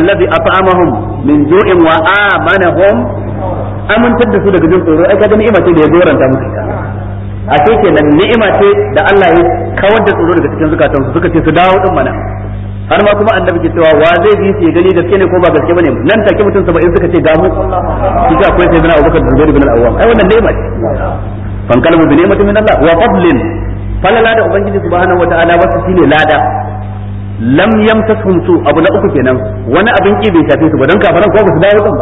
allazi at'amahum min ju'in wa amanahum da su daga jin tsoro ai kaga ni'ima ce da ya goranta musu ita a ce kenan ni'ima ce da Allah ya kawar da tsoro daga cikin zukatan su suka ce su har ma kuma annabi ke cewa wa zai bi su gani gaske ne ko ba gaske bane nan take mutum 70 suka ce ga mu kika akwai sayyidina Abubakar da Zubair bin Al-Awwam ai wannan ni'ima ce fan kalmu bi ni'matin min Allah wa fadlin falala da ubangiji subhanahu wataala wasu shine lada lam yamtasuhum su abu na uku kenan wani abin ki bai shafe su ba dan kafaran ko ba su dawo ba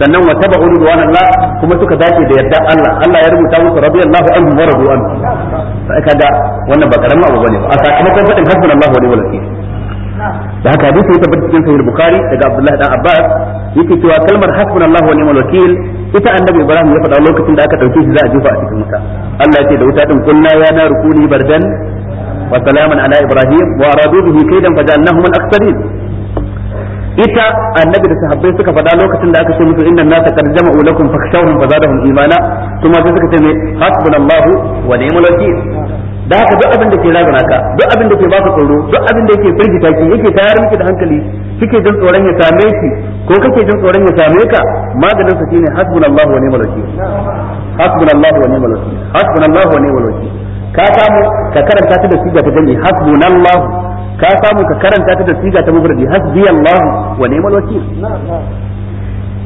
sannan wa tabu Allah kuma suka dace da yarda Allah Allah ya rubuta musu radiyallahu anhu wa radu anhu sai kaga wannan ba karamin abu bane a sakamakon fadin hasbunallahu wa ni'mal wakeel da haka hadisi ya tabbata cikin sahih bukhari daga abdullahi dan abbas yake cewa kalmar hasbunallahu wa ni'mal wakeel ita annabi ibrahim ya faɗa lokacin da aka dauke shi za a jefa a cikin wuta Allah ya ce da wuta din kunna ya na rukuni bardan wa salaman ala ibrahim wa aradu bihi kaidan fajalnahum al-aktharin ita annabi da sahabbai suka faɗa lokacin da aka ce musu innan nasa qad jama'u lakum fakhshawhum fazadahum imana kuma sai suka ce me hasbunallahu wa ni'mal wakeel da haka duk abin da ke razana ka duk abin da ke baka tsoro duk abin da yake firgita ki yake tayar miki da hankali kike jin tsoron ya same ki ko kake jin tsoron ya same ka maganin sa shine hasbunallahu wa ni'mal wakeel hasbunallahu wa ni'mal wakeel hasbunallahu wa ni'mal wakeel ka samu ka karanta ta da siga ta jami'i hasbunallah ka samu ka karanta ta da siga ta mufradi hasbiyallah wa ni'mal wakil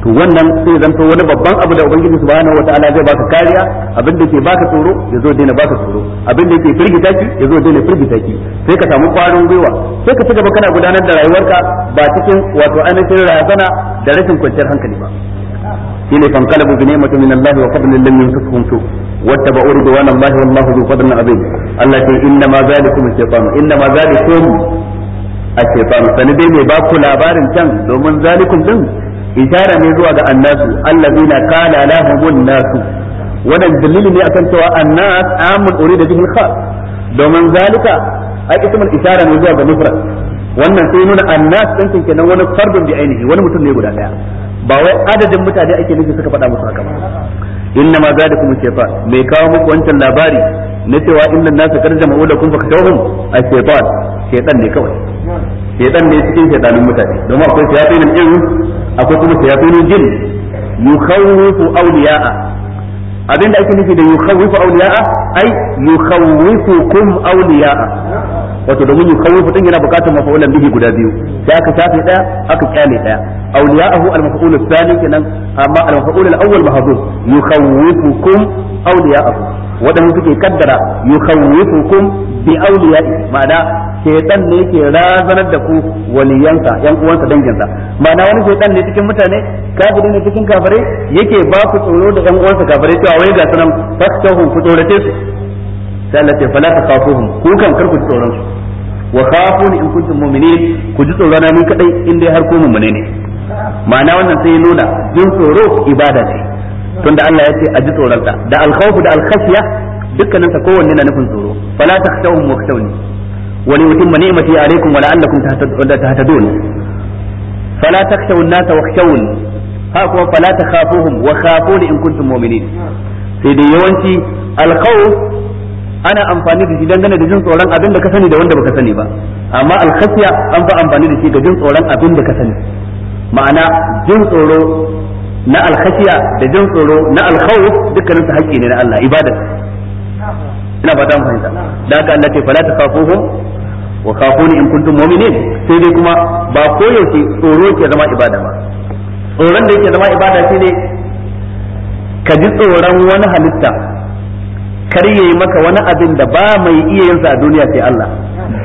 to wannan sai zanto wani babban abu da ubangiji subhanahu wataala zai baka kariya abin da ke baka tsoro ya zo daina baka tsoro abin da ke firgita ki ya zo daina firgita ki sai ka samu kwarin gwiwa sai ka cigaba gaba kana gudanar da rayuwarka ba cikin wato ainihin razana da rashin kwanciyar hankali ba shine fankalabu bi ni'matin min Allah wa fadlin lam yusufhum su واتبعوا رضوان الله والله ذو فضل عظيم a يقول انما ذلكم الشيطان انما ذلكم الشيطان سندي مي باكو لابارن كان دومن ذلكم دين إشارة ne zuwa ga annasu allazina qala lahumun nasu wannan dalili ne akan cewa annas amun urida bihi khas domin zalika ai ismul ne zuwa ga mufrad wannan sai nuna annas din kenan wani fardun bi ainihi wani mutum ne guda daya ba wai adadin mutane ake nufi suka faɗa musu haka ba inna ma zalikum mai kawo muku wancan labari na cewa innan nasu karjama ulakum fakatawhum ash ne kawai ne cikin mutane domin akwai akwai kuma abinda ake nufi da wato domin yi kawo fitin yana bukatar mafa'ulan bihi guda biyu sai aka shafe daya aka kyale daya awliya'ahu al-mafa'ul ath-thani kenan amma al-mafa'ul al-awwal mahdhuf yukhawwifukum awliya'ahu wadan suke kaddara yukhawwifukum bi awliya'i ma'ana shaytan ne yake razanar da ku waliyanka yan uwansa danginsa ma'ana wani shaytan ne cikin mutane kafiri ne cikin kafare yake ba ku tsoro da yan uwansa kafare cewa wai ga sunan fastahu ku tsorace su sai Allah ce fala ta kafuhum ku kan karku tsoron su wa khafuni in kuntum mu'minin ku ji tsoro na ni kadai in dai har ko mu'mine ne ma'ana wannan sai ya nuna jin tsoro ibada ce tunda Allah ya ce a ji tsoronsa da al-khawf da al-khashya dukkanin sa kowanne na nufin tsoro fala takhshawhum wakhshawni wa li utimma ni'mati alaykum wa la'allakum tahtadun fala takhshawun nasa wakhshawni ha kuma fala takhafuhum wa khafuni in kuntum mu'minin sai dai yawanci al-khawf ana amfani da shi dangane da jin tsoron abin da ka sani da wanda baka sani ba amma alkhasiya an fa amfani da shi ga jin tsoron abin da ka sani ma'ana jin tsoro na alkhasiya da jin tsoro na alkhawf dukkanin su haƙƙi ne na Allah ibada ina ba ta fahimta da haka Allah ce fala takhafuhum wa khafuni in kuntum mu'minin sai dai kuma ba koyaushe tsoro ke zama ibada ba tsoron da yake zama ibada shine ka ji tsoron wani halitta kar yayi maka wani abin da ba mai iya yin sa a duniya sai Allah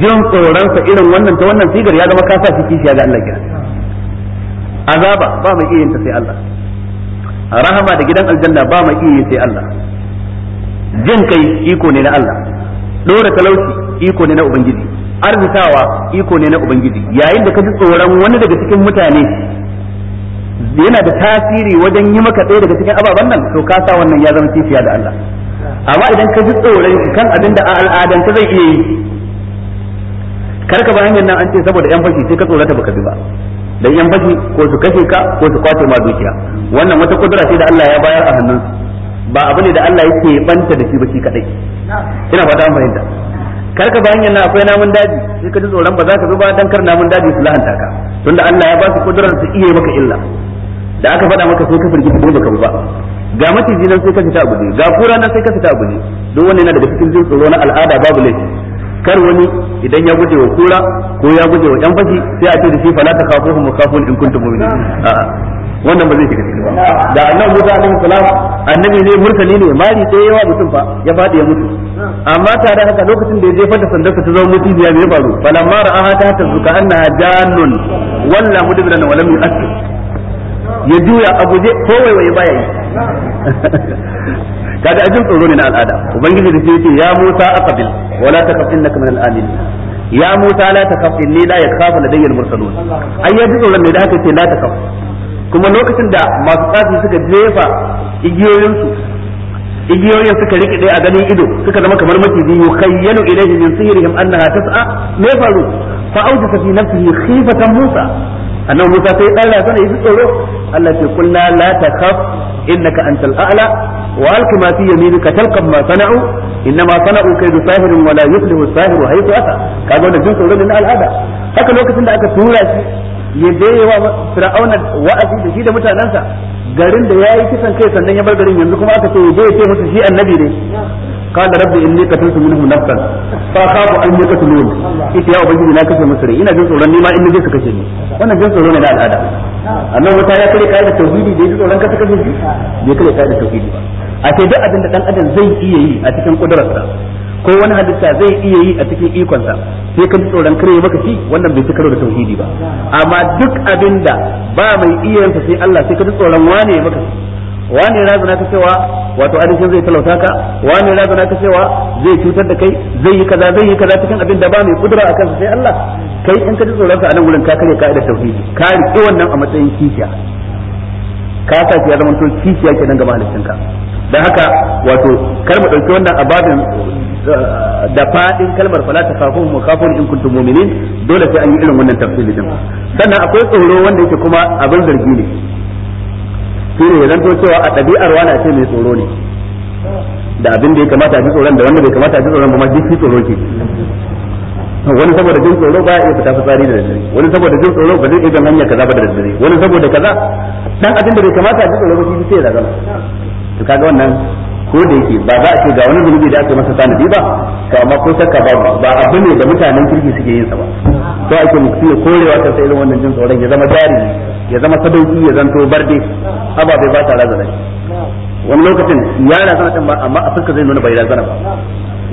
jin tsoron sa irin wannan ta wannan sigar ya zama ka sa cikin shi ga Allah kira azaba ba mai iya yin ta sai Allah rahama da gidan aljanna ba mai iya yin sai Allah jin kai iko ne na Allah dora talauci iko ne na ubangiji arzikawa iko ne na ubangiji yayin da ka ji tsoron wani daga cikin mutane yana da tasiri wajen yi maka ɗaya daga cikin ababen nan to ka sa wannan ya zama kishiya da Allah amma idan ka ji tsoron kan abin da a ta zai iya yi karka ba hanyar nan an ce saboda yan fashi sai ka tsorata baka bi ba dan yan fashi ko su kashe ka ko su kwace ma dukiya wannan wata kudura sai da Allah ya bayar a hannunsu ba abu ne da Allah yake banta da shi ba shi kadai ina fata an fahimta karka ba hanyar nan akwai namun daji sai ka ji tsoron ba za ka bi ba dan kar namun daji su lahanta ka tunda Allah ya ba su kudurar su iya maka illa da aka faɗa maka sai ka firgita ba ka bi ba ga maciji nan sai ka fita abu ne ga kura nan sai ka fita abu ne duk wannan yana daga cikin jin tsoro na al'ada babu laifi kar wani idan ya guje wa kura ko ya guje wa yan fashi sai a ce da shi fala ta mu mukafun in kuntum mu'minin a'a wannan ba zai shiga cikin ba da annabi Musa alaihi salam annabi ne murtali ne mari sai yawa mutum fa ya fadi ya mutu amma tare haka lokacin da ya jefa da sandarsa ta zama mutum ya mai faru falamma ra'aha ta zuka annaha jannun walla mudbiran walam lam yu'akkid ya juya a guje ko waiwaye baya yi kaga ajin tsoro ne na al'ada ubangiji da yake ya Musa aqbil wala takaf innaka min al-amin ya Musa la takaf inni la yakhafu ladayya al-mursalun ai ya ji tsoron ne da haka ce la takaf kuma lokacin da masu tsafi suka jefa su igiyoyin suka dai a ganin ido suka zama kamar maciji yukhayyalu ilayhi min sihrihim annaha tas'a me faru fa awjasa fi nafsihi khifatan Musa annabi Musa sai dan razana yi tsoro Allah ce kulna la takhaf innaka antal a'la wa alqi ma fi yaminika talqab ma sana'u innama sana'u kaydu sahirin wa la yuflihu sahiru haythu ata kaga wannan jin tsoro ne na al'ada haka lokacin da aka tura shi ya dayewa fir'auna wa'azi da shi da mutanansa garin da yayi kisan kai sannan ya bar garin yanzu kuma aka ce ya je ya ce musu shi annabi ne قال ربي اني قتلت منهم نفسا فأخاف ان يقتلون إيش يا أبي لا كسر مصري إن جنس ورني ما اني جنس كسرني وانا جنس ورني لا الأدب أما متى يكلي قائد التوحيد جنس ورني كسر كسرني يكلي قائد التوحيد dan أبن zai iya زي a cikin قدرته ko wani halitta zai iya yi a cikin ikonsa sai ka ji tsoron kare maka shi wannan bai karo da tauhidi ba amma duk abinda ba mai iyayensa sai Allah sai ka ji tsoron wane maka shi wani na ta cewa wato ainihin zai talauta ka wani na ta cewa zai cutar da kai zai yi kaza zai yi kaza cikin abin da ba mai kudura akan sai Allah kai in ka ji tsoron ka a nan gurin ka kare da tauhidi ka riƙe wannan a matsayin kishiya ka sa ya zama to kishiya kenan ga ka dan haka wato kar mu dauki wannan ababin eh, da fadin kalmar fala ta kafu mu kafu in kuntum mu'minin dole sai an yi irin wannan tafsiri din sannan akwai tsoro wanda yake kuma abin zargi ne shi ne zan cewa a ɗabi'ar wani a ce mai tsoro ne da abin da ya kamata a ji tsoron da wanda bai kamata a ji tsoron ba ma jiki tsoro ke wani saboda jin tsoro ba ya fita fitsari da daddare wani saboda jin tsoro ba zai iya gan hanya kaza ba da daddare wani saboda kaza dan abin da bai kamata a ji tsoro ba shi sai ya zama to kaga wannan ko da yake ba za a ce ga wani zunubi da aka masa sanadi ba to amma ko shakka ba ba abu ne da mutanen kirki suke yin sa ba to ake mutum ya korewa sai irin wannan jin tsoron ya zama jari ya zama sadauki ya zanto barde ababai ba ta razana wani lokacin ya razana din ba amma a fuska zai nuna bai razana ba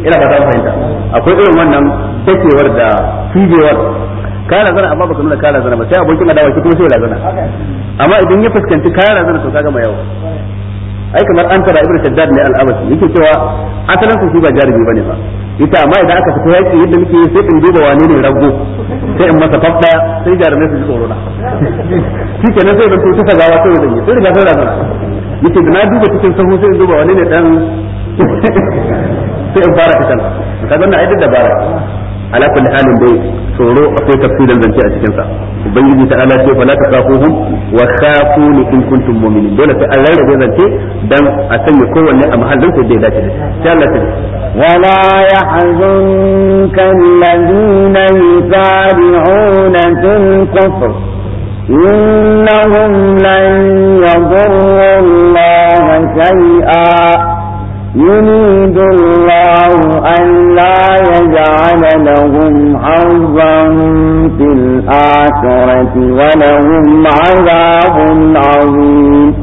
ina ba ta fahimta akwai irin wannan dakewar da fijewar ka razana amma baka nuna ka razana ba sai abokin adawa shi kuma sai razana amma idan ya fuskanci ka razana to kaga mai yawa ai kamar an tara ibnu shaddad ne al-abasi yake cewa asalin su ba jarumi bane ba ita amma idan aka fita yaki yadda muke sai in duba wane ne rago sai in masa faf sai jarumai su ji tsoro na shi nan sai tuta ta gawa sai zan yi sai riga sai razana yake da na duba cikin sahu sai in duba wane ne dan sai in fara fitan kaga wannan ai dabara ala kulli halin dai tsoro akwai tafsirin zance a cikin sa ubangiji ta ala ce fala takafuhum wa khafuni in kuntum mu'minin dole sai an rarrabe zance dan a sanya kowanne a mahallin sa da ya dace sai Allah ta wala يحزنك الذين يريد الله أن لا يجعل لهم عرضا في الآخرة ولهم عذاب عظيم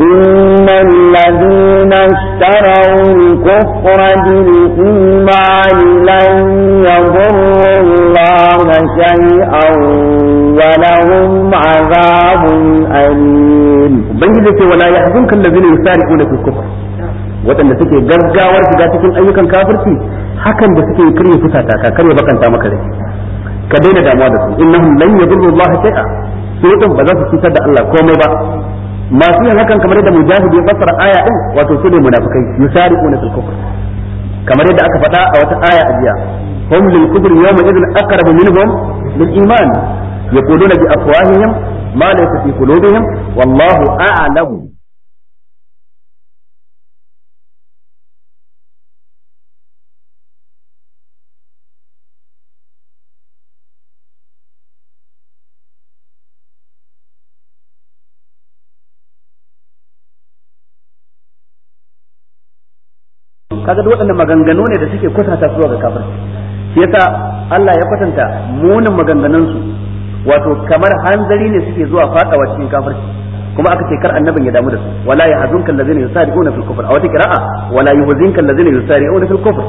إن الذين اشتروا الكفر بالإيمان لن يضروا الله شيئا ولهم عذاب أليم بين ولا يحزنك الذين يسارعون في الكفر waɗanda suke gaggawar shiga cikin ayyukan kafirci hakan da suke karya fusata ka karya bakanta maka rai ka daina damuwa da su innahum lan yadurru Allah shay'a su din ba za su cutar da Allah komai ba masu yin hakan kamar yadda mujahid ya fassara aya din wato su ne munafikai yusari'una fil kufr kamar yadda aka faɗa a wata aya a jiya hum lil kufr yawma idhin aqrabu minhum lil iman yaquluna bi afwahihim ma laysa fi qulubihim wallahu a'lamu kaga duk waɗannan maganganu ne da suke kusanta su ga kafirci yasa Allah ya kwatanta munin maganganun su wato kamar hanzari ne suke zuwa fadawa cikin kafirci kuma aka ce kar annabin ya damu da su wala yahzunka allazina yusari'una fil kufr aw tikra'a wala yuhzinka allazina yusari'una fil kufr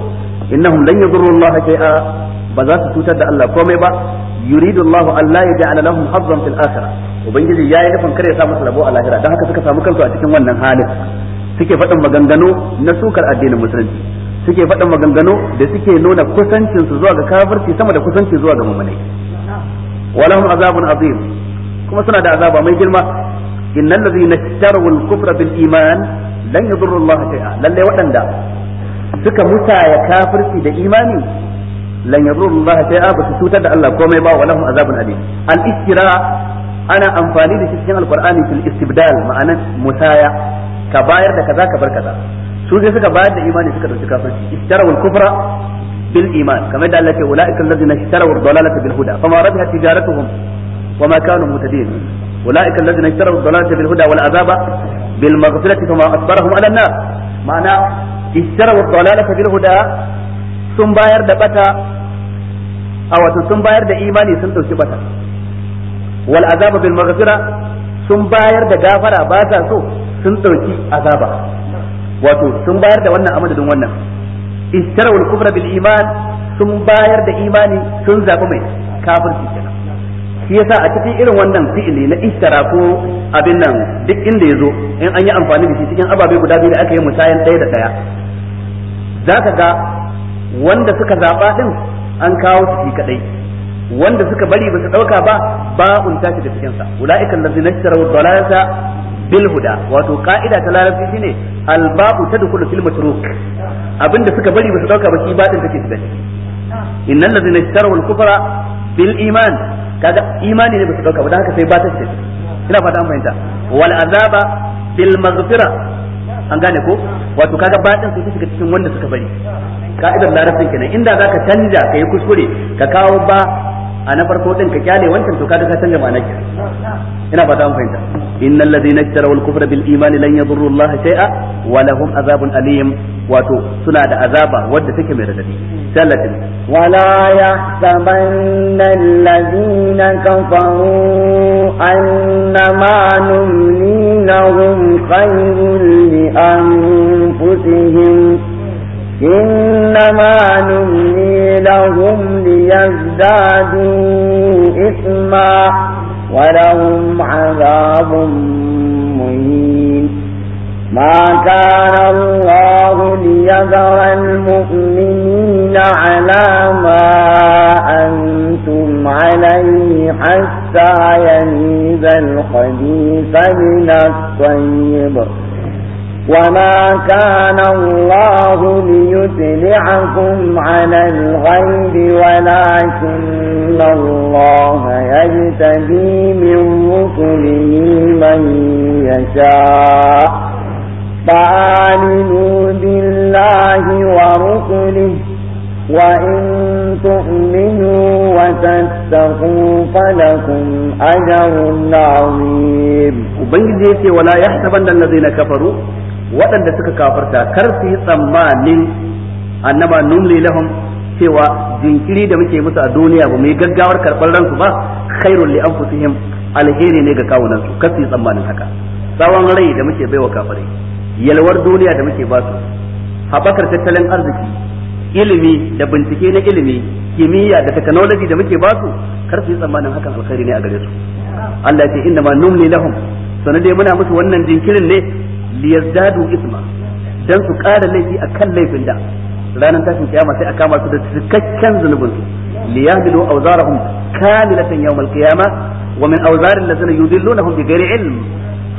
innahum lan yadurru Allah shay'a ba za su cutar da Allah komai ba yuridu Allah an la yaj'ala lahum hazzan fil akhirah ubangiji yayi nufin kare ya sa musu rabo a lahira dan haka suka samu kansu a cikin wannan halin suke faɗin maganganu na sukar addinin musulunci suke faɗin maganganu da suke nuna kusancin su zuwa ga kafirci sama da kusancin zuwa ga mu'minai walahum azabun azim kuma suna da azaba mai girma innal ladzina tarawu al-kufra bil iman lan yadurru Allah shay'a lalle waɗanda suka mutaya kafirci da imani lan yadurru Allah shay'a ba su cutar da Allah komai ba walahum azabun azim al-istira ana amfani da shi cikin alqur'ani fil istibdal ma'ana musaya ka bayar da kaza ka bar kaza su sai suka bayar da imani suka dauki kafirci istarawul kufra bil iman kamar da Allah ya ce ulaika allazina istarawul dalalata bil huda fama rabihat tijaratuhum wama kanu mutadin ulaika allazina istarawul dalalata bil huda wal azaba bil maghfirati fama asbarahum ala nar ma'ana istarawul dalalata bil huda sun bayar da bata a wato sun bayar da imani sun dauki bata wal azaba bil maghfira sun bayar da gafara ba sa so sun ɗauki azaba wato sun bayar da wannan amadadin wannan istarawul kufra bil iman sun bayar da imani sun zabi mai kafirci kenan shi yasa a cikin irin wannan fi'ili na istara ko abin nan duk inda ya zo in an yi amfani da shi cikin ababe guda biyu da aka yi musayan ɗaya da ɗaya zaka ga wanda suka zaba din an kawo su kadai wanda suka bari ba su dauka ba ba un tashi da cikin sa ulaiikal ladzina ishtaraw bil huda wato ka'ida ta larabci shine al babu tadkhulu fil matruk abinda suka bari ba su dauka ba shi badin take shiga ciki innal ladzina ishtaraw al kufra bil iman kaga imani ne ba su dauka ba dan haka sai ba ta ina fata an fahimta wal azaba bil maghfira an gane ko wato kaga badin su shiga cikin wanda suka bari ka'idar larabcin kenan inda zaka canja kai kuskure ka kawo ba a na farko din ka kyale wancan to kaga ka canja ma'anar ina ba ta fahimta innal ladina ishtaraw al-kufra bil iman lan yadurru Allah shay'a wa lahum azabun alim wato suna da azaba wadda take mai radadi sallatin wala yahsabanna alladhina kafaru annama numli lahum khayrun li anfusihim إنما نملي لهم ليزدادوا إثما ولهم عذاب مهين ما كان الله ليذر المؤمنين على ما أنتم عليه حتى يميز الخبيث من الطيب وما كان الله ليطلعكم على الغيب ولكن الله يجتبي من رسله من يشاء فآمنوا بالله ورسله وإن تؤمنوا وتتقوا فلكم أجر عظيم وبين ولا يحسبن الذين كفروا waɗanda suka kafarta kar su yi tsammanin annaba numli lahum cewa jinkiri da muke musu a duniya ba mu yi gaggawar karɓar ransu ba khairun li anfusihim alheri ne ga kawunan su kar su yi tsammanin haka tsawon rai da muke baiwa kafare yalwar duniya da muke ba su haɓakar tattalin arziki ilimi da bincike na ilimi kimiyya da technology da muke ba su kar su yi tsammanin hakan alkhairi ne a gare su Allah ya ce inna ma numli lahum sanade dai muna musu wannan jinkirin ne liyazdadu isma dan su kara laifi akan laifin da ranar tashin kiyama sai a kama su da cikakken zunubin su liyahmilu awzarahum kamilatan yawmal qiyamah wa min awzar allazina yudillunahum bighairi ilm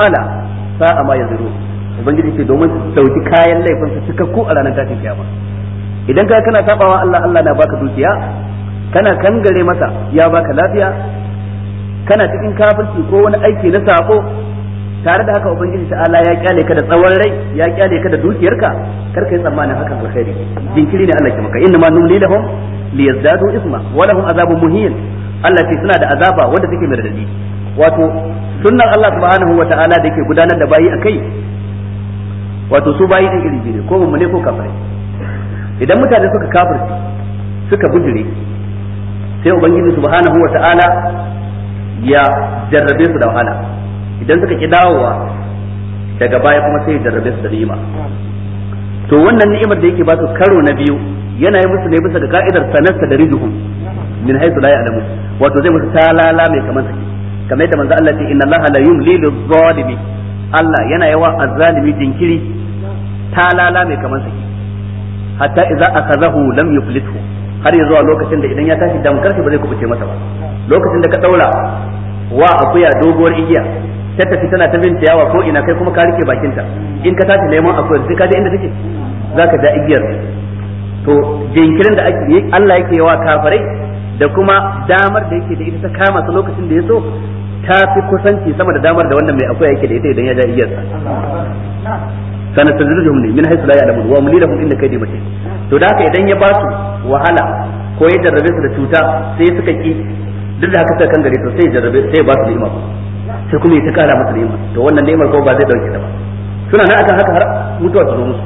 ala sa'a ma yazirun ubangiji ce domin su dauki kayan laifin su cikakku a ranar tashin kiyama idan ka kana sabawa Allah Allah na baka dukiya kana kangare masa ya baka lafiya kana cikin kafirci ko wani aiki na sako tare da haka ubangiji ta'ala ya kyale ka da tsawon rai ya kyale ka da dukiyarka kar yi tsammanin hakan alkhairi jinkiri ne Allah ke maka inna ma numli lahum liyazdadu isma wa lahum azabun muhin Allah ce suna da azaba wanda take mai radadi wato sunnan Allah subhanahu wa ta'ala da yake gudanar da bayi akai wato su bayi din iri ne ko mummune ko kafare. idan mutane suka kafirci suka bujire sai ubangiji subhanahu wa ta'ala ya jarrabe su da wahala idan suka ki dawowa daga baya kuma sai da jarrabe su da ni'ima to wannan ni'imar da yake ba su karo na biyu yana yi musu ne bisa ga ka'idar sanarsa da rijuhum min haythu la ya'lamu wato zai musu talala mai kamar sake kamar yadda manzo Allah ya ce inna Allaha la yumli dhalimi Allah yana yawa azzalimi jinkiri talala mai kamar sake hatta idza akazahu lam yuflithu har ya zuwa lokacin da idan ya tashi damkar shi ba zai kubuce masa ba lokacin da ka daura wa akuya doguwar igiya ta tafi tana ta binta yawa ko ina kai kuma ka rike bakinta in ka tashi neman akwai sai ka je inda take zaka ja igiyar to jinkirin da ake Allah yake yawa kafirai da kuma damar da yake da ita ta kama su lokacin da ya so ta fi kusanci sama da damar da wannan mai akwai yake da ita idan ya ja igiyar sa. sana tazrujuhum ne min haythu la ya'lamun wa mulilahum inna kaydi matin to da haka idan ya ba su wahala ko ya jarrabe su da cuta sai suka ki duk da haka sai kan gare to sai jarrabe sai ba su ni'ima sai kuma ya ta kara masa neman to wannan neman ko ba zai dauke ta ba suna nan akan haka har mutuwa ta zo musu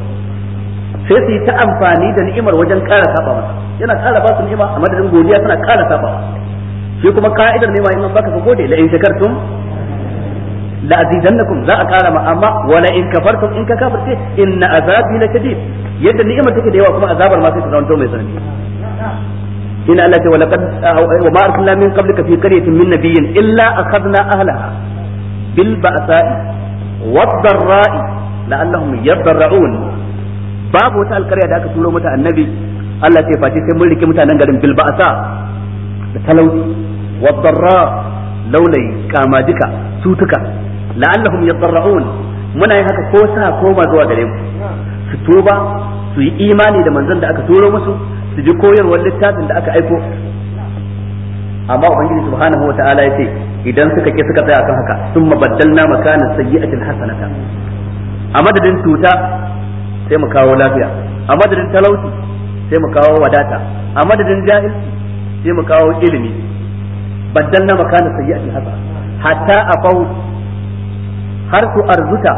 sai su yi ta amfani da ni'imar wajen kara saba masa yana kara ba su ni'ima a madadin godiya suna kara saba shi kuma ka'idar nema in baka ka gode la in shakartum la azidannakum za a kara ma amma wala in kafartum in ka kafirce inna azabi la shadid yadda ni'imar take da yawa kuma azabar ma sai ta zanto mai tsanani shine Allah ya ce wa laqad wa ma arsalna min qablika fi qaryatin min nabiyyin illa akhadna ahlaha bil ba'sa'i wad dharra'i la'allahum yadarra'un babu wata alƙarya da aka turo mata annabi Allah ce face sai mun rike mutanen garin bil ba'sa da kamadika cutuka la'allahum yadarra'un muna yin haka ko sa koma zuwa gare mu su tuba su yi imani da manzon da aka turo musu su ji koyarwar littafin da aka aiko amma ubangiji subhanahu wa ta'ala yace idan suka ki suka tsaya kan haka thumma baddalna makana sayyi'atil hasanata a madadin tuta sai mu kawo lafiya a madadin talauci sai mu kawo wadata a madadin jahilci sai mu kawo ilimi baddalna makana sayyi'atil hasanata hatta afau har su arzuta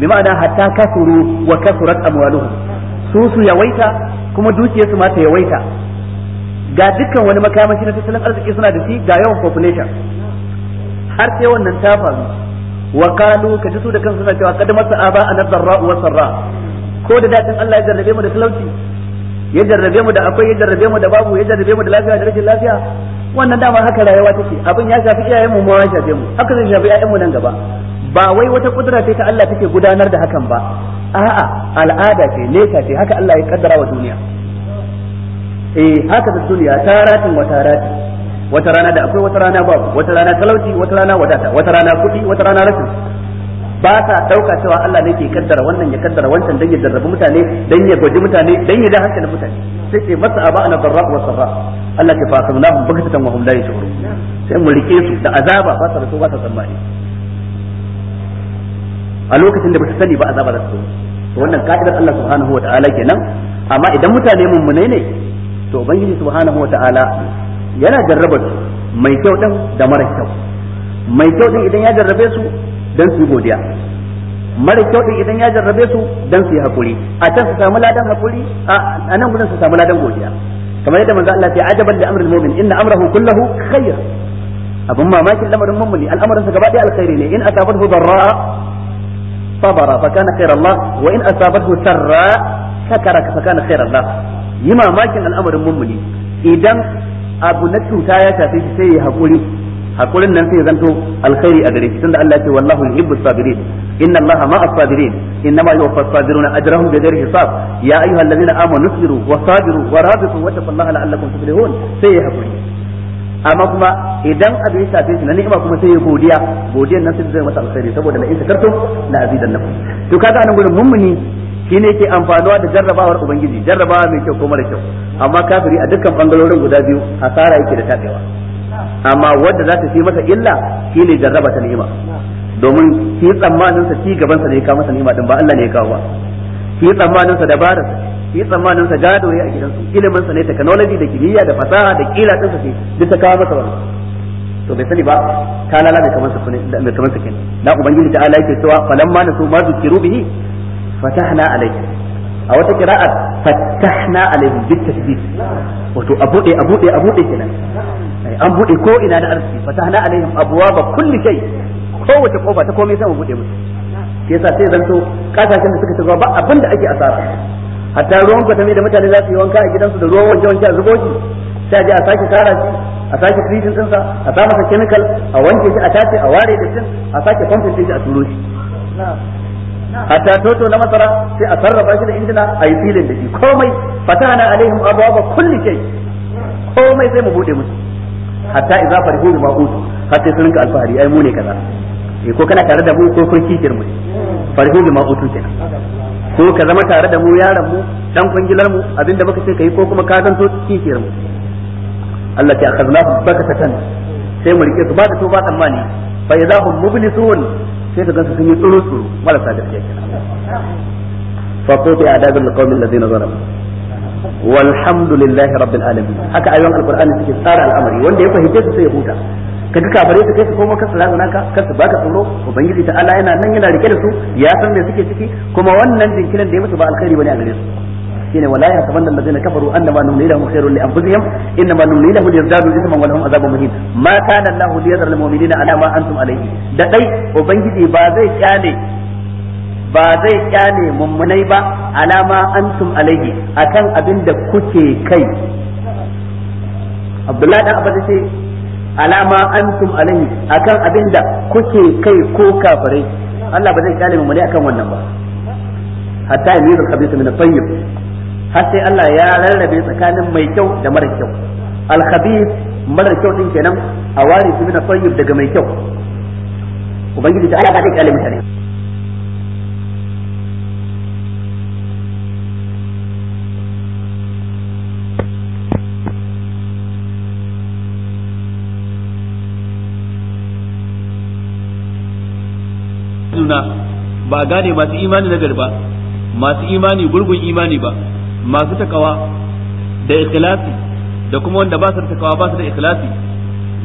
bi ma'ana hatta kasuru wa kasurat amwaluhum su su yawaita kuma dukiyarsu ma ta yawaita ga dukkan wani makamashi na tattalin arziki suna da shi ga yawan population har sai wannan ta faru wa qalu ka ji su da kansu suna cewa kada masa aba an darra wa sarra ko da dadin Allah ya jarrabe mu da talauci ya jarrabe mu da akwai ya jarrabe mu da babu ya jarrabe mu da lafiya da rashin lafiya wannan dama haka rayuwa take abin ya shafi iyayen mu ma ya shafe mu haka zai shafi iyayen mu nan gaba ba wai wata kudura ce ta Allah take gudanar da hakan ba a'a al'ada ce leka ce haka Allah ya kaddara wa duniya eh haka da duniya taratin wa taratin wata rana da akwai wata rana babu wata rana talauci wata rana wadata wata rana kudi wata rana rashin ba sa dauka cewa Allah ne ke kaddara wannan ya kaddara wancan dan ya jarrabi mutane dan ya gwaji mutane dan ya da hankalin mutane sai ce masa aba ana darra wa sarra Allah ke fa sabna bukatan wa hum la yashurun sai mu rike su da azaba ba sa rasu ba sa tsammani a lokacin da ba su sani ba azaba za su to wannan ka'idar Allah subhanahu wa ta'ala kenan amma idan mutane mummune ne to ubangiji subhanahu wa ta'ala yana jarrabar su mai kyau din da mara kyau mai kyau din idan ya jarrabe su dan su godiya mara kyau din idan ya jarrabe su dan su yi hakuri a can su samu ladan hakuri a nan gudun su samu ladan godiya kamar yadda manzo Allah ya ajaban da amrul mu'min inna amrahu kullahu khair abun mamakin lamarin mummuni al'amarin sa gaba ɗaya alkhairi ne in asabathu darra صبر فكان خير الله وإن أصابته سراء شكر فكان خير الله يما ماكن الأمر ممني idan abu na cuta ya shafe shi sai ya hakuri haƙurin nan sai zanto alkhairi a gare shi tunda Allah ya ce wallahu yuhibbu sabirin inna Allah ma'a sabirin inna ma yuwaffa sabiruna ajrahum bi ghairi hisab ya ayyuhallazina amanu sabiru wa sabiru wa rabitu wa taqullaha la'allakum tuflihun sai ya hakuri. amma kuma idan abin ya shafe shi na ni'ima kuma sai ya godiya godiyan nan sai zai masa alkhairi saboda na isa na na azidan lakum to kaga anan gurin mummuni shine yake amfanuwa da jarrabawar ubangiji jarrabawa mai kyau ko mara kyau amma kafiri a dukkan bangarorin guda biyu asara yake da tabewa amma wanda za ta fi masa illa shine jarraba ta ni'ima domin shi tsammanin sa ci gaban sa ne ya kawo masa ni'ima din ba Allah ne ya kawo ba shi tsammanin sa dabara. yi tsammanin sa gado ya gidan su, ilimin sa ne technology da kimiyya da fasaha da kila din sa ce duk ta kawo masa wannan to bai sani ba ta lalace kamar sa kune da kamar sa kenan da ubangiji ta ala yake cewa falamma nasu ma zikiru bihi fatahna alayhi a wata qira'at fatahna alayhi bit tasdid wato abude abude abude kenan eh, an bude ko ina na arziki fatahna alayhim abwaba kulli shay kowace kofa ta komai sai mu bude musu shi yasa sai zanto kasashen da suka ci gaba abinda da ake asara hatta ruwan tame da mutane za su yi wanka a gidansu da ruwan wanke wanke a zubo shi sai a je a sake tara shi a sake firijin ɗinsa a sa masa chemical a wanke shi a tace a ware da shi a sake kwamfashe shi a turo shi hatta toto na masara sai a sarrafa shi da injina a yi filin da shi komai fatana alaihim abwaba kulli shay komai sai mu bude musu hatta idza farhu bima hatta sun rinka alfahari ai mu ne kaza ko kana tare da mu ko kun kikir mu farhu ma utu kenan ko ka zama tare da mu yaran mu dan kungilar mu abinda baka ce kai ko kuma ka zanto kikir mu Allah ya akhadnahu bakatatan sai mu rike su ba da to ba tsammani fa idahum mublisun sai ka gansu sun yi tsuru tsuru marasa gaskiya kenan fa qutu adabil qawmin ladina zalamu walhamdulillahi rabbil alamin haka ayon alqur'ani suke tsara al'amari wanda ya fahimce su sai ya huta kaga kabare su kai su koma kasu lazana ka ba baka tsoro ubangiji ta Allah yana nan yana rike da su ya san me suke ciki kuma wannan jinkirin da ya musu ba alkhairi bane a gare su shine wala ya tabanna alladhina kafaru annama numli lahum khairun li anfusihim innama numli lahum yazdadu ithman wa lahum azabun muhin ma kana Allah li yadhar lil mu'minina ala ma antum alayhi da dai ubangiji ba zai kyale ba zai kyale mummunai ba alama antum alayhi akan abin da kuke kai Abdullahi dan Abbas sai alama antum alaihi akan abinda kuke kai ko kafirai Allah ba zai kalle mu ne akan wannan ba hatta yamiru khabitha min at-tayyib har sai Allah ya rarrabe tsakanin mai kyau da mara kyau al-khabith mara kyau din kenan a ware min at-tayyib daga mai kyau ubangiji ta Allah ba zai kyale mutane ba gane masu imani na ba masu imani gurgun imani ba masu takawa da ikhlasi da kuma wanda ba su da takawa ba su da ikhlasi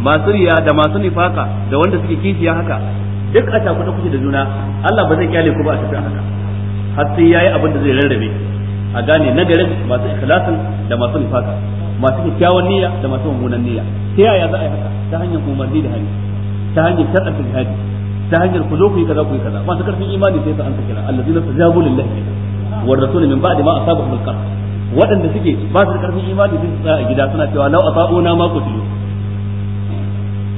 masu riya da masu nifaka da wanda suke kishiya haka duk a da kuke da juna Allah ba zai kyale ku ba a tafi haka har sai yayi abin da zai rarrabe a gane nagarin masu ikhlasin da masu nifaka masu kyakkyawan niyya da masu mummunan niyya ta yaya za a yi haka ta hanyar umarni da hali ta hanyar da hadi ta hanyar ku zo ku yi kaza ku yi kaza masu karfin imani sai su an ka kira na tajabu lillahi wa rasul min ba'di ma asabahu waɗanda suke basu su karfin imani sai su tsaya a gida suna cewa law na ma qutilu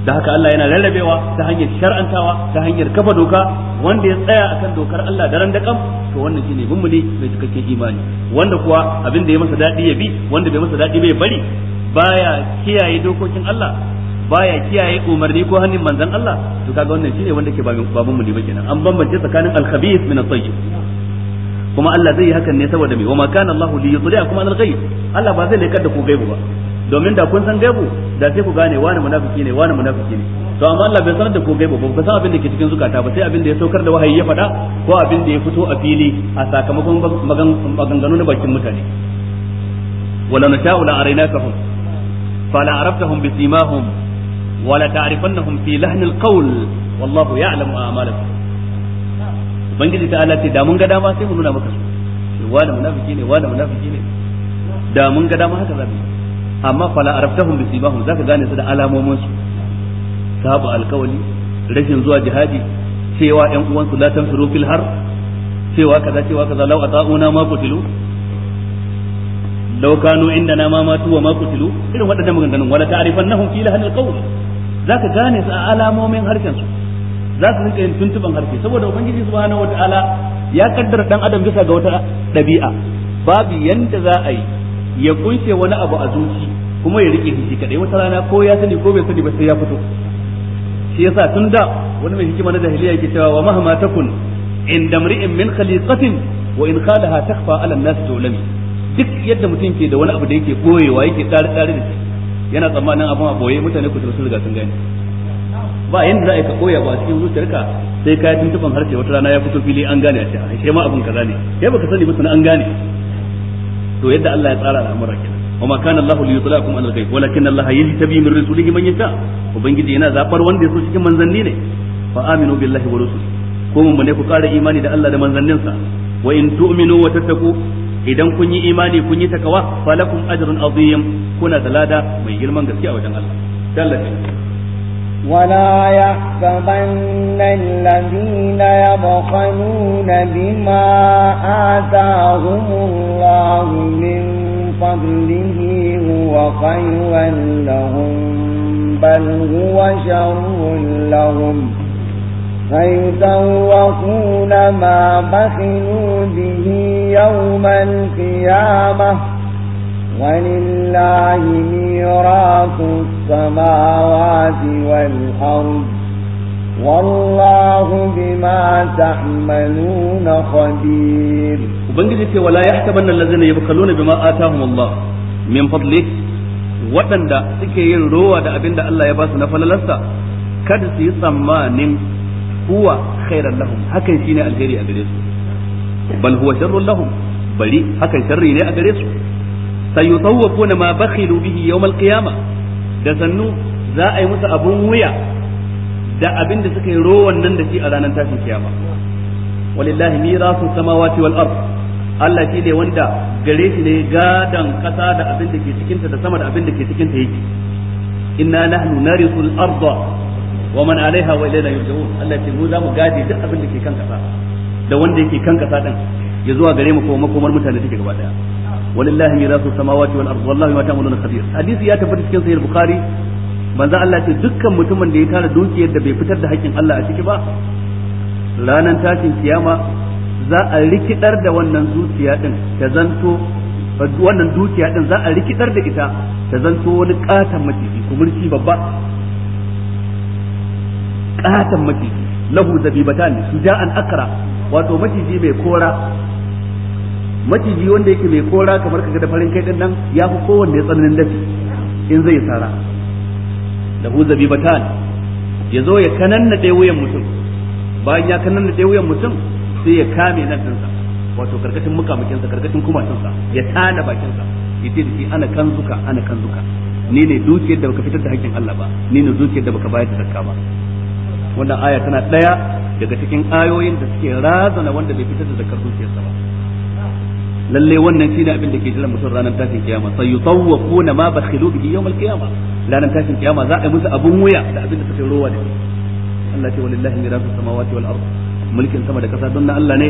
da haka Allah yana rarrabewa ta hanyar shar'antawa ta hanyar kafa doka wanda ya tsaya akan dokar Allah daren da kam to wannan shine mummuni mai cikakken imani wanda kuwa abin da ya masa dadi ya bi wanda bai masa dadi bai bari baya kiyaye dokokin Allah baya kiyaye umarni ko hannun manzon Allah to kaga wannan shine wanda ke babin babun mu ne kenan an bambance tsakanin al-khabith min at-tayyib kuma Allah zai yi hakan ne saboda me wa ma kana Allah li yudli'akum kuma al-ghaib Allah ba zai lekar da ku gaibu ba domin da kun san gaibu da sai ku gane wani munafiki ne wani munafiki ne to amma Allah bai sanar da ku gaibu ba san abin da ke cikin zukata ba sai abin da ya saukar da wahayi ya faɗa ko abin da ya fito a fili a sakamakon maganganu na bakin mutane wala nata'u la arainakahum fala arabtahum bisimahum wala ta'rifannahum fi lahnil qawl wallahu ya'lamu a'malakum ubangiji ta Allah ce da mun ga dama sai mu nuna maka su wani munafiki ne wani munafiki ne da mun ga dama haka zabi amma fala araftahum bi sibahum zaka gane su da alamomin su sabu alkawali rashin zuwa jihadi cewa ƴan uwansu la tanfiru fil har cewa kaza cewa kaza law ata'una ma qutilu law kanu indana ma matu wa ma qutilu irin waɗannan maganganun wala ta'rifannahum fi lahnil qawl zaka gane su a alamomin harshen su za su rinka yin tuntuban harshe saboda ubangiji subhanahu ala ya kaddara dan adam bisa ga wata dabi'a babu yanda za a yi ya kunshe wani abu a zuci kuma ya rike shi kadai wata rana ko ya sani ko bai sani ba sai ya fito shi yasa tun da wani mai hikima na jahiliya yake cewa wa mahama takun inda mri'in min khaliqatin wa in khalaha takfa ala an-nas dawlami duk yadda mutum ke da wani abu da yake boyewa yake tsare tsare da shi yana tsammanin abin a boye mutane ku sun riga sun gani ba yanda za a yi ka koya ba a cikin zuciyarka sai ka tufan harshe wata rana ya fito fili an gane a ce ah, a abin kaza ne kai baka sani ba an gane to yadda Allah ya tsara al'amuran kenan وما كان الله ala على الغيب ولكن الله يجتبي min رسوله من يشاء ubangiji yana zabar wanda yaso cikin manzanni ne fa aminu billahi wa rusuli ko mun bane ku kara imani da Allah da manzanninsa wa in tu'minu wa tattaqu idan kun yi imani kun yi takawa falakum ajrun azim kuna da lada mai girman gaske a wajen Allah tallafi ولا يحسبن الذين يبخلون بما آتاهم الله من فضله هو خيرا لهم بل هو شر لهم فيذوقون ما بخلوا به يوم القيامة ولله ميراث السماوات والأرض والله بما تعملون خبير وبنجد ولا يحسبن الذين يبخلون بما آتاهم الله من فضله waɗanda suke yin rowa da abin da Allah ya ba su na falalarsa kada su yi tsammanin huwa khairan lahum hakan shine alheri a gare su bal huwa sharrun lahum bari hakan sharri ne a gare su sayutawwafuna ma bakhilu bihi yawm alqiyama da sannu za a yi musu abun wuya da abin da suka yi rowan nan da shi a ranar tashin kiyama walillahi mirasu samawati wal ard Allah shi ne wanda gare shi ne gadan kasa da abin da ke cikinta da sama da abin da ke cikinta yake inna nahnu narisul arda wa man alaiha wa ilayna yurja'un Allah ce mu za mu gadi duk abin da ke kan kasa da wanda yake kan kasa din ya zuwa gare mu ko makomar mutane take gaba daya walillahi mirasu samawati wal ardi wallahu ma ta'maluna khabir hadisi ya tabbata cikin sahih bukhari manzo Allah ce dukkan mutumin da ya tara dukiyar da bai fitar da haƙƙin Allah a ciki ba ranar takin kiyama za a rikidar da wannan zuciya din ta zanto wannan dukiya din za a rikidar da ita ta zanto wani katon maciji kumurci babba katan maciji lahu zabibatan shuja'an akra wato maciji mai kora maciji wanda yake mai kora kamar kaga da farin kai din nan ya fi kowanne tsananin dafi in zai sara lahu zabibatan ya zo ya kananna da wuyan mutum bayan ya kananna da wuyan mutum sai ya kame nan dinsa wato karkashin mukamukinsa karkashin kumatunsa, ya tana bakinsa ya ce da shi ana kanzuka ana kanzuka ni ne dukiyar da baka fitar da hakkin Allah ba ni ne dukiyar da baka bayar da zakka ba wannan aya tana ɗaya daga cikin ayoyin da suke razana wanda bai fitar da zakar dukiyarsa ba lalle wannan shine abin da ke jira mutum ranar tashin kiyama sai yutawwafuna ma bakhilu bihi yawm qiyama ranar tashin kiyama za a yi musu abun wuya da abin da suke rowa da Allah ce walillahi mirasu samawati wal ard mulkin sama da kasa don na Allah ne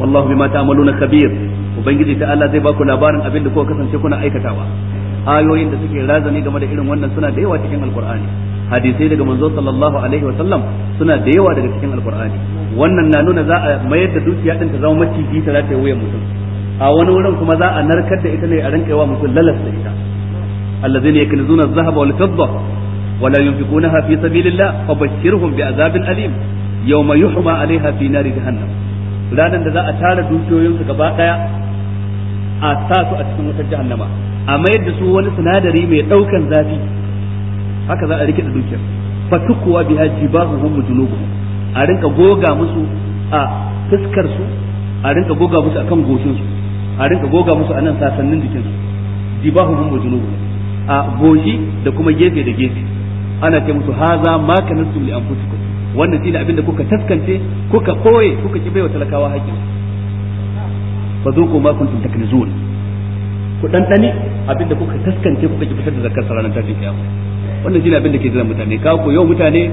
wallahu bima ta'maluna khabir ubangiji ta Allah zai baku labarin abin da kuka kasance kuna aikatawa ayoyin da suke razani game da irin wannan suna da yawa cikin alqur'ani hadisai daga manzo sallallahu alaihi wa sallam suna da yawa daga cikin alqur'ani wannan na nuna za a mayar da dukiya din ta zama maciji ta rataye wuyan mutum a wani wurin kuma za a narkar da ita ne a rinka yawa mutum lalas ita allazina yakunzuna adh-dhahaba wal fidda ولا ينفقونها في سبيل الله فبشرهم بعذاب أليم يوم Alayha عليها na نار جهنم ranar da za a tara dukiyoyinsu gaba daya a sa su a cikin wutar jahannama a mayar da su wani sinadari mai daukan zafi haka za a rike da dukiyar fatukuwa biha jibahuhum wujunuhum a rinka goga musu a fuskar su a rinka goga musu akan goshin su a rinka goga musu anan sasannin jikin su jibahuhum wujunuhum a goshi da kuma gefe da gefe ana ce musu haza ma kanastum li anfusikum wannan ne abin da kuka taskance kuka koye kuka ki baiwa talakawa haƙƙi, fa zuqu ma kuntum taknizun ku abin da kuka taskance kuka ki fitar da zakar sa ranar tashin kiyama wannan shine da ke jiran mutane ka ku yau mutane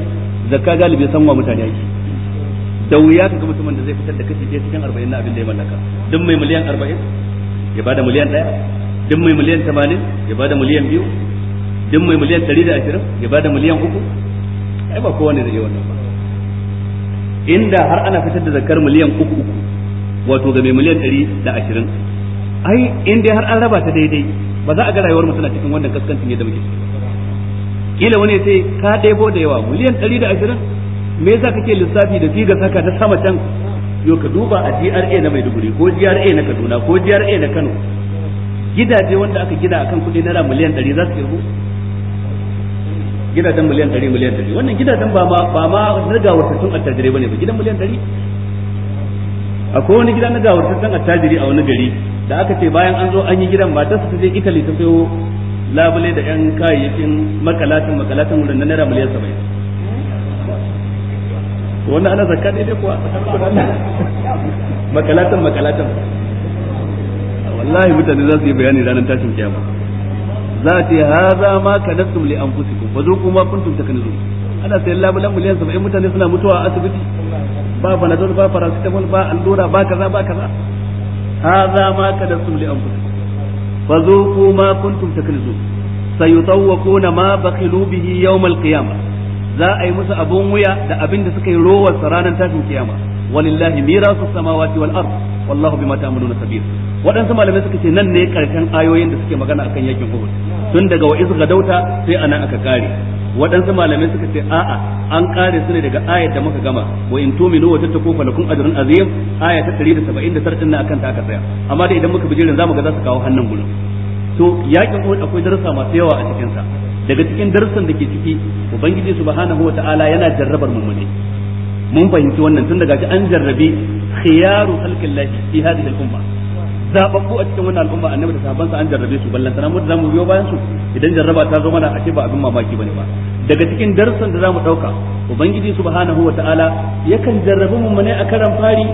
zakka galibi san wa mutane yake da wuya ga mutumin da zai fitar da kashi ɗaya cikin arba'in na abin da ya mallaka duk mai miliyan arba'in ya bada miliyan ɗaya duk mai miliyan tamanin ya bada miliyan biyu duk mai miliyan ɗari da ashirin ya bada miliyan uku ai ba kowane zai yi wannan ba inda har ana fitar da zakar miliyan uku uku wato ga mai miliyan ɗari da ashirin ai in dai har an raba ta daidai ba za a ga rayuwar mutum cikin wannan kaskancin yadda muke kila wani sai ka ɗebo da yawa miliyan ɗari da ashirin me yasa kake lissafi da siga saka ta sama can yo ka duba a GRA na Maiduguri ko GRA na Kaduna ko GRA na Kano gidaje wanda aka gida akan kuɗi naira miliyan ɗari za su kirgu gidajen miliyan ɗari miliyan ɗari wannan gidajen ba ma ba ma gawar tun attajirai bane ba gidan miliyan ɗari akwai wani gida na gawar tun attajiri a wani gari da aka ce bayan an zo an yi gidan ba ta su je Italy ta sayo labule da yan kayayyakin makalatin makalatin wurin na naira miliyan saba'in wannan ana zakka dai kuwa makalatan makalatan wallahi mutane za su yi bayani ranar tashin kiyama za a ce za ma kanastum li anfusikum fa zuqu ma kuntum takanizun ana sayan labulan miliyan saba'in mutane suna mutuwa a asibiti ba fanadol ba farasitamol ba allura ba kaza ba kaza hadha ma kadastum li anfusikum fadhuqu ma kuntum takrizun ma baqilu bihi yawm za a yi musu abun wuya da abin da suka yi rowar ranar tashin kiyama walillahi mirasu samawati wal ard wallahu bima ta'maluna kabir waɗansu malamai suka ce nan ne ƙarshen ayoyin da suke magana akan yakin Uhud tun daga wa iz gadauta sai anan aka kare waɗansu malamai suka ce a'a an kare su ne daga ayar da muka gama wa in tuminu wa tattaku falakum ajrun azim aya ta 179 din akan ta aka tsaya amma da idan muka bi jirin zamu ga za su kawo hannun gulu to yakin Uhud akwai darussa masu yawa a cikin sa daga cikin darussan da ke ciki ubangiji subhanahu wa ta'ala yana jarrabar mummune mun fahimci wannan tun daga an jarrabi khiyaru khalqillah fi hadhihi al-umma zababbu a cikin wannan al'umma annabi da sahabbansa an jarrabe su ballan sana mu da zamu biyo bayan su idan jarraba ta zo mana a ce ba abin mamaki bane ba daga cikin darsan da zamu dauka ubangiji subhanahu ta'ala yakan jarrabe mu mane a karan fari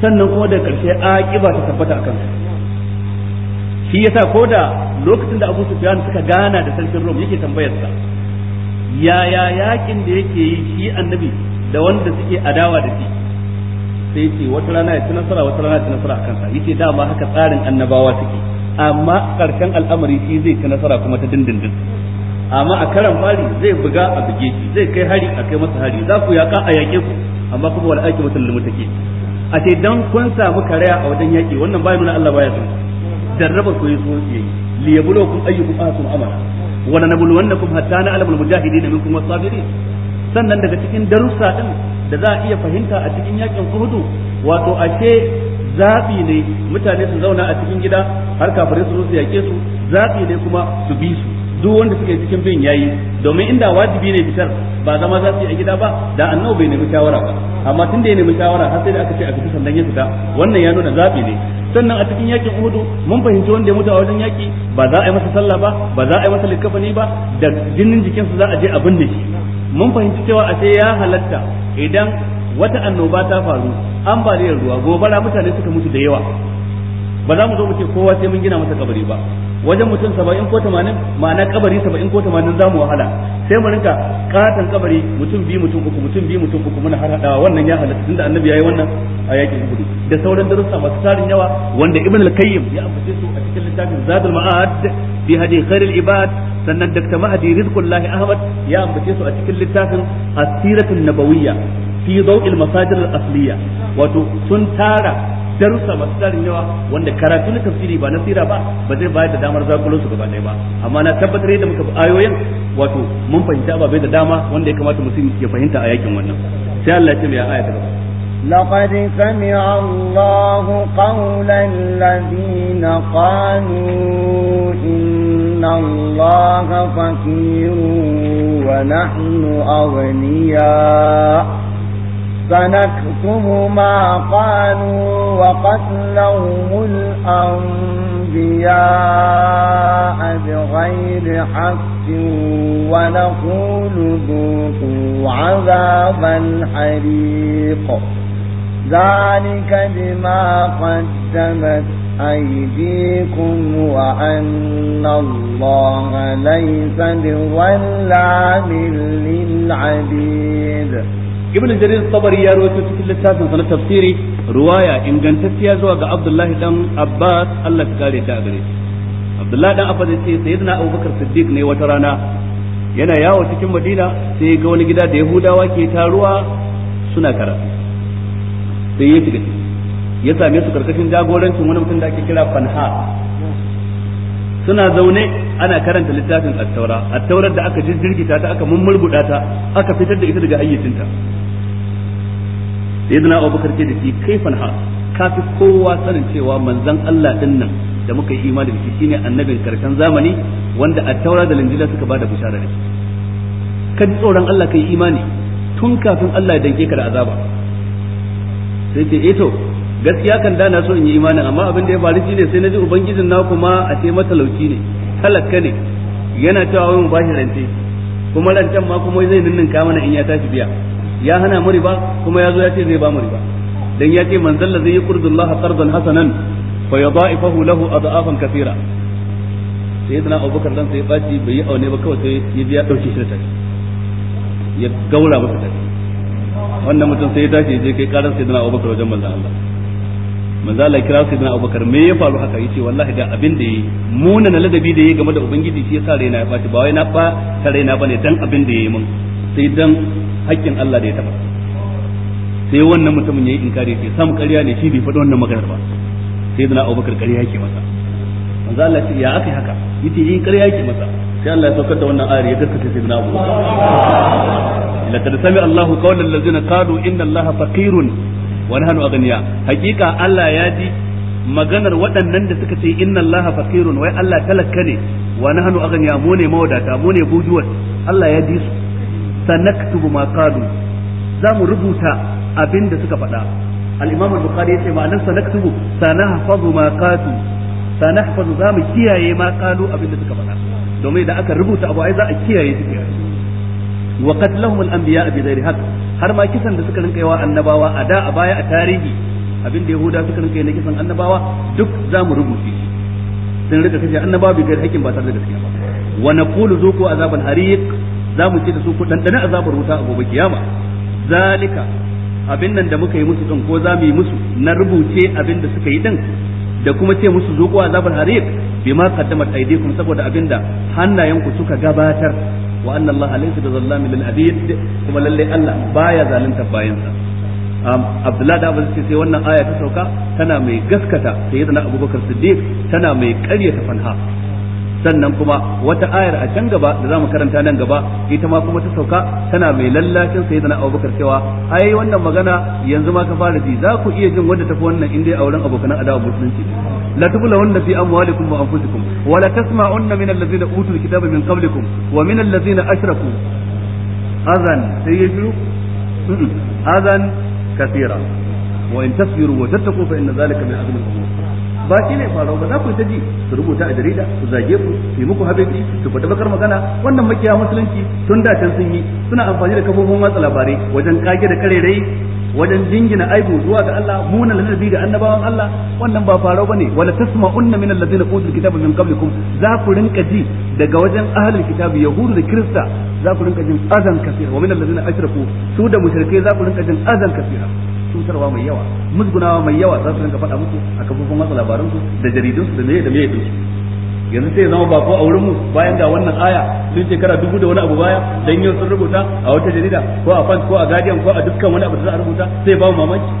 sannan kuma da karshe aqiba ta tabbata akan shi yasa da lokacin da Abu Sufyan suka gana da sarkin Rom yake tambayar sa yaya yakin da yake yi shi annabi da wanda suke adawa da shi sai ce wata rana ya ci nasara wata rana ya ci nasara akan sa yace dama haka tsarin annabawa take amma karkan al'amari shi zai ci nasara kuma ta dindindin amma a karan fari zai buga a buge shi zai kai hari a kai masa hari za ku yaka a yaƙe ku amma kuma wal aiki mutum limu take a ce dan kun samu karaya a wajen yaƙi wannan bayan nuna Allah baya son jarraba ku yi so yayi li yabluwakum ayyukum ahsanu amala wa lanabluwannakum hatta na'lamul mujahidin minkum was-sabirin sannan daga cikin darussa din da za a iya fahimta a cikin yakin Uhud wato ashe zabi ne mutane su zauna a cikin gida har kafirai su zo su yake su zabi ne kuma su bi su duk wanda suke cikin bin yayi domin inda wajibi ne bitar ba zama za su yi a gida ba da annabi bai nemi shawara ba amma tunda ya nemi shawara har sai da aka ce a fita sannan ya fita wannan ya nuna zabi ne sannan a cikin yakin Uhud mun fahimci wanda ya mutu a wajen yaki ba za a yi masa sallah ba ba za a yi masa likafani ba da jinin jikinsa za a je a binne shi mun fahimci cewa a ya halatta idan wata annoba ta faru an ambaliyar ruwa gobara mutane suka mutu da yawa ba za mu zo mu ce kowa sai mun gina masa kabari ba wajen mutum saba'in ko tamanin ma'ana kabari saba'in ko tamanin za mu wahala sai mu rinka katon kabari mutum bi mutum uku mutum bi mutum uku muna har hadawa wannan ya halatta tunda annabi yi wannan a yakin uhud da sauran darussa masu tarin yawa wanda ibn al-qayyim ya ambace su a cikin littafin zadul ma'ad fi hadi khairil ibad sannan dr mahdi rizqullahi ahmad ya ambace su a cikin littafin asiratun nabawiyya fi dawil masajir al-asliya wato sun tara darussa masu tsarin yawa wanda karatu na tafsiri ba na sira ba ba zai bayar da damar zakulo su gaba ɗaya ba amma na tabbatar yadda muka ayoyin wato mun fahimta ba bai da dama wanda ya kamata musu ya fahimta a yakin wannan sai Allah ya ce ya aya ta gaba لقد سمع الله قول الذين قالوا إن الله فقير ونحن أغنياء سنكتم ما قالوا وقتلهم الأنبياء بغير حق ونقول ذوقوا عذاب الحريق ذلك بما قدمت أيديكم وأن الله ليس بظلام للعبيد ibn sabar sabari ya rawaito cikin littafin sa na tafsiri ruwaya ingantacciya zuwa ga abdullahi dan abbas Allah ya kare ta gare shi abdullahi dan abbas yace sayyidina abubakar siddiq ne wata rana yana yawo cikin madina sai ya wani gida da yahudawa ke taruwa suna karatu sai ya same su karkashin jagorancin wani mutum da ake kira fanha suna zaune ana karanta littafin attaura attaurar da aka jirgita ta aka mummulguda ta aka fitar da ita daga ta. sayyidina abubakar ce da shi kaifan ha kafi kowa sanin cewa manzon Allah din nan da muka yi imani da shi shine annabin karshen zamani wanda a taura da linjila suka bada bishara da shi kan tsoron Allah kai imani tun kafin Allah ya danke ka da azaba sai ce eh gaskiya kan da na so in yi imani amma abin da ya faru shine sai na ji ubangijin na kuma a ce matalauci ne talaka ne yana cewa wai mu bashi rance kuma rancen ma kuma zai ninninka mana in ya tashi biya ya hana mu riba kuma ya zo ya ce zai ba mu riba dan ya ce manzal la zai yuqridu Allah qardan hasanan fa yudha'ifahu lahu adafan katira sayyidina Abu Bakar dan sai baci bai yi aune ba kawai sai ya biya dauke shi ta ya gaura masa tafi wannan mutum sai ya tashi je kai karar sayyidina Abu Bakar wajen manzal Allah manzal Allah kira sayyidina Abu Bakar me ya faru haka yace wallahi ga abin da yayi muna na ladabi da yayi game da ubangiji shi ya yasa raina ya baci ba wai na ba ta raina bane dan abin da yayi mun sai dan haƙƙin Allah da ya taba sai wannan mutumin yayi inkari sai sam ƙarya ne shi bai faɗi wannan maganar ba sai dana Abubakar ƙarya yake masa manzo Allah ya aka haka yace yi eh, ƙarya yake masa sai Allah ya saukar da wannan ayar ya gaskata sai dana Abubakar laqad sami Allahu qawlan allazina qalu inna Allaha faqirun wa nahnu aghniya Hakika Allah ya ji maganar waɗannan da suka ce inna allaha faqirun wai Allah talakka ne wa nahnu aghniya mu ne mawadata mu ne bujuwat Allah ya ji su sanaktubu ma qalu za mu rubuta abin da suka faɗa al-imam al-bukhari yace ma'anar sanaktubu sanahfazu ma qalu sanahfazu za mu kiyaye ma qalu abin da suka faɗa domin idan aka rubuta abu ai za a kiyaye su kiyaye wa qatlahum al-anbiya bi ghairi haqq har ma kisan da suka rinka yawa annabawa a da a baya a tarihi abin da yahuda suka rinka yi na kisan annabawa duk za mu rubuce sun rika kashe annabawa bi ghairi haqqin ba tare da gaskiya ba wa naqulu zuqu azabal hariq za mu ce da su ku dandana azabar wuta a gobe kiyama zalika abin nan da muka yi musu din ko za mu yi musu na rubuce abin da suka yi din da kuma ce musu zuku azabar hariq bima qaddamat aydikum saboda abin da hannayenku suka gabatar wa anna allaha laysa bizallamin lil abid kuma lalle Allah baya zalunta bayansa Abdullah da ce sai wannan aya ta sauka tana mai gaskata sayyidina Abubakar Siddiq tana mai ta fanha sannan kuma wata ayar a can gaba da zamu karanta nan gaba ita ma kuma ta sauka tana mai lallacin sayyidina Abubakar cewa ai wannan magana yanzu ma ka fara ji za ku iya jin wanda tafi wannan a wurin abokan adawa musulunci la tubla wanda fi amwalikum wa anfusikum wa la tasma'unna min allazina utul kitaba min qablikum wa min allazina ashraku azan sai ya shiru azan kathira wa in tasbiru wa tattaqu fa inna zalika min azmi al-umur ba shi ne faruwa ba za ku ta ji su rubuta a jarida su zage ku su yi muku habibi su fata bakar magana wannan makiya musulunci tun da can sun yi suna amfani da kafofin watsa labarai wajen kage da rai wajen jingina aibu zuwa ga Allah munan ladabi da annabawan Allah wannan ba farau bane wala tasma'unna min alladhina utul kitaba min qablikum za ku rinka ji daga wajen ahlul kitabi yahudu da kirista za ku rinka jin azan kafira wa min alladhina ashraku su da mushrikai za ku rinka jin azan kafira cutarwa mai yawa musgunawa mai yawa za su rinka faɗa muku a kafofin watsa labaran su da jaridun su da meye da meye din yanzu sai zama ba ko a wurin mu bayan ga wannan aya sun shekara dubu da wani abu baya dan yau sun rubuta a wata jarida ko a fan ko a guardian ko a dukkan wani abu da za a rubuta sai ba mu mamaki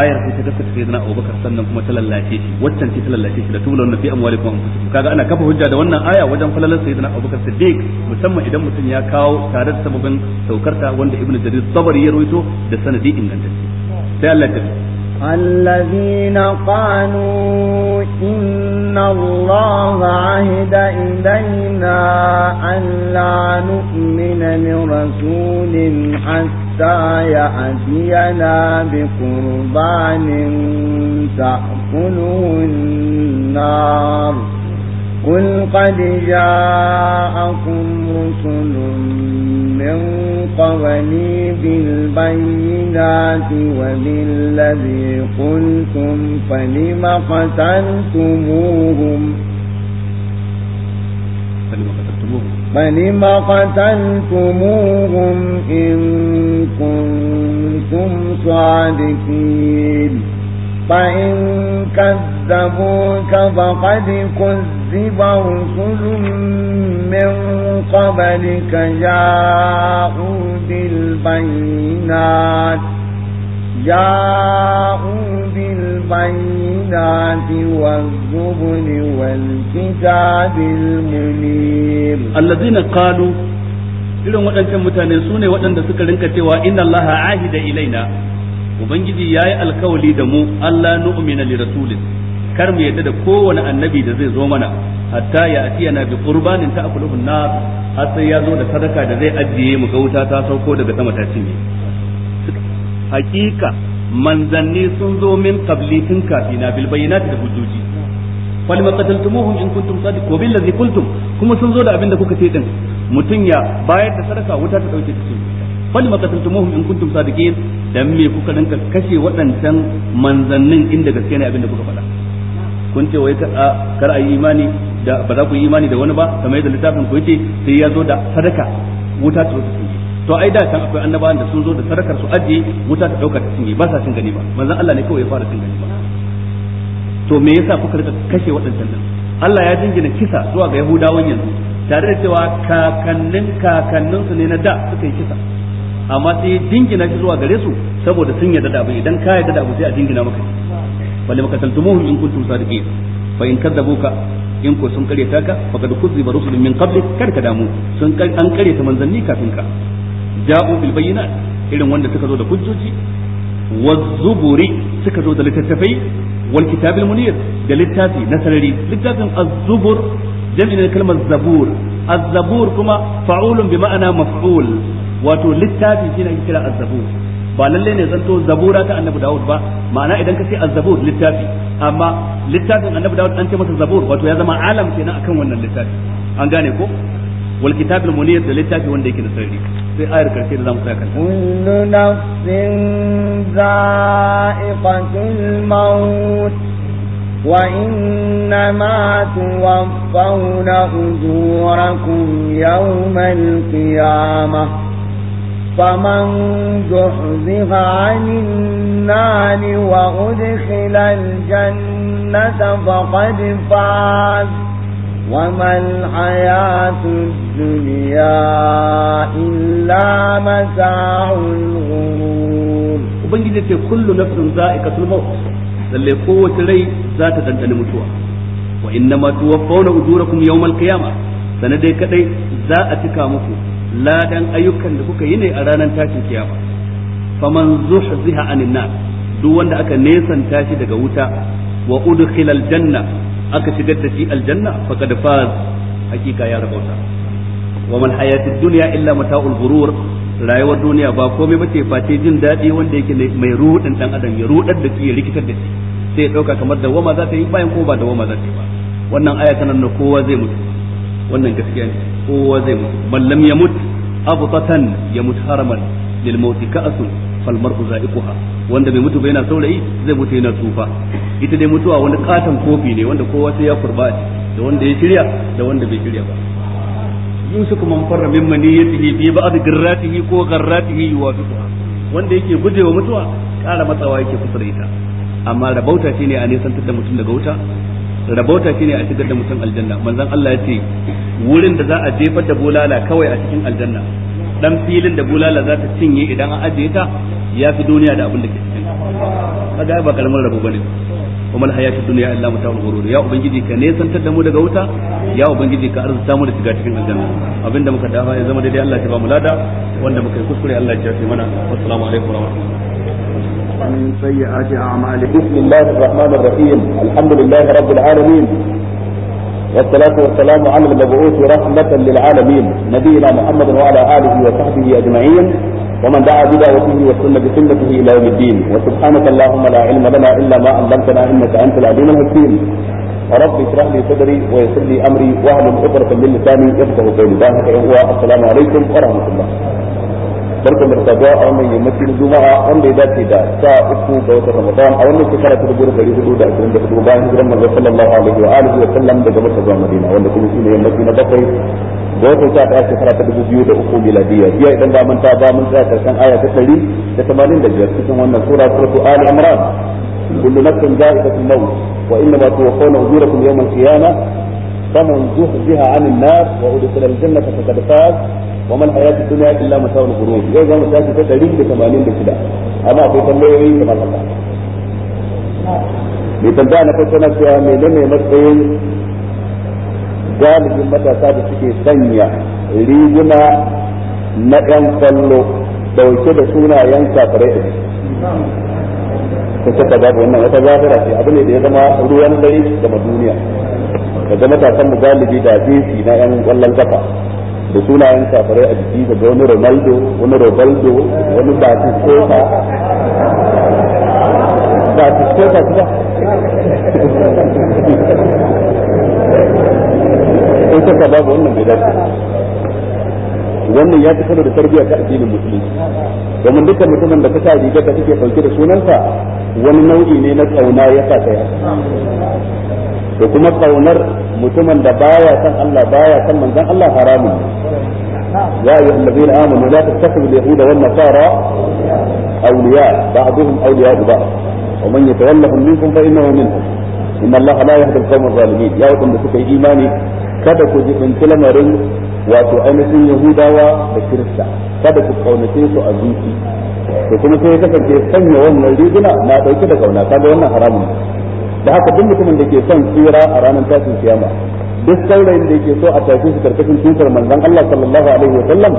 ayar ko ta gaskata sai zana Abubakar sannan kuma ta lallace shi waccan ce ta lallace shi da wannan fi amwalikum kaga ana kafa hujja da wannan aya wajen falalar sayyidina Abubakar Siddiq musamman idan mutum ya kawo tare da sababin saukarta wanda Ibn Jarir Tabari ya ruwaito da sanadi ingantacce sai Allah ya الذين قالوا إن الله عهد إلينا ألا نؤمن لرسول حتى يأتينا بقربان تأكله النار قل قد جاءكم رسل من قبلي بالبينات وبالذي قلتم فلم قتلتموهم فلم قتلتموهم فلم قتلتموهم إن كنتم صادقين فإن كذبوك فقد كذب رسل من قبلك جاءوا بالبينات جاءوا بالبينات والزبر والكتاب المنير الذين قالوا irin waɗancan mutane su ne waɗanda suka rinka cewa inna allaha ahida ilaina ubangiji yayi alkawali da mu Allah nu'mina li rasulin kar mu yadda da kowane annabi da zai zo mana hatta ya atiyana bi qurbanin ta'kuluhu an-nar har sai ya zo da sadaka da zai ajiye mu ga wuta ta sauko daga sama ta cinye hakika manzanni sun zo min qablitin kafina bil bayyinati da hujjoji fal ma qataltumuhum in kuntum sadiqu bil ladhi qultum kuma sun zo da abin da kuka ce din mutun ya bayar da sadaka wuta ta dauke ta cinye fal ma qataltumuhum in kuntum sadiqin dan me kuka danka kashe waɗancan manzannin inda gaske ne abin da kuka faɗa kun ce wai kar a yi imani da ba za ku yi imani da wani ba kamar yadda littafin ku yace sai ya zo da sadaka wuta ta zo to ai da kan akwai annabawan da sun zo da sadakar su aje wuta ta dauka ta cinye ba sa cin gani ba manzon Allah ne kawai ya fara cin gani ba to me yasa kuka rika kashe waɗancan nan Allah ya jingina kisa zuwa ga Yahudawan yanzu tare da cewa kakannin kakanninsu ne na da suka yi kisa amma sai dingina shi zuwa gare su saboda sun yarda da abu idan ka yarda da abu sai a jingina maka wal makataltumuhum in kuntum sadiqin fa in kadzabuka in ko sun kare ta ka kuzi kuzziba rusulun min qablik kar ka damu sun an kare ta manzanni kafin ka ja'u bil bayyinat irin wanda suka zo da hujjoji wazzuburi suka zo da littattafai wal kitabil munir da littafi na sarari littafin az-zubur jami'in kalmar zabur az-zabur kuma fa'ulun bi ma'ana maf'ul wato littafi shi ne kira az ba lalle ne zanto zabura ta annabi dawud ba ma'ana idan ka ce az littafi amma littafin annabi dawud an ce masa zabur wato ya zama alam kenan akan wannan littafi an gane ko wal kitabul munir da littafi wanda yake da sirri sai ayar karshe da zamu saka kullu nafsin za'iqatul maut wa innama tuwaffawna ujurakum yawmal فمن زحزح عن النار وأدخل الجنة فقد فاز وما الحياة الدنيا إلا متاع الغرور وبنجد كل نفس ذائقة الموت للي قوة لي ذات تنتني متوى وإنما توفون أجوركم يوم القيامة sanadai kadai za a cika muku ladan ayyukan da kuka yi ne a ranar tashin kiyama faman zuhziha anin nar duk wanda aka nesanta shi daga wuta wa udkhila aljanna aka shigar da shi aljanna faqad faz hakika ya rabauta wa man hayatid dunya illa mata'ul ghurur rayuwar duniya ba komai bace face jin daɗi wanda yake mai rudin dan adam ya rudar da shi ya rikitar da shi sai ya dauka kamar da wama za ta yi bayan ko ba da wama za ta yi ba wannan aya tana kowa zai mutu wannan gaskiya ne kowa zai mutu Mallam ya mutu yamut ya mutu haraman lil mauti ka'asun fal mar'u za'iquha wanda bai mutu ba yana saurayi zai mutu yana tsufa ita dai mutuwa wani katon kofi ne wanda kowa sai ya kurba da wanda ya shirya da wanda bai shirya ba yusuf man farra min maniyatihi bi ba'd garratihi ko garratihi yuwafiquha wanda yake gujewa mutuwa kara matsawa yake kusa da ita amma rabauta shine a nisan da mutum daga wuta rabauta shine a shigar da mutum aljanna manzon Allah ya ce wurin da za a jefa da bulala kawai a cikin aljanna dan filin da bulala za ta cinye idan an ajiye ta ya fi duniya da abin da ke cikin kaga ba kalmar rabo bane kuma alhayatu dunya illa mata'ul ghurur ya ubangiji ka nesantar da mu daga wuta ya ubangiji ka arzuta mu da shiga cikin aljanna abinda muka dafa ya zama daidai Allah ya ba mu lada wanda muka yi kuskure Allah ya ce mana assalamu alaikum wa rahmatullahi من سيئات أعمالنا بسم الله الرحمن الرحيم الحمد لله رب العالمين والصلاة والسلام على المبعوث رحمة للعالمين نبينا محمد وعلى آله وصحبه أجمعين ومن دعا بدعوته وسن بسنته إلى يوم الدين وسبحانك اللهم لا علم لنا إلا ما علمتنا إنك أنت العليم الحكيم رب اشرح لي صدري ويسر لي أمري واهل عقدة من لساني يفقه قولي ذلك السلام عليكم ورحمة الله barka da sabuwa a wannan yammacin juma'a wanda ya dace da sa uku ga wata ramadan a wannan shekara ta dubu da hudu da ashirin da hudu bayan hijiran manzon sallallahu alaihi wa alihi wa sallam daga makka zuwa madina wanda kuma shine yammaci na bakwai ga wata sha ɗaya shekara ta dubu biyu da uku miladiya jiya idan ba manta ba mun tsaya karshen aya ta ɗari da tamanin da biyar cikin wannan sura suratu ali imran kullu nafsin za'iqatul maut wa inna ma tuwaffawna ujurakum yawmal qiyamah فمن زحزح عن النار وأدخل الجنة فقد فاز وما الحياة الدنيا إلا متاع الغرور زي ما مساكي تتريد بثمانين بكدا أما في تنبيه كما تقع mai tambaya na farko na cewa menene matsayin galibin matasa da suke sanya riguna na ɗan kwallo dauke da sunayen kafirai a jiki ta ce babu wannan wata zafira ce abu ne da ya zama ruwan dare ga duniya daga matasan mu galibi da besi na yan kwallon kafa da sunayen safarai a jiki daga wani Ronaldo wani Robaldo wani batu Batistuta kuma in saka babu wannan bai dace wannan ya fi sanar da tarbiyyar ta addinin musulunci domin dukkan mutumin da ka sa rigar da kake dauke da sunanta wani nau'i ne na tsauna ya sa ta da kuma kaunar mutumin da baya san Allah baya san manzon Allah haramun ya ayyuha alladhina amanu la tattakhidhu al-yahuda wan nasara awliya ba'dhum awliya ba'd wa man yatawallahum minkum fa innahu minhum inna Allah la yahdi al-qawm al-zalimin ya kun da kuke imani kada ku ji in kilamarin wato ainihin yahudawa da kirista kada ku kaunace su a zuci to kuma sai ya kasance sanya wannan riguna na dauke da kauna kaga wannan haramun da haka duk mutumin da ke son tsira a ranar tashin kiyama duk saurayin da yake so a tafi su karkashin tutar manzon Allah sallallahu alaihi wa sallam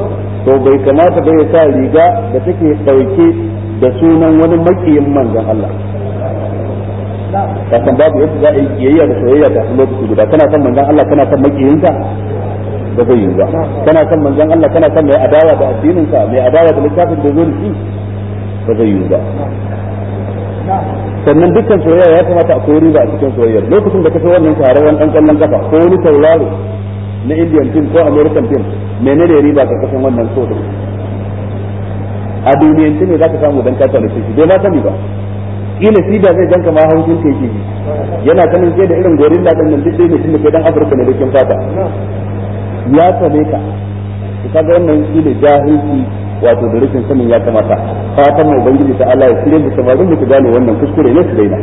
to bai kamata ba ya sa riga da take dauke da sunan wani makiyin manzon Allah kafin babu yadda za a yi kiyayya da soyayya ta lokaci guda kana son manzon Allah kana son makiyinka ba zai yi ba kana son manzon Allah kana son mai adawa da addinin sa mai adawa da littafin da zo da shi ba zai yi ba sannan dukkan soyayya ya kamata a koyi riba a cikin soyayyar lokacin da ka so wannan shahararren dan kallon kafa ko wani tauraro na indian team ko american team menene riba ka kasan wannan so din a duniyance ne ka samu dan kasa da shi bai ma sani ba kila shi da zai danka ma haushin ke ji yana kanan sai da irin gorilla dan nan duk dai shi ne dan afirka ne da kin fata ya same ka ga wannan shi da jahilci wato da rashin sanin ya kamata fatan mu ubangiji ta Allah ya kire da samarin mu gane wannan kuskure ne su daina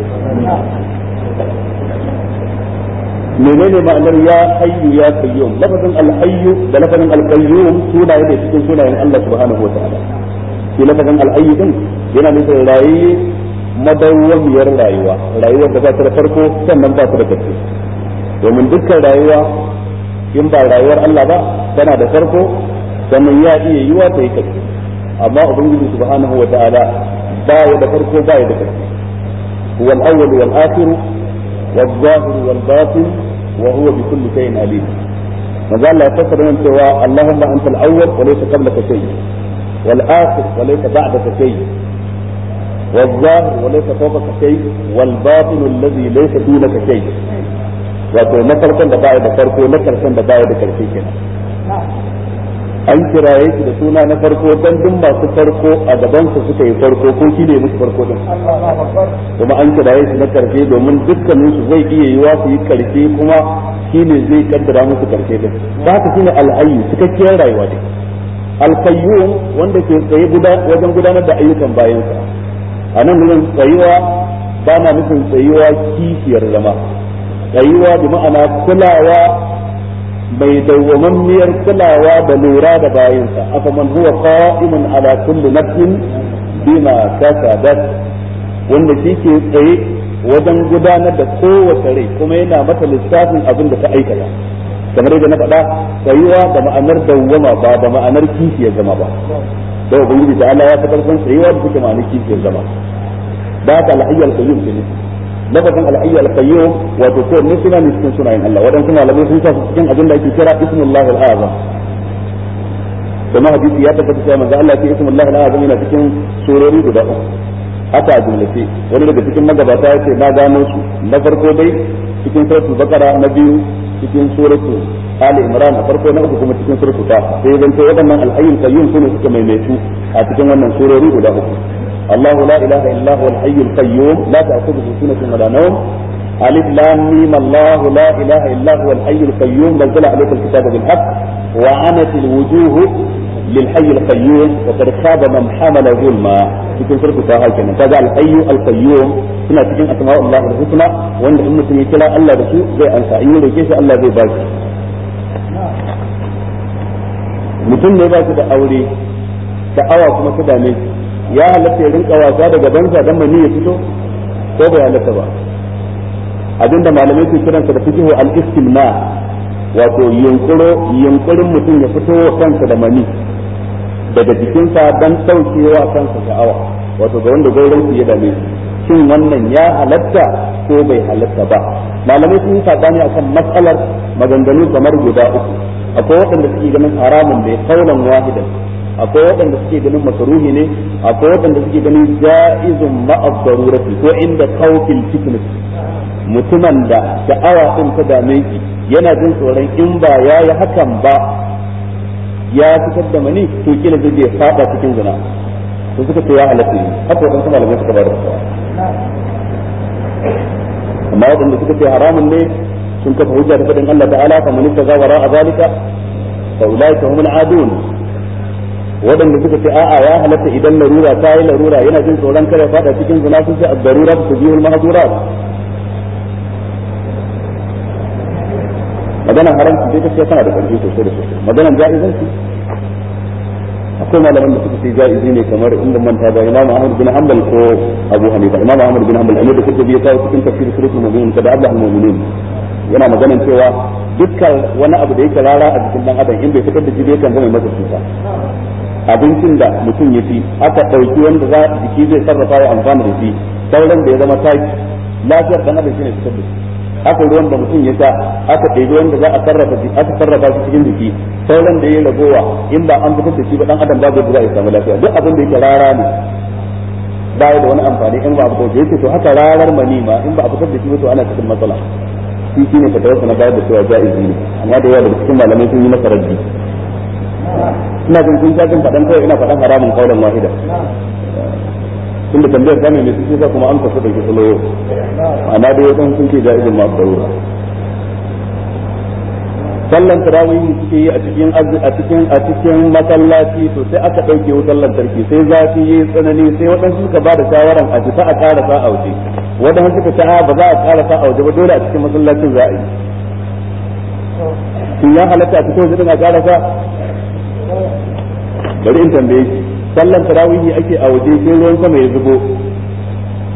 menene ma'anar ya hayyu ya qayyum lafazin al-hayyu da lafazin al-qayyum suna da cikin sunayen Allah subhanahu wa ta'ala shi lafazin al-hayyu din yana nufin rayi madawwamiyar rayuwa rayuwar da ba ta da farko sannan ba ta da ƙarshe domin dukkan rayuwa in ba rayuwar Allah ba tana da farko sannan ya iya yiwa ta yi ƙarshe amma ubangiji subhanahu wataala ba ya da farko ba ya da farko huwa al-awwal wal akhir wal zahir wal batin wa huwa bi kulli shay'in alim maza Allah ya fassara nan cewa Allahumma anta al awwal wa laysa qablaka shay wal akhir wa laysa ba'daka shay wal zahir wa laysa fawqaka shay wal batin alladhi laysa dunaka shay wato na farkon da baya da farko na karshen da baya da karshe kenan an kiraye shi da suna na farko dan duk masu farko a gaban su suka yi farko ko shi ne musu farko din kuma an kiraye shi na karfe domin dukkanin su zai iya yiwa su yi karfe kuma shi ne zai kaddara musu karfe din ba shi ne al'ayyu cikakkiyar rayuwa din alfayyu wanda ke tsaye wajen gudanar da ayyukan bayansa a nan wurin tsayuwa ba na nufin tsayuwa kishiyar zama tsayuwa bi ma'ana kulawa mai miyar kulawa da lura da bayansa afa man huwa qa'imun ala kulli nafsin bima kasabat wanda shi ke tsaye wajen gudanar da kowace rai kuma yana mata lissafin abin da ta aikata kamar yadda na faɗa tsayuwa da ma'anar dawwama ba da ma'anar ya zama ba da ubangiji da Allah ya tabbatar karfin tsayuwa da kuma ma'anar ya zama ba ta lahayyar kayyum lafazin al al-qayyum wato ko ne suna ne cikin sunayen Allah wadansu malamai sun sa su cikin abin da ake kira ismullahi al-azam kuma hadisi ya tabbata cewa manzo Allah ya ismullahi al-azam yana cikin surori guda uku haka a jumlace wani daga cikin magabata ya ce na gano su na farko dai cikin suratul baqara na biyu cikin suratul Ali Imran a farko na uku kuma cikin suratul Ta sai zan ce waɗannan al-ayyu qayyum sune suka maimaitu a cikin wannan surori guda uku الله لا اله الا هو الحي القيوم لا تاخذه سنه ولا نوم الف لام ميم الله لا اله الا هو الحي القيوم نزل عليك الكتاب بالحق وعنت الوجوه للحي القيوم وقد خاب من حمل ظلما يمكن ترك ساحه كما الحي القيوم هنا تجين اسماء الله الحسنى وان المسلم يتلى الا بسوء زي انسى ان يلقيش الله زي باقي مثل ما يبقى كده اولي كاوى كما كده ميت ya halatta ya rinka wasa da gabansa dan mani ya fito ko bai halatta ba abinda malamai ke kiransa da fikihu al-istilma wato yunkuro yunkurin mutum ya fito wa kansa da mani daga jikinsa dan saukewa kansa sha'awa wato ga wanda gauran ya dame shin wannan ya halatta ko bai halatta ba malamai sun ne sabani akan matsalar maganganu kamar guda uku akwai waɗanda suke ganin haramun bai kaulan wahidan akwai waɗanda suke ganin masruhi ne akwai waɗanda suke ganin jaizun ma'a darurati ko inda kawfin fitness mutumin da sha'awa din ta dame shi yana jin tsoron in ba ya yi hakan ba ya fitar da mani to kila zai ya fada cikin zina to suka ce ya halatta ne haka waɗansu malamai suka ba da amma waɗanda suka ce haramun ne sun kafa hujja da fadin Allah ta'ala fa ta zawara a zalika fa ulaika humul adun waɗanda suka ce a'a ya halatta idan larura ta yi larura yana jin tsoron kare fada cikin zina sun ce ad-darura tujihul mahdurat maganar haramci dai gaskiya tana da ƙarfi sosai da sosai maganar ja'izan su akwai malaman da suka ce ja'izi ne kamar inda manta ba imamu ahmad bin hanbal ko abu hanifa imamu ahmad bin hanbal ne da kuka biya kawo cikin tafsir suratul mu'minin kada Allah mu'minin yana maganar cewa dukkan wani abu da yake rara a cikin dan adam in bai fitar da shi bai kan zama masa cuta abincin da mutum ya fi aka ɗauki wanda za jiki zai sarrafa ya amfana da shi sauran da ya zama taki lafiyar da adam shine fitar da shi aka ruwan da mutum ya sha aka ɗebi wanda za a sarrafa shi aka sarrafa shi cikin jiki sauran da ya ragowa in ba an fitar da shi ba ɗan adam babu yadda za a samu lafiya duk abin da yake rara ne baya da wani amfani in ba a fitar da shi to haka rarar manima in ba a fitar da shi ba to ana cikin matsala shi shine fatawarsa na bayar da cewa ja'izi ne amma da yawa da cikin malamai sun yi masa rabbi ina jin kun jajin faɗan kawai ina faɗan haramun kaulan wahida da tambayar ta mai suke za kuma an kwasu ɗauki salo ana da yau sun ce ja'izin ma darura sallan tarawihi suke yi a cikin a cikin a cikin masallaci to sai aka ɗauke wutar lantarki sai zafi yi tsanani sai waɗansu suka ba da shawaran a fita a sa a waje waɗansu suka ta ba za a sa a waje ba dole a cikin masallacin za a yi ya halatta a cikin waje a ƙarasa bari in tambaye shi sallan tarawihi ake a waje sai ruwan sama ya zubo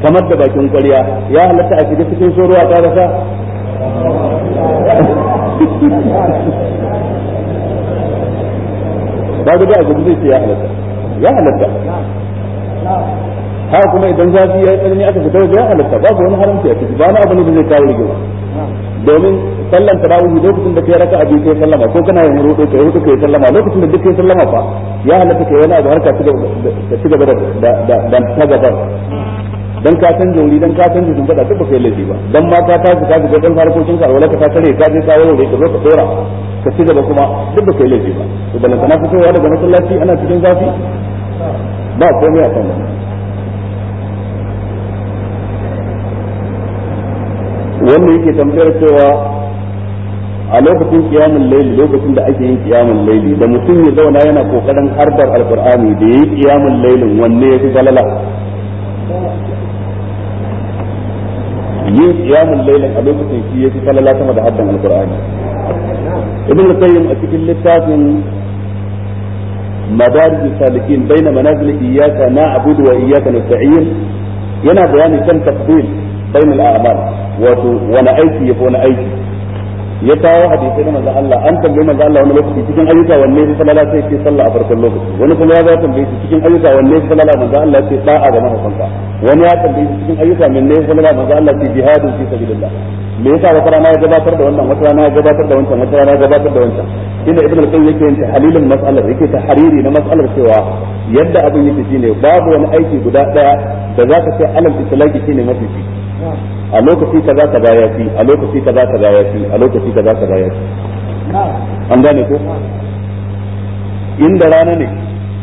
kamar da bakin kwarya ya halatta a shiga cikin so ruwa ta rasa ba da ba gudu zai ce ya halatta ya halatta ha kuma idan zafi ya yi tsanani aka fitar da ya halatta ba babu wani haramci a ciki ba na abu ne da zai kawo rigewa domin sallan tarawih lokacin da kai raka abi kai sallama ko kana yin rudu kai rudu kai sallama lokacin da duk kai sallama fa ya halatta kai wani abu har ka ci gaba da da da ta gaba dan ka san jori dan ka san jikin fada duk kai laifi ba dan ma ka ta ka ga dan harkokin ka wala ka ta tare ka je ka warware ka zo ka dora ka ci gaba kuma duk kai laifi ba to dan kana fitowa daga masallaci ana cikin zafi ba komai a kan wannan wannan yake tambayar cewa a lokacin kiyamun laili lokacin da ake yin kiyamun laili da mutum ya zauna yana kokarin harbar alkur'ani da yi kiyamun lailin wanne ya fi galala yin kiyamun lailin a lokacin shi ya fi galala sama da haddan alkur'ani ibn qayyim a cikin littafin madarij salikin baina manazil iyyaka na'budu wa iyyaka nasta'in yana bayani kan tafdil al a'mal wato wani aiki yafi wani aiki ya kawo hadisai na manzon Allah an tambaye manzon Allah wani lokaci cikin ayyuka wanne sai salala sai sallah a farkon lokaci wani kuma ya tambaye shi cikin ayyuka wanne sai salala manzon Allah sai da'a ga wani ya tambaye shi cikin ayyuka min ne salala manzon Allah sai jihadu fi sabilillah me yasa wata rana ya gabatar da wannan wata rana ya gabatar da wancan wata rana ya gabatar da wancan inda al-qayyim yake yin tahlilin mas'alar yake na mas'alar cewa yadda abin yake shine babu wani aiki guda daya da zaka ce alal islaki shine fi. a lokaci kaza kaza ya fi a lokaci kaza kaza ya fi a lokaci za kaza ya fi an gane ko inda rana ne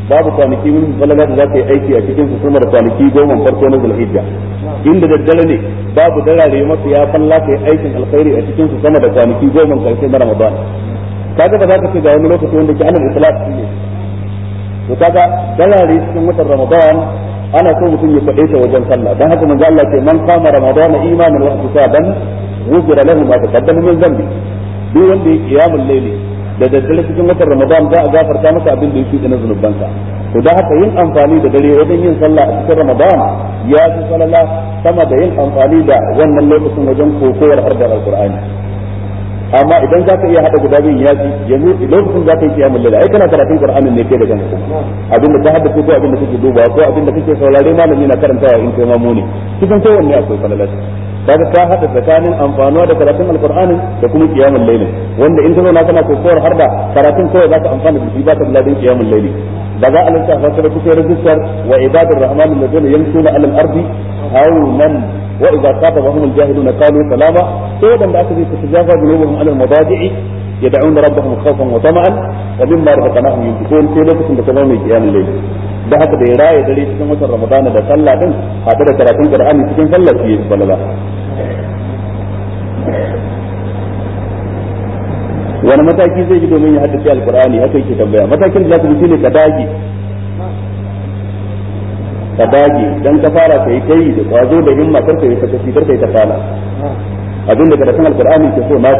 babu kwanaki mun balaga da zaka yi aiki a cikin su da kwanaki goma farko na zulhijja inda daddare ne babu darare masu ya falla ka yi aikin alkhairi a cikin su sama da kwanaki goma karshe na ramadan kaga ba za ka ce ga wani lokaci wanda ke alal islam ne to kaga darare cikin watan ramadan ana so mutum ya faɗe ta wajen sallah dan haka manzo Allah ce man qama ramadana imanan wa ihtisaban wujira lahu ma taqaddama min dhanbi duk wanda ya qiyamul layli da daddare cikin watan ramadan za a gafarta masa abin da yake da zanubansa to da haka yin amfani da dare wajen yin sallah a cikin ramadan ya fi salala sama da yin amfani da wannan lokacin wajen kokowar harkar alqur'ani amma idan za ka iya haɗa guda biyun ya ji yanzu lokacin za ka yi kiyamun lalle ai kana karatun qur'anin ne ke da kanka abin da ka haddace ko abin da kake duba ko abin da kake saurare malami na karantawa in kai ma mu ne cikin kowanne akwai falalaci kaga ka haɗa tsakanin amfanuwa da karatun alqur'anin da kuma kiyamun lalle wanda in ka zauna kana kokowar har da karatun kowa za ka amfana da shi ba ka biladin kiyamun lalle da za a lantarka ba kusa rajistar wa ibadur rahmanin da zai yamsu na alal ardi haunan wa idza qatabahum al na qalu salama sai wadanda aka ce su tajafa junubuhum ala al-madaji'i yad'una rabbahum khawfan wa tama'an wa mimma razaqnahum yunfiqun sai lokacin da kaza mai kiyamul layl da haka da ya raye dare cikin watan ramadana da sallah din hada da karatun qur'ani cikin sallah shi ya balala wani mataki zai yi domin ya haddace alkur'ani haka yake tambaya matakin da zaka bi shine ka dage ka dage dan ka fara kai kai da kwazo da himma karka yi sakaci karka yi tafala abinda ka san alqur'ani ke so ma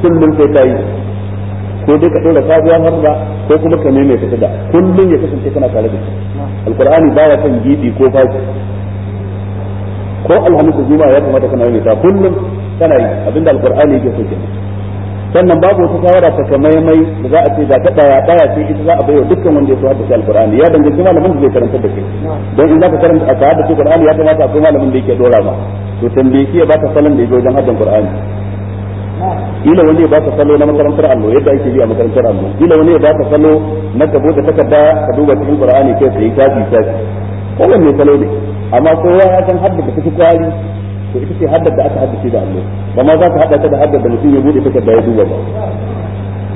kullun sai kai ko dai ka dora sabuwar harba ko kuma ka nemi ka tada kullun ya kasance kana tare da shi alqur'ani baya kan gidi ko faji ko alhamdu lillah ya kamata kana yi ta kullum kana yi abinda alqur'ani yake so kenan sannan babu wata shawara ta ka mai da za a ce za ta daya daya ce ita za a bayar dukkan wanda ya so haddace alqur'ani ya danganci malamin da zai karanta da kai don in za ka karanta a shi qur'ani ya kamata akwai malamin da yake dora ma to tambaye shi ya baka salon da ya zo wajen haddan qur'ani ila wani ya baka salo na makarantar allo yadda ake biya makarantar allo ila wani ya baka salo na ka bude takarda ka duba cikin qur'ani kai sai kafi kafi wannan ne salo ne amma kowa ya san haddace cikin kwari to ita ce haddar da aka haddace da allo ba ma za ka hada ta da haddar da mutum ya bude da ya duba ba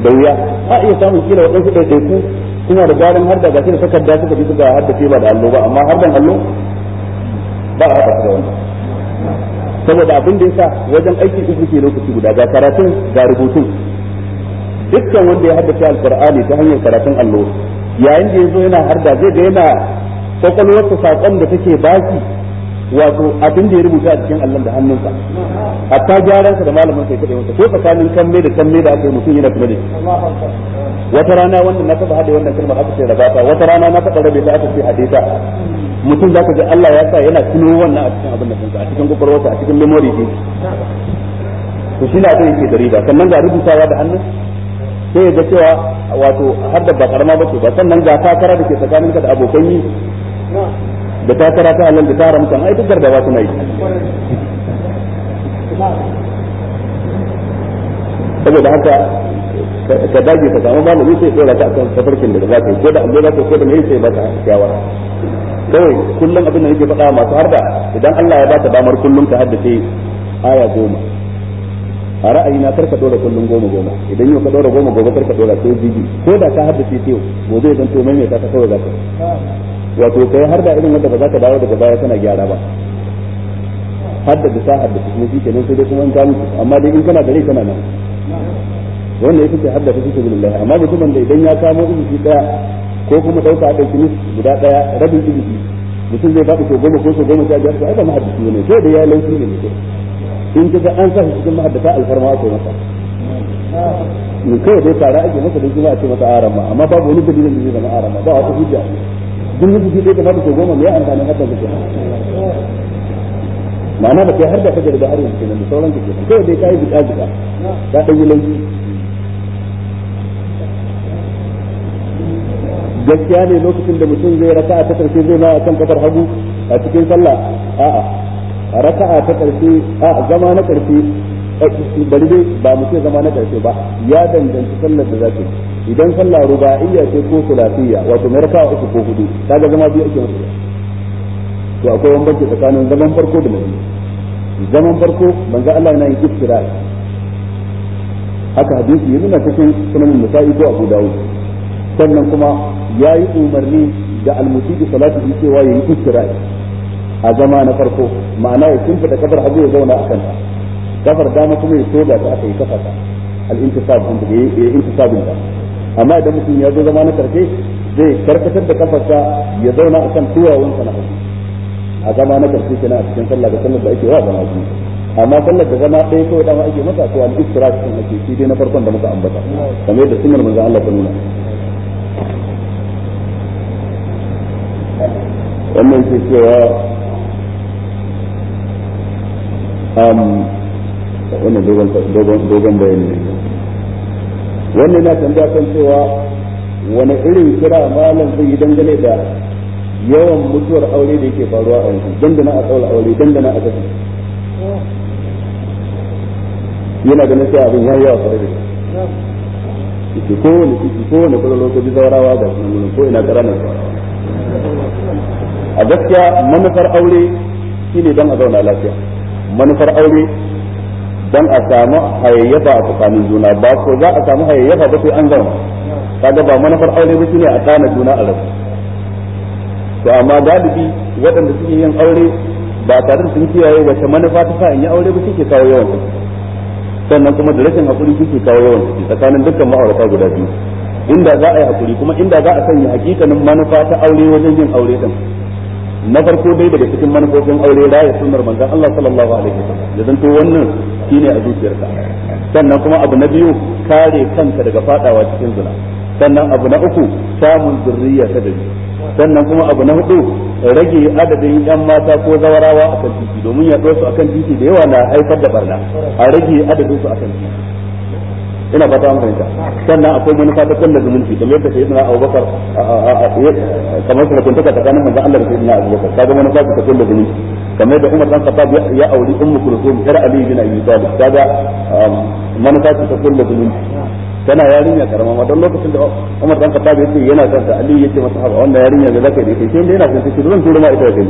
da wuya a iya samun kila waɗansu ku kuma da garin har da gashi da da suka bisa ga haddace ba da allo ba amma har da allo ba a haɗa da wannan saboda abin da yasa wajen aiki uku ke lokaci guda ga karatun ga rubutun dukkan wanda ya haddace alqur'ani ta hanyar karatun allo yayin da yazo yana harda zai ga yana ta saƙon da take baki wato abin da ya rubuta a cikin allon da hannunsa hatta gyaran sa da malamin sai kaɗai wata ko tsakanin kanne da kanne da aka yi mutum yana kuma da wata rana wanda na taba haɗe wannan kalmar aka ce rabata wata rana na taba rabe ta aka ce hade ta mutum ka ji Allah ya sa yana tuno wannan a cikin abin da kansa a cikin kokarwarsa a cikin memory din to shi na abin yake da riba sannan ga rubutawa da hannun sai ya ga cewa wato har da ba karama ba ce ba sannan ga takara da ke tsakaninka da abokan yi da ta tara ta nan da ta ramta ai duk gardawa suna yi saboda haka ka dage ka samu malami sai dora ta akan safarkin da za ka yi ko da Allah za ka ko da mai sai baka shawara kawai kullum abin da yake faɗa masu harda idan Allah ya baka damar kullum ka haddace aya goma a ra'ayina kar ka dora kullum goma goma idan yau ka dora goma goma kar ka dora sai jiji ko da ka haddace sai gobe zan to mai mai ka kawai za ka wato kai har da irin wanda ba za ka dawo daga baya kana gyara ba haddada sa'ar haddada kuma shi kenan sai dai kuma in ka mutu amma dai in kana da rai kana nan wannan ya fice haddada fi sabilillah amma mutumin da idan ya kamo izuki daya ko kuma dauka da kinis guda daya rabin izuki mutum zai faɗi ko goma ko so goma sha biyar to ai ba mahaddisi ne sai da ya laushi ne mutum in kaga an sa shi cikin mahaddata alfarma aka masa in kai dai tara ake masa da kuma a ce masa arama amma babu wani dalilin da zai zama arama ba wata hujja in yi jiki ɗaya kamata ko goma mai amfanin hakan kake ma'ana ba kai har da fajar da arziki kenan da sauran kake kawai dai ka yi jika jika ka ɗan yi lauki gaskiya ne lokacin da mutum zai raka'a ta karshe zai ma kan kafar hagu a cikin sallah a'a raka'a ta karshe a zama na karshe Eh, bari dai ba mu ce zama na karshe ba ya danganci sallar da zaka yi idan sallah ruba'iyya ce ko sulasiyya wato mai raka'a uku ko hudu kaga zama biyu ake masa to akwai bambanci tsakanin zaman farko da nabi zaman farko banza Allah yana yin iftira haka hadisi ya nuna cikin sunan nisa'i ko abu dawud sannan kuma ya yi umarni da almusidi salatu cewa yayi iftira a zama na farko ma'ana ya kimfa da kabar hagu ya zauna a kanta kafar dama kuma ya soja da aka yi kafa ta al-intisab wanda ya intisabin da amma idan mutum ya zo zama na karshe zai karkatar da kafarsa ya zauna akan sa na hagu a zama na karshe kenan a cikin sallah da sallar da ake wa zama biyu amma sallar da zama ɗaya kawai dama ake masa ko al-istirahat din ake shi dai na farkon da muka ambata kamar yadda sunan manzon Allah ta nuna wannan ke cewa um, wannan dogon dogon bayani ne wannan na tambaya kan cewa wani irin kira malam zai yi dangane da yawan mutuwar aure da yake faruwa a yanzu dangana a tsawon aure dangana a gasa yana da sai abin ya yi yawa kwarai da shi kowane ciki kowane kwarar lokaci zaurawa ga sunan ko ina ƙaranar a gaskiya manufar aure shine don a zauna lafiya manufar aure dan a samu hayayyafa a tsakanin juna ba ko za a samu hayayyafa ba sai an gama kaga ba manufar aure ba shine a tsana juna a rabu to amma galibi waɗanda suke yin aure ba tare da sun kiyaye wace manufa ta sa in yi aure ba suke kawo yawan su sannan kuma da rashin hakuri suke kawo yawan su tsakanin dukkan ma'aurata guda biyu inda za a yi hakuri kuma inda za a sanya hakikanin manufa ta aure wajen yin aure din na farko dai daga cikin manufofin aure ya sunar manzon Allah sallallahu alaihi wasallam da zanto wannan shine a zuciyarka sannan kuma abu na biyu kare kanka daga fadawa cikin zina sannan abu na uku samun zurriya ta dabi sannan kuma abu na hudu rage adadin yan mata ko zawarawa a kan titi domin ya su kan titi da yawa na haifar da barna a rage adadin su a kan titi ina fata an fahimta sannan akwai manufa ta kullu zumunci kamar yadda sayyidina Abubakar kamar su kunta tsakanin manzon Allah da sayyidina Abubakar kaga manufa ta kullu zumunci kamar da Umar dan Khattab ya auri Ummu Kulthum yar Ali bin Abi Talib kaga um, manufa ta kullu zulum tana yarinya karama ma don lokacin da Umar dan Khattab yace yana son ta Ali yace masa haba wannan yarinya da zakai yi sai dai na san ta kiran tura ma ita da kai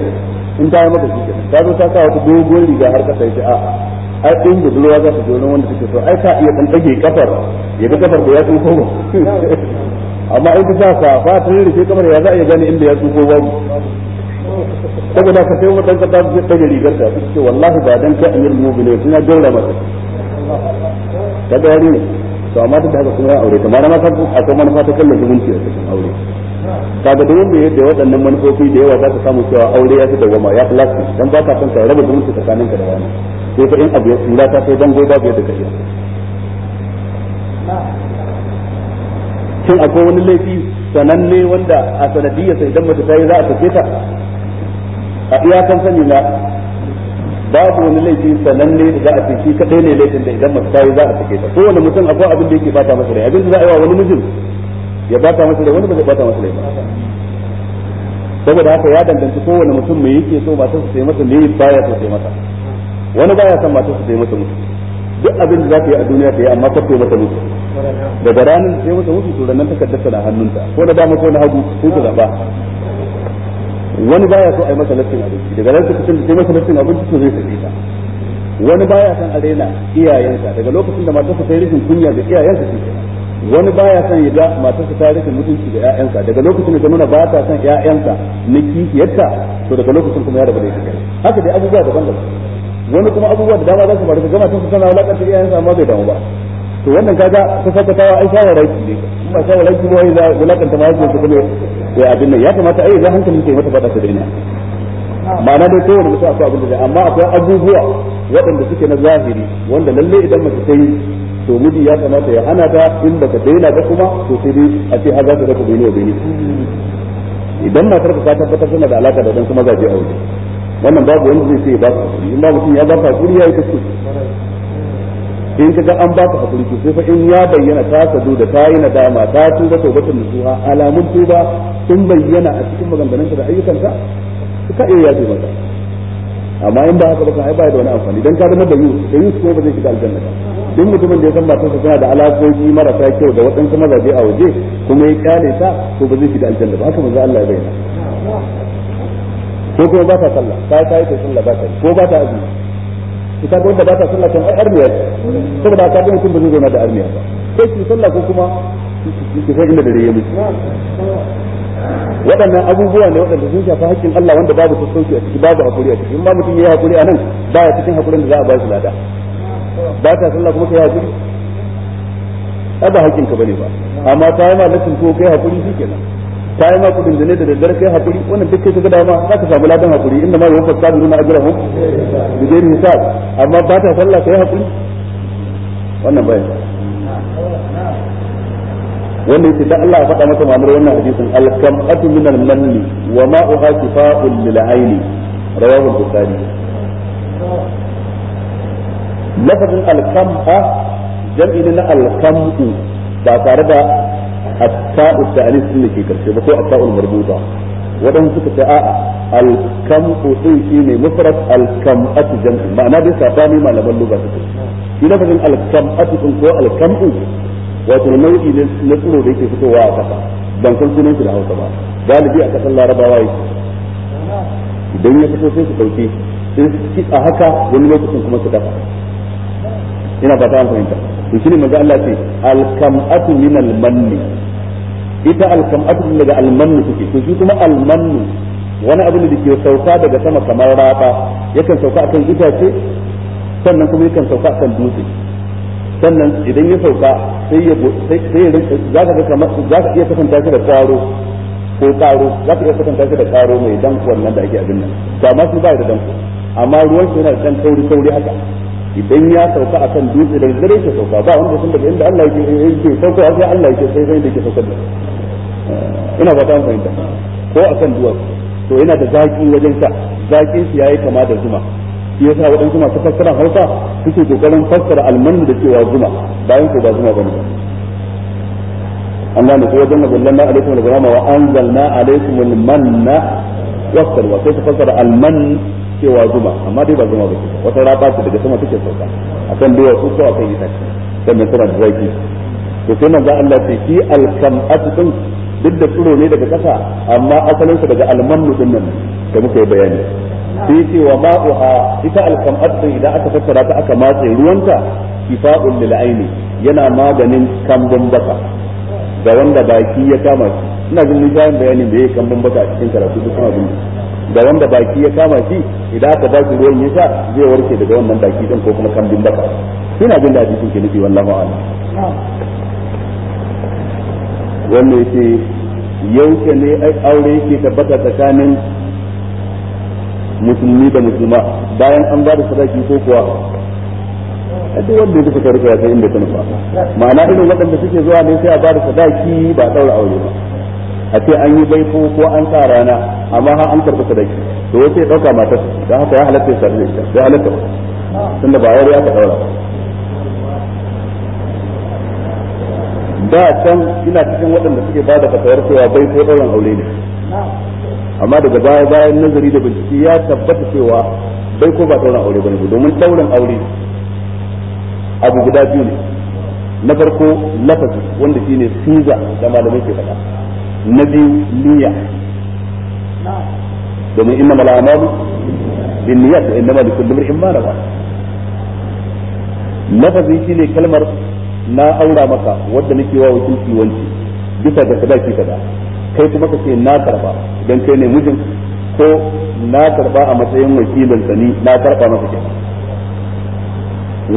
in ta yi maka shi ta zo ta sa wata dogon riga har kasa yace a ai in da zuwa za su je wani wanda take so ai ta iya dan dage kafar ya ga kafar da ya tsufa amma in ta sa safa ta rike kamar ya za a iya gane inda ya tsoko ba saboda ka sai wadan ka tafi daga rigar ta ce wallahi ba dan ka amir mu'mini kuma dole masa ta da yari ne to amma ta haka kuma aure ta malama ta akwai manufa ta kallon zumunci a cikin aure kaga da wanda yadda waɗannan manufofi da yawa za ka samu cewa aure ya fi dawama ya fi lafi dan ba ka son ka raba zumunci tsakanin ka da wani sai ka in abu ya tsira ta sai dango babu yadda ka iya shin akwai wani laifi sananne wanda a sanadiyarsa idan mace ta yi za a sake ta a kan sani na babu wani laifi sananne da za a ce shi kadai ne laifin da idan mace tayi za a sake ta kowane mutum akwai abin da yake bata masa rai abin da za a yi wa wani mijin ya bata masa rai wani ba zai bata masa rai ba saboda haka ya danganci kowane mutum me yake so matar su sai masa me baya so sai masa wani baya son matar su sai masa mutu duk abin da za ka yi a duniya ta yi amma ka sai masa mutu daga ranar sai masa mutu to ranar takardar na hannunta ko da dama ko na hagu ko ta zaba wani baya so a yi masa lattin abinci daga lokacin da sai masa lattin abinci to zai sake ta wani baya son a daina iyayensa daga lokacin da matarsa ta yi rikin kunya da iyayensa ke wani baya son ya ga matarsa ta rikin mutunci da ƴaƴansa daga lokacin da zamana ba ta son ƴaƴansa na kishiyarta to daga lokacin kuma ya rabu da ita haka dai abubuwa daban-daban wani kuma abubuwa da dama za su faru ga matarsa tana wulakanta iyayensa amma bai damu ba to wannan kaga ta tawa ai shawaraki ne kuma shawaraki ne za ta mahaifiyar su kuma ya abin nan ya kamata ai za hankalin ta yi mata fada ta daina ma'ana dai kowane mutum akwai abin da zai amma akwai abubuwa waɗanda suke na zahiri wanda lalle idan mace ta yi to miji ya kamata ya hana ta in baka daina ba kuma to sai dai a ce haza ka zaka bai ne bai idan matar ka tabbatar tana da alaka da dan kuma zaje aure wannan babu wanda zai ce ba ka in babu ya ba ka hakuri ya yi kuskure in kaga an ba ka hakuri to sai fa in ya bayyana ta sadu da ta yi nadama ta tuba taubatun nasuha alamun tuba sun bayyana a cikin maganganunta da ayyukanka ka iya yaji maka amma in ba haka ba sai ba da wani amfani dan ka da yus da yus ko ba zai shiga aljanna ba duk mutumin da ya san matarsa tana da alaƙoƙi marasa kyau da waɗansu mazaje a waje kuma ya kyale ta to ba zai shiga aljanna ba haka manzo Allah ya bayyana ko kuma ba ta sallah ta ta yi sallah ba ta ko ba ta azumi ki kaga wanda ba ta sallah kan armiya saboda ka ga mutum ba zai zauna da armiya ba sai ki sallah ko kuma ki sai inda dare ya miki waɗannan abubuwa ne waɗanda sun shafa haƙƙin Allah wanda babu sassauci a ciki babu hakuri a ciki in ba mutum ya hakuri a nan ba ya cikin hakurin da za a ba shi lada ba ta sallah kuma kai hakuri ba hakkin ka bane ba amma ta yi ma ko kai hakuri kenan ta yi maku dangane da daddare kai hakuri wannan duk kai ka dama ma za ka samu ladan hakuri inda ma yawan sabu nuna ajrahum da ghairi hisab amma ba ta sallah kai hakuri wannan bai wanda yake dan Allah ya faɗa maka ma'anar wannan hadisin al-kam'atu min al-manni wa ma'uha shifa'un lil 'aini rawahu al-bukhari lafazin alkam ha jam'i na al ba tare da التاء التأنيث اللي في كرسي بكو التاء المربوطة ودهم سكة آآ الكم أصي شيني مفرد الكمأة جمع معنى دي ساتاني ما لبن لغة في لفظ الكمأة تنكو الكمأة wato nau'i na tsiro da yake fitowa a kasa ban san sunan shi da Hausa ba galibi a kasan Larabawa yake idan ya fito sai su dauke sai su a haka wani lokacin kuma su dafa ina ba ta fahimta to shine manzo Allah ce al-kam'atu min al-manni ita alkam'atu daga almannu suke to shi kuma almannu wani abu ne da ke sauka daga sama kamar raba yakan sauka akan itace sannan kuma yakan sauka akan dutse sannan idan ya sauka sai ya sai ya za ka ga kamar za ka iya kasanta shi da kwaro ko karo za ka iya kasanta shi da karo mai danko wannan da ake abin nan ba ma su ba da danko amma ruwan shi yana da dan kauri kauri haka idan ya sauka akan dutse da dare ke sauka ba wanda sun daga inda Allah yake yake sauka sai Allah yake sai sai da yake sauka da ina ba ta fahimta ko a kan duwatsu to yana da zaƙi wajen sa zakin shi yayi kama da zuma shi yasa waɗansu masu fassara Hausa suke kokarin fassara almanu da cewa zuma bayan ko ba zuma bane an ne ko wajen na alaikum al-ghamama wa anzalna alaikum al-manna wassalwa sai su fassara alman cewa zuma amma dai ba zuma ba ce wata raba ce daga sama take sauka akan duwatsu ko akan itace sannan tana da zaki to sai manzo Allah ce shi a cikin. duk da tsiro ne daga ƙasa amma asalinsa daga almannu din nan da muka yi bayani sai ce wa ma'uha ita alkam'at din idan aka tattara ta aka matse ruwanta shifa'un lil aini yana maganin kambun baka da wanda baki ya kama shi ina jin ni bayan bayanin da yake kambun baka a cikin karatu duk kuma bin da wanda baki ya kama shi idan aka baki ruwan ya sa zai warke daga wannan baki din ko kuma kambun baka ina jin dadi hadisin ke nufi wallahu a'lam wannan yake yauke ne aure yake tabbata tsakanin musulmi da musulma bayan an ba da sadaki ko kuwa a duk wanda yake tsakar rika ya san inda ta nufa ma'ana irin waɗanda suke zuwa ne sai a ba da sadaki ba a ɗaura aure ba a ce an yi baiko ko an sa rana amma har an karɓi sadaki to wace ya ɗauka matar da haka ya halatta ya sarrafa ya halatta tunda ba aure ya ka ɗaura ba da can ina cikin waɗanda suke ba da fatawar cewa bai sai ɗaurin aure ne amma daga baya bayan nazari da bincike ya tabbata cewa bai ko ba ɗaurin aure bane domin ɗaurin aure abu guda biyu ne na farko lafazi wanda shine siza da malamai ke faɗa na biyu niyya domin inna mala amalu bin niyyat inna ma likulli imrin ma nawa lafazi shine kalmar na aura maka wadda nake wa wakilci wanci bisa ga sadaki kada kai kuma ka na karba idan kai ne mijin ko na karba a matsayin wakilin sani na karba maka ke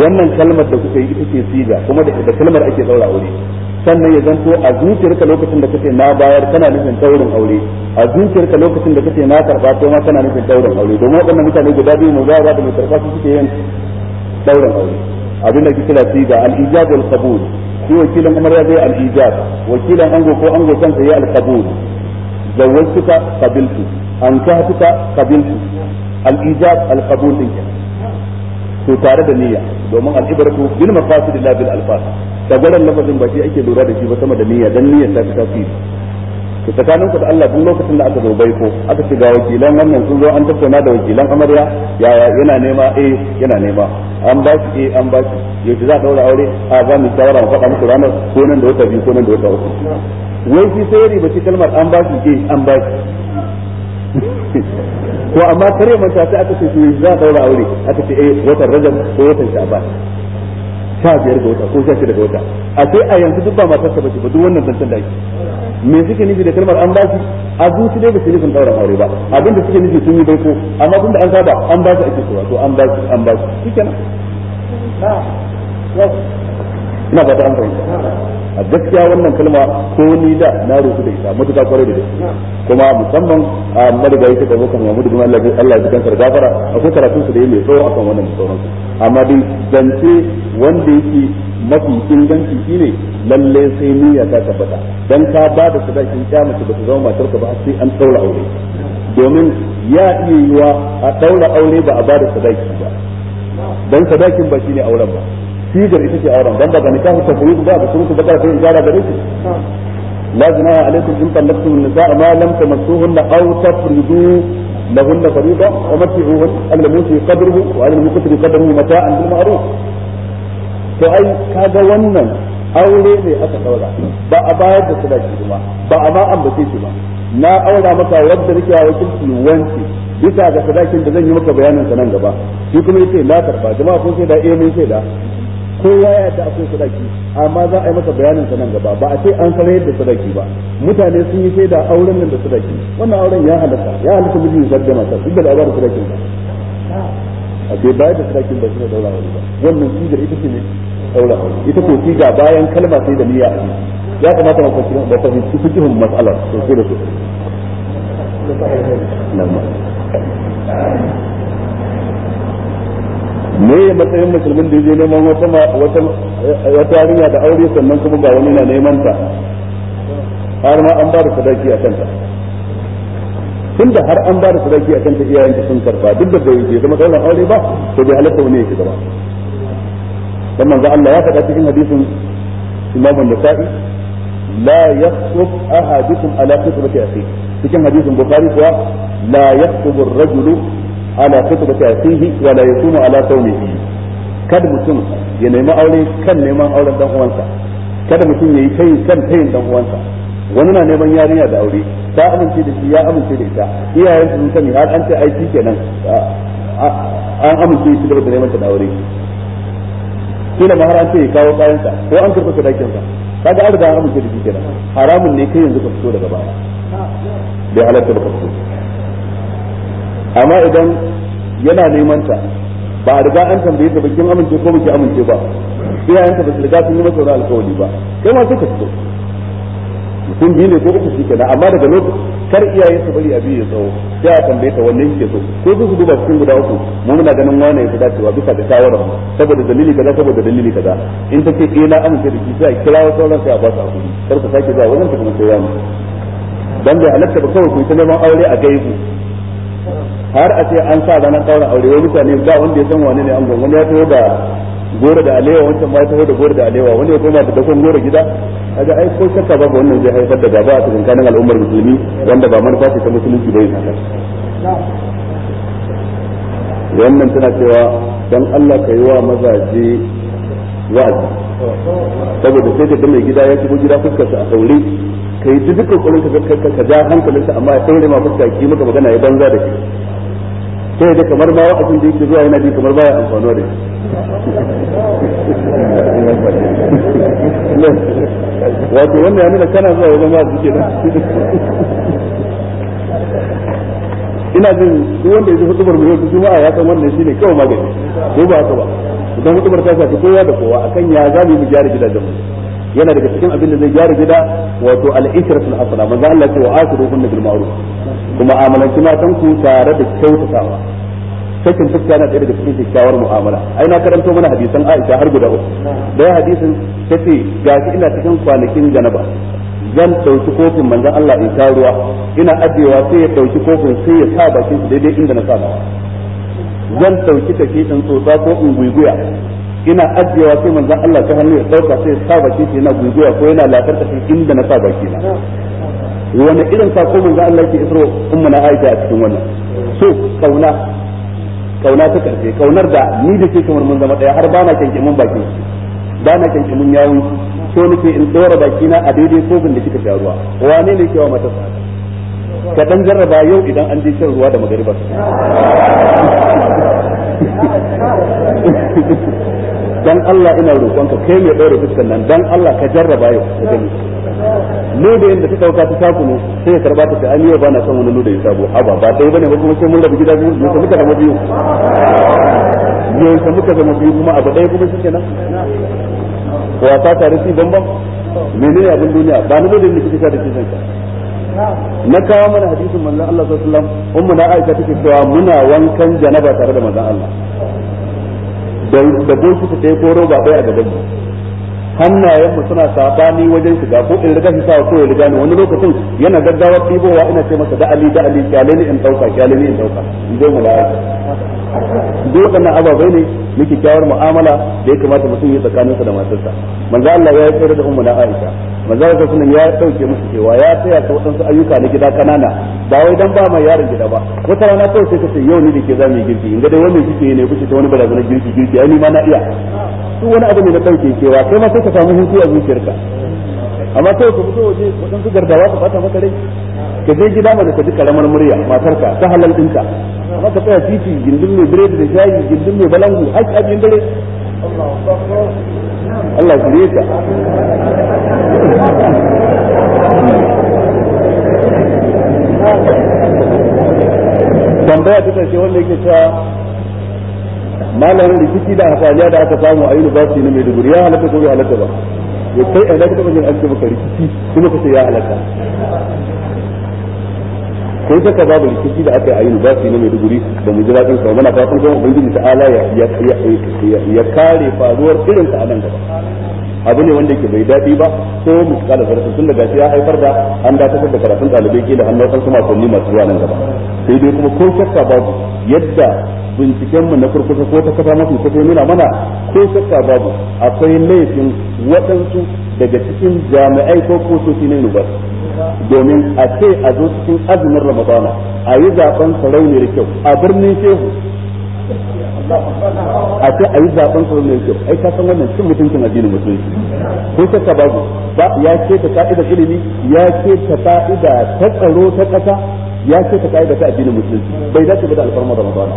wannan kalmar da kuka yi ita ce siga kuma da kalmar ake daura aure sannan ya zanto a zuciyarka lokacin da kace na bayar kana nufin taurin aure a zuciyarka lokacin da kace na karba ko ma kana nufin taurin aure domin wannan mutane guda biyu mu za da mu karba su suke yin taurin aure abin da kira siga al-ijab wal qabul shi wakilin amarya zai al-ijab wakilin ango ko ango kan sai al-qabul zawwajtuka qabiltu ankahtuka qabiltu al-ijab al-qabul din to tare da niyya domin al-ibratu bil maqasid la bil alfaz da gwaran lafazin ba shi ake lura da shi ba sama da niyya dan niyya ta tafi. to tsakaninku da Allah duk lokacin da aka zo baiko aka ce ga wakilan wannan sun zo an tattauna da wakilan amarya yaya yana nema eh yana nema an ba shi eh an ba shi yaushe za a daura aure a za mu shawara mu faɗa muku ranar ko nan da wata biyu ko nan da wata uku wai shi sai riba shi kalmar an ba shi eh an ba shi ko amma kare manta sai aka ce shi za a daura aure aka ce eh watan rajab ko watan sha'ban sha biyar ga wata ko sha shida ga wata a sai a yanzu duk ba matarsa bace ba duk wannan zancen da ake me suke nufi da kalmar an bashi a zuci dai ba su nufin daura aure ba abin da suke nufi sun yi baiko amma tun da an saba an bashi ake cewa to an bashi an bashi shikenan na ba ta an fahimta a gaskiya wannan kalma ko ni da na roƙi da ita ta kware da gaskiya kuma musamman a madaga ta da bukan ya mutu Allah Allah ya kankar gafara akwai karatun su da yake tsawo akan wannan da sauransu amma dai zance wanda yake mafi inganci shine lalle sai niyya ta tabbata dan ka ba da sadakin kyamata ba ta zama matarka ba sai an daura aure domin ya iya yiwa a daura aure ba a ba da sadaki ba dan sadakin ba shine auren ba sigar ita ce auren dan daga nikahu kuri ba da surutu da kai igara gare shi la jinaha alaikum in talaqtum an-nisaa ma lam tamassuhunna aw tafridu لهن فريضة ومتعوهن على الموسي قدره وعلى المقتل قدره to ai ka ga wannan aure ne aka daura ba a bayar da sadaki kuma ba a ma ambace shi ba na aura maka wanda nake a wakilci wanki bisa ga sadakin da zan yi maka bayanin sa nan gaba shi kuma yace la karba jama'a sun sai da eh mun sai da kowa ya da akwai sadaki amma za a yi masa bayanin sa nan gaba ba a ce an sarai da sadaki ba mutane sun yi da auren nan da sadaki wannan auren ya halaka ya halaka mijin da mata duk da ba da sadakin ba a ce bayar da sadakin ba shi da daura wani ba wannan da ita ce ne daura aure ita ko siga bayan kalma sai da niyya a ya kamata mu fahimci ba fahimci fikihun matsalar sosai da sosai me ya matsayin musulmin da yake neman wata wata wata da aure sannan kuma ga wani na neman ta har ma an ba da sadaki a kanta tunda har an ba da sadaki a kanta iyayen ta sun karba duk da bai je zama dauran aure ba to bai halatta wani ya shiga ba dan manzo Allah ya faɗa cikin hadisin Imam An-Nasa'i la yaqtub ahadukum ala qitbati akhihi cikin hadisin Bukhari kuwa la yaqtubu ar-rajulu ala khutbati akhihi wa la yakunu ala sawmihi kada mutum ya nemi aure kan neman auren dan uwansa kada mutum yayi kai kan tayin dan uwansa wani na neman yarinya da aure ta amince da shi ya amince da ita iyayen sun sani har an ce ai shi kenan an amince shi da neman ta da aure kila ma har an ce ya kawo kayansa ko an karɓi sadakinsa kaga an riga an amince da shi kenan haramun ne kai yanzu ka fito daga baya bai halatta da ka fito amma idan yana neman ta ba a riga an tambaye ta kin amince ko ki amince ba iyayen ta ba su riga sun yi masa alƙawari ba kai ma suka fito mutum biyu ne ko uku shi kenan amma daga lokacin kar iyaye su bari biyu ya tsawo sai a tambaye ta wanne ke so ko su duba cikin guda uku mu muna ganin wane ya fi dacewa bisa ga shawarar mu saboda dalili kaza saboda dalili kaza in ta ce eh na amince da ki sai a kira wa sauran sai a ba su hakuri kar ku sake zuwa wajen ta kuma sai ya mu dan da halatta ba kawai ku ta neman aure a gaibu har a ce an sa ranar ɗaurin aure wani mutane ga wanda ya san wani ne angon wani ya taho da gora da alewa wani ma ya taho da gora da alewa wani ya koma da dakon gora gida a ga ai ko shakka babu wannan zai haifar da gaba a tsakanin al'ummar musulmi wanda ba manufa ce ta musulunci bai haka wannan tana cewa dan Allah ka yi wa mazaje wa'azi saboda sai da mai gida ya shigo gida sa a saure kai duk dukkan kullun ka ka ja hankalinsa amma ya daure ma fuska ki maka magana ya banza da shi sai da kamar ba wa da yake zuwa yana ji kamar baya amfano da shi wato ina jin duk wanda ya ji hutubar yau juma'a ya san wannan shine kawai magani ko ba haka ba idan hutubar ta shafi kowa da kowa akan ya zamu mu gyara gidajen mu yana daga cikin abin da zai gyara gida wato al-ishratul asla manzo Allah ce wa hunna bil ma'ruf kuma amalanki matan ku tare da kyautatawa sakin fuska yana daya daga cikin kyakkyawar mu'amala ai na karanto mana hadisan Aisha har guda uku da hadisin tace shi ina cikin kwanakin janaba zan ɗauki kofin manzan Allah in ta ruwa ina ajiyewa sai ya ɗauki kofin sai ya sa bakin shi daidai inda na sa zan dauki tafi in tsotsa ko in guguya. ina ajiyewa sai manzon Allah ta hannu ya dauka sai sa baki shi yana guguwa ko yana lafar ta inda na sa baki na wani irin sako manzon Allah yake isro ummuna Aisha a cikin wannan so kauna kauna ta karfe kaunar da ni da ke kamar mun zama daya har ba na mun bakin ba na kankimin mun so nake in dora baki na a daidai kofin da kika jaruwa ruwa wane ne kewa mata sa ka dan jarraba yau idan an je shan ruwa da magariba dan Allah ina roƙonka kai mai ɗaure fuskar nan dan Allah ka jarraba yau ka gani ne da yanda ta dauka ta taku ne sai ka karba ta ta aniyo ba na son wani luda ya sabo haba ba dai bane ba kuma sai mun rabu gida biyu mun samu zama biyu yau samu ka zama biyu kuma abu dai kuma shikenan wa ta tare shi bambam menene abin duniya ba ni ludin da kike da kike sanka na kawo mana hadisin manzon Allah sallallahu alaihi wasallam ummu na Aisha take cewa muna wankan janaba tare da manzon Allah da boki ta yi koro ba ɗaya a gaban mu hannayen mu suna sabani wajen shiga ko in riga shi sawa ko ya riga ni wani lokacin yana gaggawa ɗibowa ina ce masa da ali da ali kyale ni in ɗauka kyale ni in dauka in zo mu la'a duk waɗannan ababai ne na kyawar mu'amala da ya kamata mutum ya tsakaninsa da matarsa manzo Allah ya yi da ummu na Aisha manzo da sunan ya dauke musu cewa ya tsaya ta wadansu ayyuka na gida kanana ba wai dan ba mai yaron gida ba wata rana kawai sai ka ce yau ni dake zamu yi girki in ga dai wannan kike ne kuce ta wani barazanar girki girki ai ni ma na iya su wani abu ne na dauke cewa kai ma sai ka samu hinki a zuciyarka amma kawai ku fito waje wadansu gardawa su bata maka rai ka je gida mana ka ji karamar murya matarka ta halal dinka amma ka tsaya titi gindin mai biredi da shayi gindin mai balangu haƙƙi abin dare Allah ya shirye ka tambaya ta karshe wanda yake cewa malamin rikici da hasaniya da aka samu a university na Maiduguri ya halatta ko bai halatta ba ya kai a eh, daga tabbacin an ce maka rikici kuma ka ya halatta ko ta ka babu rikici da aka yi a university na Maiduguri da mu ji daɗin sa muna fatan kuma ubangiji ta'ala ya ya kare faruwar irin ta a gaba abu ne wanda ke bai daɗi ba ko misqala zarratin tun daga ya haifar da an dakatar da karatun ɗalibai da an naukan su makonni masu zuwa nan gaba sai dai kuma ko shakka babu yadda binciken mu na kurkusa ko ta kafa mafi kusa nuna mana ko shakka babu akwai laifin waɗansu daga cikin jami'ai ko kosoci na yunibas domin a ce a zo cikin azumin ramadana a yi zaben sarauniyar kyau a birnin shehu a ce a yi zaɓen su mai kyau ai ka san wannan cin mutuncin addinin musulunci ko shakka babu ya ce ta ka'ida ilimi ya ce ta ka'ida ta tsaro ta ƙasa ya ce ta ka'ida ta addinin musulunci bai dace ba da alfarma da ramadana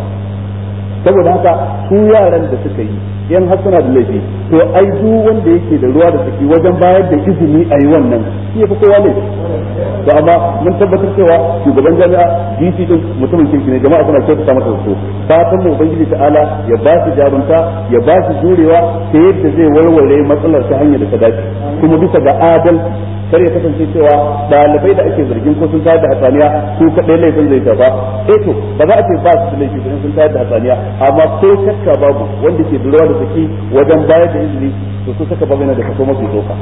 saboda haka su yaran da suka yi yan hasana da laifi to ai duk wanda yake da ruwa da saki wajen bayar da izini a yi wannan shi ya fi kowa ne to amma mun tabbatar cewa shugaban jami'a DC din mutumin kirki ne jama'a suna kyautata masa su fatan mu ubangiji ta'ala ya ba su jarumta ya ba su jurewa ta yadda zai warware matsalar ta hanyar da ta dace kuma bisa ga adal kar ya kasance cewa ɗalibai da ake zargin ko sun tayar da hatsaniya su kaɗai laifin zai ba eh ba za a ce ba su laifi sun tayar da hatsaniya amma ko shakka babu wanda ke durowa da saki wajen bayar da izini to su saka babu yana da kaso mafi doka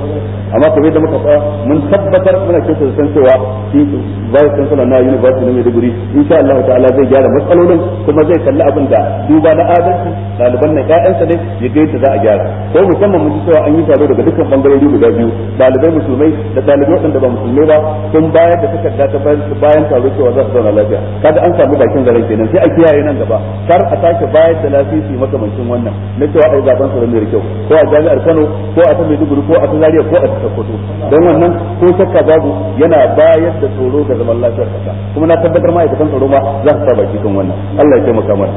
amma kuma yadda muka tsaya mun tabbatar muna kyautar da san cewa shi vice chancellor na ne da guri insha Allah ta'ala zai gyara matsalolin kuma zai kalli abin da duba na adalci daliban na ƴaƴansa ne ya ga yadda za a gyara ko musamman mun ji cewa an yi taro daga dukkan bangarori guda biyu ɗalibai musulmai da ɗalibai waɗanda ba musulmai ba sun bayar da takarda ta bayan taro cewa za su zauna lafiya kaga an samu bakin zaren kenan sai a kiyaye nan gaba kar a sake bayar da lafiya makamancin wannan na cewa ai zaben su ne da kyau ko a jami'ar Kano ko a ta Maiduguri ko a ta zariya ko a ta Sokoto don wannan ko shakka babu yana bayar da tsoro ga zaman lafiyar kasa kuma na tabbatar ma'aikatan tsoro ma za su sa baki kan wannan Allah ya taimaka mana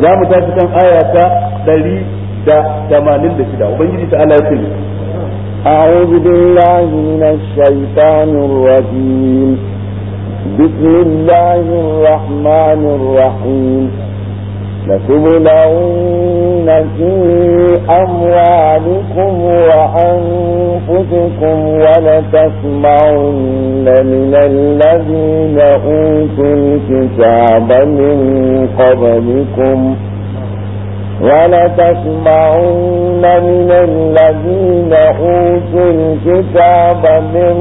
za mu tafi kan aya ta shida ubangiji ta Allah ya ce أعوذ بالله من الشيطان الرجيم بسم الله الرحمن الرحيم لتبلغن في أموالكم وأنفسكم ولتسمعن من الذين أوتوا الكتاب من قبلكم ولتسمعن من الذين أوتوا الكتاب من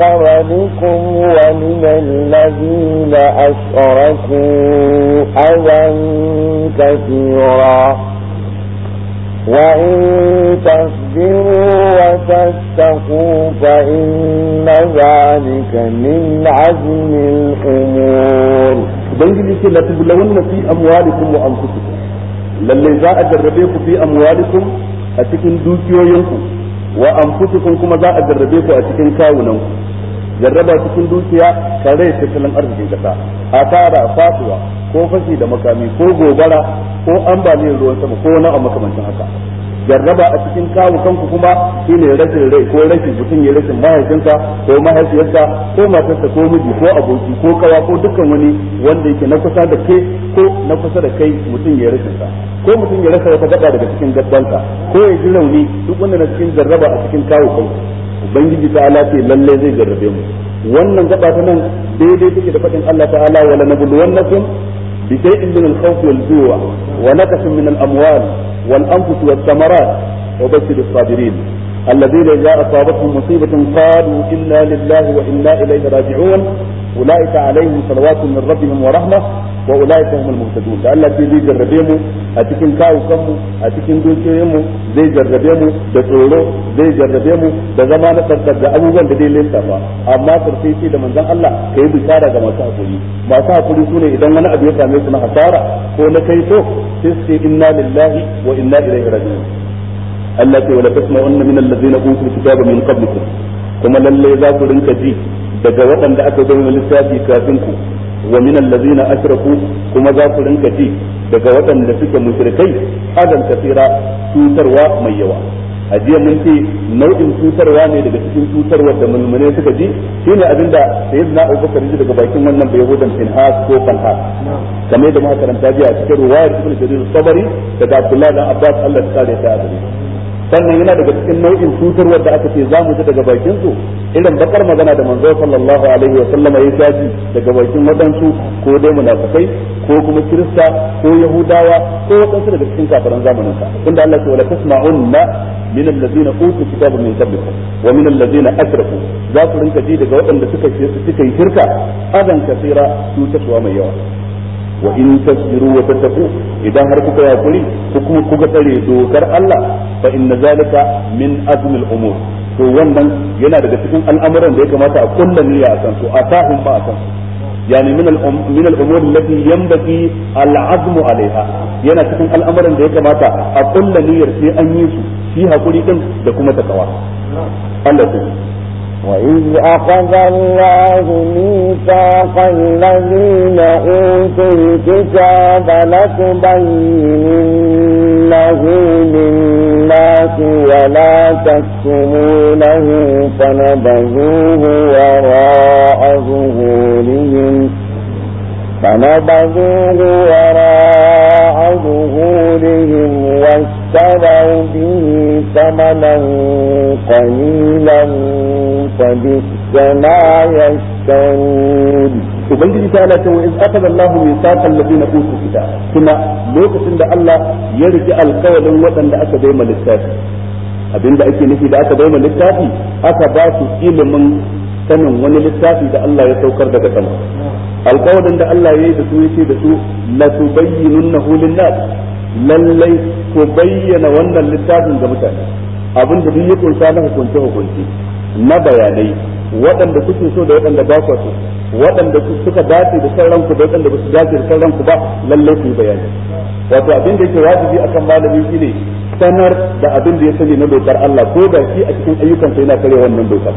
قبلكم ومن الذين أشركوا أذى كثيرا وإن تصبروا وتتقوا فإن ذلك من عزم الأمور بنجد لا تبلون في أموالكم وأنفسكم lalle za a jarrabe ku fi amwalikum a cikin dukiyoyinku wa anfusikum kuma za a jarrabe ku a cikin kawunanku jarraba cikin dukiya kare tattalin arzikin kasa asara faduwa ko fashi da makami ko gobara ko ambaliyar ruwan sama ko wani a makamancin haka jarraba a cikin kawo kanku kuma ne rashin rai ko rashin mutum ya rashin mahaifinsa ko mahaifiyarsa ko matarsa ko miji ko aboki ko kawa ko dukkan wani wanda yake na kusa da ke ko na kusa da kai mutum ya rashin sa ko mutum ya rasa wata gaba daga cikin gaddanka ko ya ji rauni duk wanda na cikin jarraba a cikin kawo kanku ubangiji ta ala ce lalle zai jarrabe mu wannan gaba ta nan daidai take da faɗin Allah ta'ala wala nabluwannakum bi shay'in min al-khawfi wal-ju'a wa naqsin min al-amwal wal anfus was samarat wa bashir الذين إذا أصابتهم مصيبة قالوا إنا لله وإنا إليه راجعون أولئك عليهم صلوات من ربهم ورحمة وأولئك هم المهتدون لألا في ذي جربيمو أتكن كاو كمو أتكن دون كيمو ذي جربيمو دسولو ذي جربيمو دزمان قرد أبو بند دي لين تفا أما ترسيسي لمن ذا الله كي بشارة ما تأكلي ما تأكلي سوني إذا من أبيك أميكنا حسارة ونكيسو تسي إنا لله وإنا إليه راجعون Allah ce wala tasma'unna min allazina utul kitaba min qablikum kuma lalle za ku rinka ji daga waɗanda aka zo lissafi kafin ku wa min allazina ashraku kuma za ku rinka ji daga waɗanda suke mushrikai adam kasira cutarwa mai yawa a jiya mun ce nau'in cutarwa ne daga cikin cutarwar da mulmune suka ji shine abin da sayyidina Abubakar ji daga bakin wannan bai yahudan Finhas ko falha kamar da muka karanta jiya a cikin ruwayar Ibn Jarir Sabari daga Abdullah dan Abbas Allah ya kare ta azumi sannan yana daga cikin nau'in cutarwar da aka ce za mu ji daga bakin su irin bakar magana da manzo sallallahu alaihi wa sallama ya shaji daga bakin wadansu ko dai munafikai ko kuma kirista ko yahudawa ko wadansu daga cikin kafiran zamanin sa inda Allah ya wala tasma'unna min alladhina utu kitaba min qablikum wa min alladhina asrafu za ku rinka ji daga waɗanda suka suka yi shirka adan kasira cutarwa mai yawa wa in tasbiru wa tattaqu idan har kuka yakuri ku kuma kuka tsare dokar Allah fa inna zalika min azmi umur to wannan yana daga cikin al'amuran da ya kamata a kulla niyya a kansu a tahun ba a kansu yani min um, min al-umur allati yanbaghi al-azmu alaiha yana cikin al'amuran da ya kamata a kulla niyyar sai an yi su shi hakuri din da kuma takawa Allah ya وإذ أخذ الله ميثاق الذين أوتوا الكتاب لتبيننه للناس ولا تكتمونه فنبذوه وراء ظهورهم فنبذوه وراء ظهورهم اشتروا به ثمنا قليلا فبئس ما يشترون ubangiji ta ala cewa in akada Allahu mithaqal ladina utul kitab kuma lokacin da Allah ya riki alƙawarin waɗanda aka bai littafi abinda ake nufi da aka bai ma littafi aka ba su ilimin sanin wani littafi da Allah ya saukar daga sama alƙawarin da Allah ya yi da su yace da su la tubayyinunnahu lin-nas lallai ku bayyana wannan littafin ga mutane abin da duk ya kunsa na hukunce hukunce na bayanai waɗanda kuke so da waɗanda ba ku so waɗanda suka dace da sauran ku da waɗanda ba su dace da sauran ku ba lalle ku yi bayani wato abin da yake wajibi akan malami shine sanar da abin da ya sani na dokar Allah ko da shi a cikin ayyukan sa yana kare wannan dokar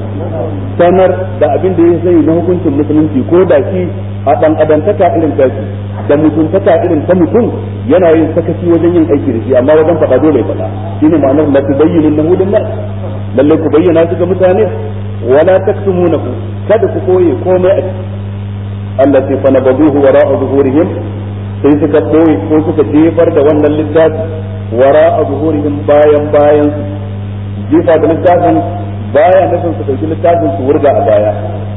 sanar da abin da ya sani na hukuncin musulunci ko da shi a dan adantaka irin tashi da mutuntaka irin ta mutum yana yin sakaci wajen yin aiki da shi amma wajen faɗa dole faɗa shine ma'anar la tubayyinu lahu lin nas lalle ku bayyana su ga mutane wala ku kada ku koye komai a Allah sai fa nabaduhu wara'a zuhurihim sai suka koye ko suka jefar da wannan littafi wara'a zuhurihim bayan bayan jefa da littafin baya nufin su ɗauki littafin su wurga a baya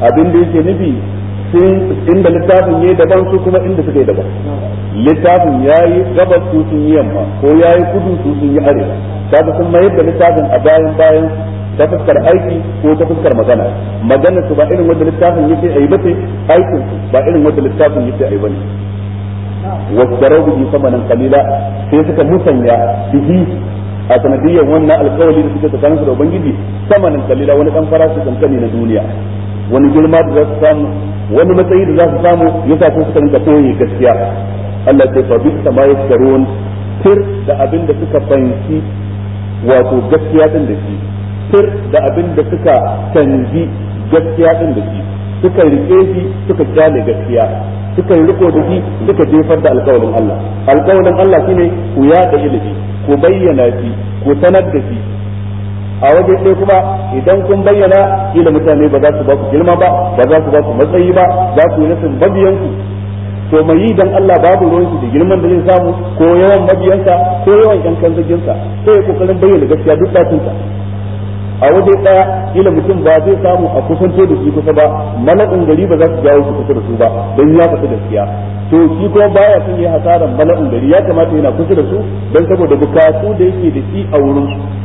abin da yake nufi inda littafin yi daban su kuma inda suka yi daban littafin yi gabas su sun yi yamma ko ya yi kudu su sun yi arewa kaga sun mayar da littafin a bayan bayan ta fuskar aiki ko ta fuskar magana maganar su ba irin wanda littafin yake ayi ba ce aikin su ba irin wanda littafin yake ayi ba ne wasdarau bihi samanan qalila sai suka musanya bihi a sanadiyar wannan alkawari da suke tsakanin su da ubangiji samanin kalila wani dan farashi kankani na duniya wani girma da za su samu wani matsayi da za su samu yasa ko suka rinka koyi gaskiya Allah ya fa bi sama yaskarun tir da abin da suka fanci wato gaskiya din da shi tir da abin da suka canji gaskiya din da shi suka rike shi suka kyale gaskiya suka riko da shi suka jefar da alƙawarin Allah alƙawarin Allah shine ku yada ilimi ku bayyana shi ku sanar da shi a waje ɗaya kuma idan kun bayyana kila mutane ba za su ba ku girma ba ba za su ba ku matsayi ba za su yi nasin mabiyanku to mai yi dan Allah babu su da girman da zai samu ko yawan mabiyansa ko yawan ƴan kanzaginsa sai ya kokarin bayyana gaskiya duk ɗakinsa a waje ɗaya kila mutum ba zai samu a kusanto da shi kusa ba mala'in gari ba za su jawo shi kusa da su ba don ya faɗi gaskiya to shi kuma baya son ya hasaran mala'in gari ya kamata yana kusa da su don saboda bukatu da yake da shi a wurin su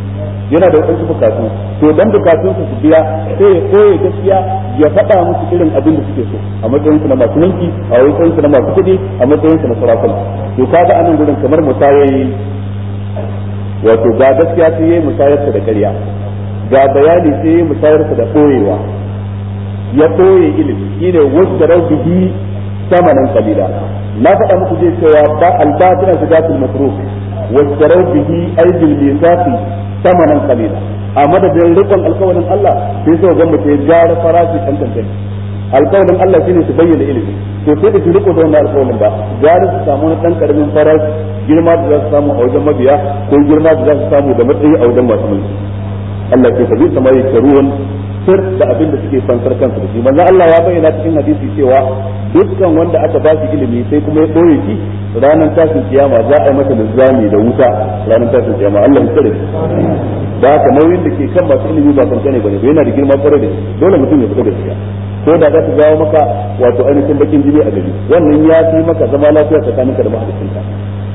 yana da wasu bukatu to dan bukatun su su biya sai ya koye gaskiya ya faɗa musu irin abin da suke so a matsayin su na masu mulki a matsayin su na masu kuɗi a matsayin su na sarakun to kaga anan gurin kamar musayayi wato ga gaskiya sai yayi musayarsa da ƙarya ga bayani sai yayi musayarsa da koyewa ya koye ilimi shine wasu da bihi samanan kalila na faɗa muku zai cewa ba albatina su gatul masruf wasu da bihi aibul misafi samanan qalila a madadin rikon alkawarin Allah sai sai ga mutum ya gara farashi kan kan Allah shine su bayyana ilimi to sai su riko da wannan alkawarin ba gara su samu na dan karamin farashi girma da za samu a wajen mabiya ko girma da samu da matsayi a wajen masu mulki Allah ke sabi sama ya karuwan sir da abin da suke fansar kansu da shi manzo Allah ya bayyana cikin hadisi cewa dukkan wanda aka ba ilimi sai kuma ya boye shi ranar tashin kiyama za a yi masa lizami da wuta ranar tashin kiyama Allah ya tsare da haka nauyin da ke kan masu ilimi ba kane bane ba yana da girma kwarai da dole mutum ya fita gaskiya ko da za ta jawo maka wato ainihin bakin jini a gari wannan ya fi maka zama lafiya tsakaninka da mahaifinka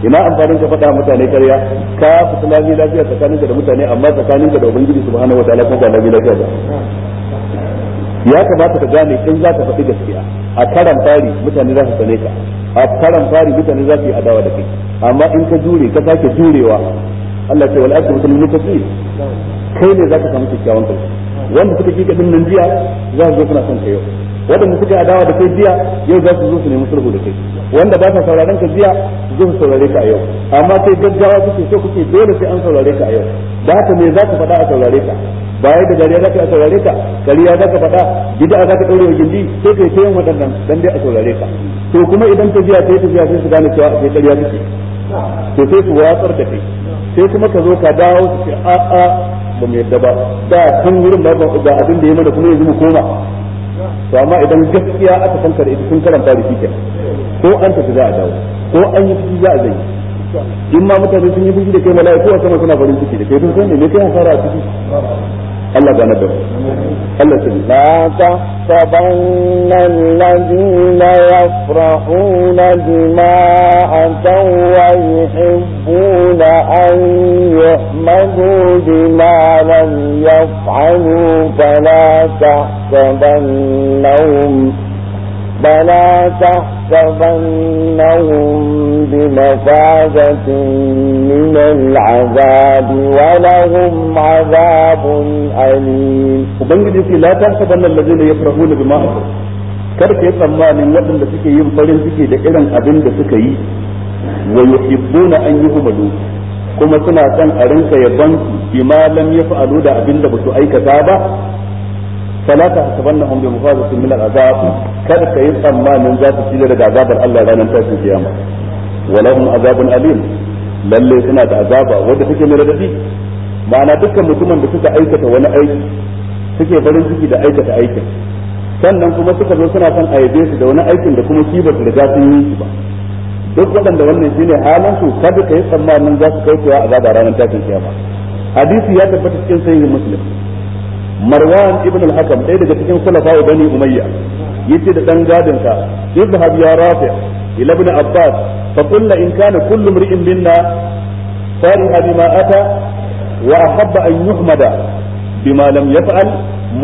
ina amfanin ka faɗa mutane karya ka fita lafiya lafiya tsakaninka da mutane amma tsakaninka da ubangiji subhanahu wataala ko ba lafiya lafiya ba ya kamata ka gane in za ka faɗi gaskiya a karan fari mutane za su sane ka a karan fari mutane za su yi adawa da kai amma in ka jure ka sake jurewa Allah ce wal akhiru min tasbih kai ne zaka samu kyakkyawan kai wanda suka kika din nan jiya za su zo suna son kai yau wanda suka adawa da kai jiya yau za su zo su nemi sulhu da kai wanda ba ka sauraron ka jiya zo su saurare ka a yau amma sai gaggawa kuke so kuke dole sai an saurare ka a yau da haka me za ka faɗa a saurare ka bayan da dariya a saurare ka kariya ka faɗa za zaka daure wa gindi sai kai ta yin waɗannan dan dai a saurare ka to kuma idan tafiya sai tafiya sai su gane cewa a sai kariya kake to sai su watsar da kai sai kuma ka zo ka dawo su ce a a ba mu yadda ba da kan wurin ba ba abin da ya mana kuma yanzu mu koma to amma idan gaskiya aka san da ita sun karanta da shi ko an tafi za a dawo ko an yi fiti za a zai in ma mutane sun yi fushi da kai mala'iku a sama suna farin ciki da kai sun sani ne kai hasara a ciki Allah ga da Allah ta bi la ta sabanna alladhina yafrahuna bima ataw wa yuhibbuna an yuhmadu bima lam yaf'alu fala ta tahsabannahum فلا تحسبنهم بمفازة من العذاب ولهم عذاب أليم وبنجد لا تحسبن الذين يفرحون بما أفرحوا kar ka yi tsammanin waɗanda suke yin farin ciki da irin abinda da suka yi wa yuhibbuna an kuma suna son a rinka yaban su bima lam yaf'alu da abinda da basu aikata ba فلا تحسبنهم بمفازة من العذاب su كيف أما من ذات سيدة عذاب الله لا ننتهي في القيامة ولهم عذاب أليم lalle suna da azaba wanda take mai radadi ma'ana dukkan mutumin da suka aikata wani aiki suke barin ciki da aikata aikin sannan kuma suka zo suna son aibe su da wani aikin da kuma kibar da riga sun yi shi ba duk waɗanda wannan shine halin su kada kai tsammanin za su kai kuwa azaba ranar tashin kiyama hadisi ya tabbatar cikin sahihi muslim marwan ibn al-hakam ɗaya daga cikin khulafa bani umayya yace da dan gadin sa izhab ya rafi ila ibn abbas fa qulna in kana kullu mri'in minna fariha bima ata wa ahabba an yuhmada bima lam yaf'al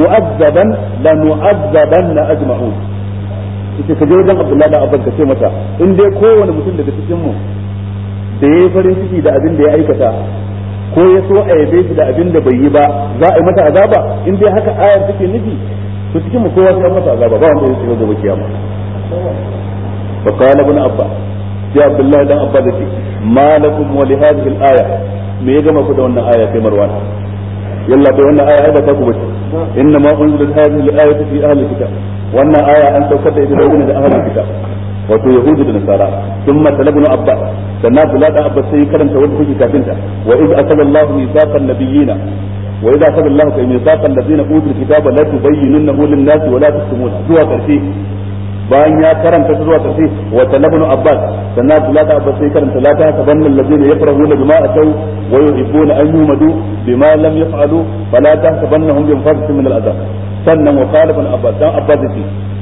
mu'azzaban la nu'azzabanna ajma'un yace ka je wajen abdullahi da abban ce masa in dai kowane mutum daga cikin mu da yayi farin ciki da abin da ya aikata ko ya so a yabe shi da abin da bai yi ba za a yi mata azaba in dai haka ayar take nufi to cikin mu kowa sai mata azaba ba wanda ya shiga gobe kiyama fa qala ibn abbas sai abdullahi dan abbas yace ma lakum wa li hadhihi al aya me ya gama ku da wannan aya sai marwan yalla bai wannan aya ba ta ku bace inna ma unzilat hadhihi al ayatu fi ahli kitab wannan aya an saukar da ita da ahli kitab wato yahudu da nasara sun matala ibn abbas sannan abdullah dan abbas sai karanta wanda take kafin ta wa wa kai kitaba wa zuwa karshe bayan ya karanta zuwa karshe wa talabun abbas sannan da sai karanta la ta wa an bima lam min sannan wa qala abbas dan abbas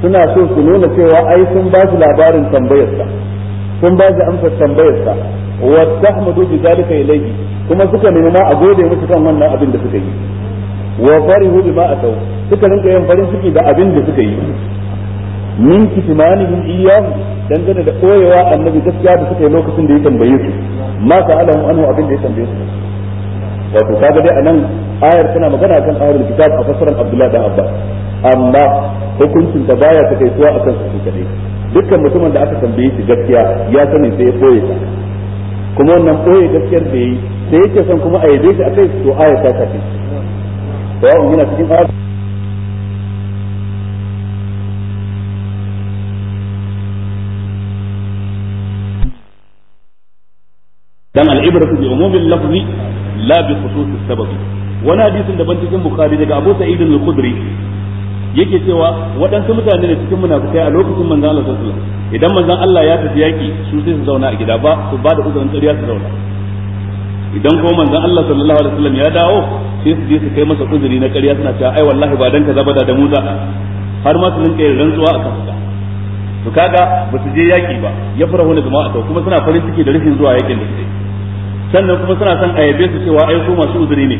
suna so su nuna cewa ai sun ba su labarin tambayarsa sun ba su amsar tambayarsa wa tahmadu bi zalika ilayhi kuma suka nemi ma a gode musu kan wannan abin da suka yi wa farihu bima atau suka rinka yin farin ciki da abin da suka yi min kitmanihim iyyahu dangane da koyewa annabi gaskiya da suka yi lokacin da ya tambaye su ma sa'alahum anhu abin da ya tambaye su wato kaga dai anan ayar tana magana kan ayar kitab a fasaran abdullahi da abba amma hukuncin da baya ta kai suwa akan su kadai dukkan mutumin da aka tambaye shi gaskiya ya sani sai ya koye ta kuma wannan koye gaskiyar da yi sai yake son kuma a yabe shi akai to aya ta kafi sawa'un yana cikin aya dan al'ibratu bi umumil lafzi la bi khususis sabab wani hadisin daban cikin bukhari daga abu sa'id al-khudri yake cewa waɗansu mutane ne cikin munafikai a lokacin manzan Allah sallallahu alaihi wasallam idan manzan Allah ya tafi yaki su sai su zauna a gida ba su ba da uzurin ƙarya su zauna idan kuma manzan Allah sallallahu alaihi wasallam ya dawo sai su je su kai masa uzuri na ƙarya suna cewa ai wallahi ba dan kaza ba da muza har ma su rinka yin rantsuwa a kansu to kaga ba su je yaki ba ya farahu na jama'a to kuma suna farin ciki da rashin zuwa yakin da suke sannan kuma suna son a yabe su cewa ai su masu uzuri ne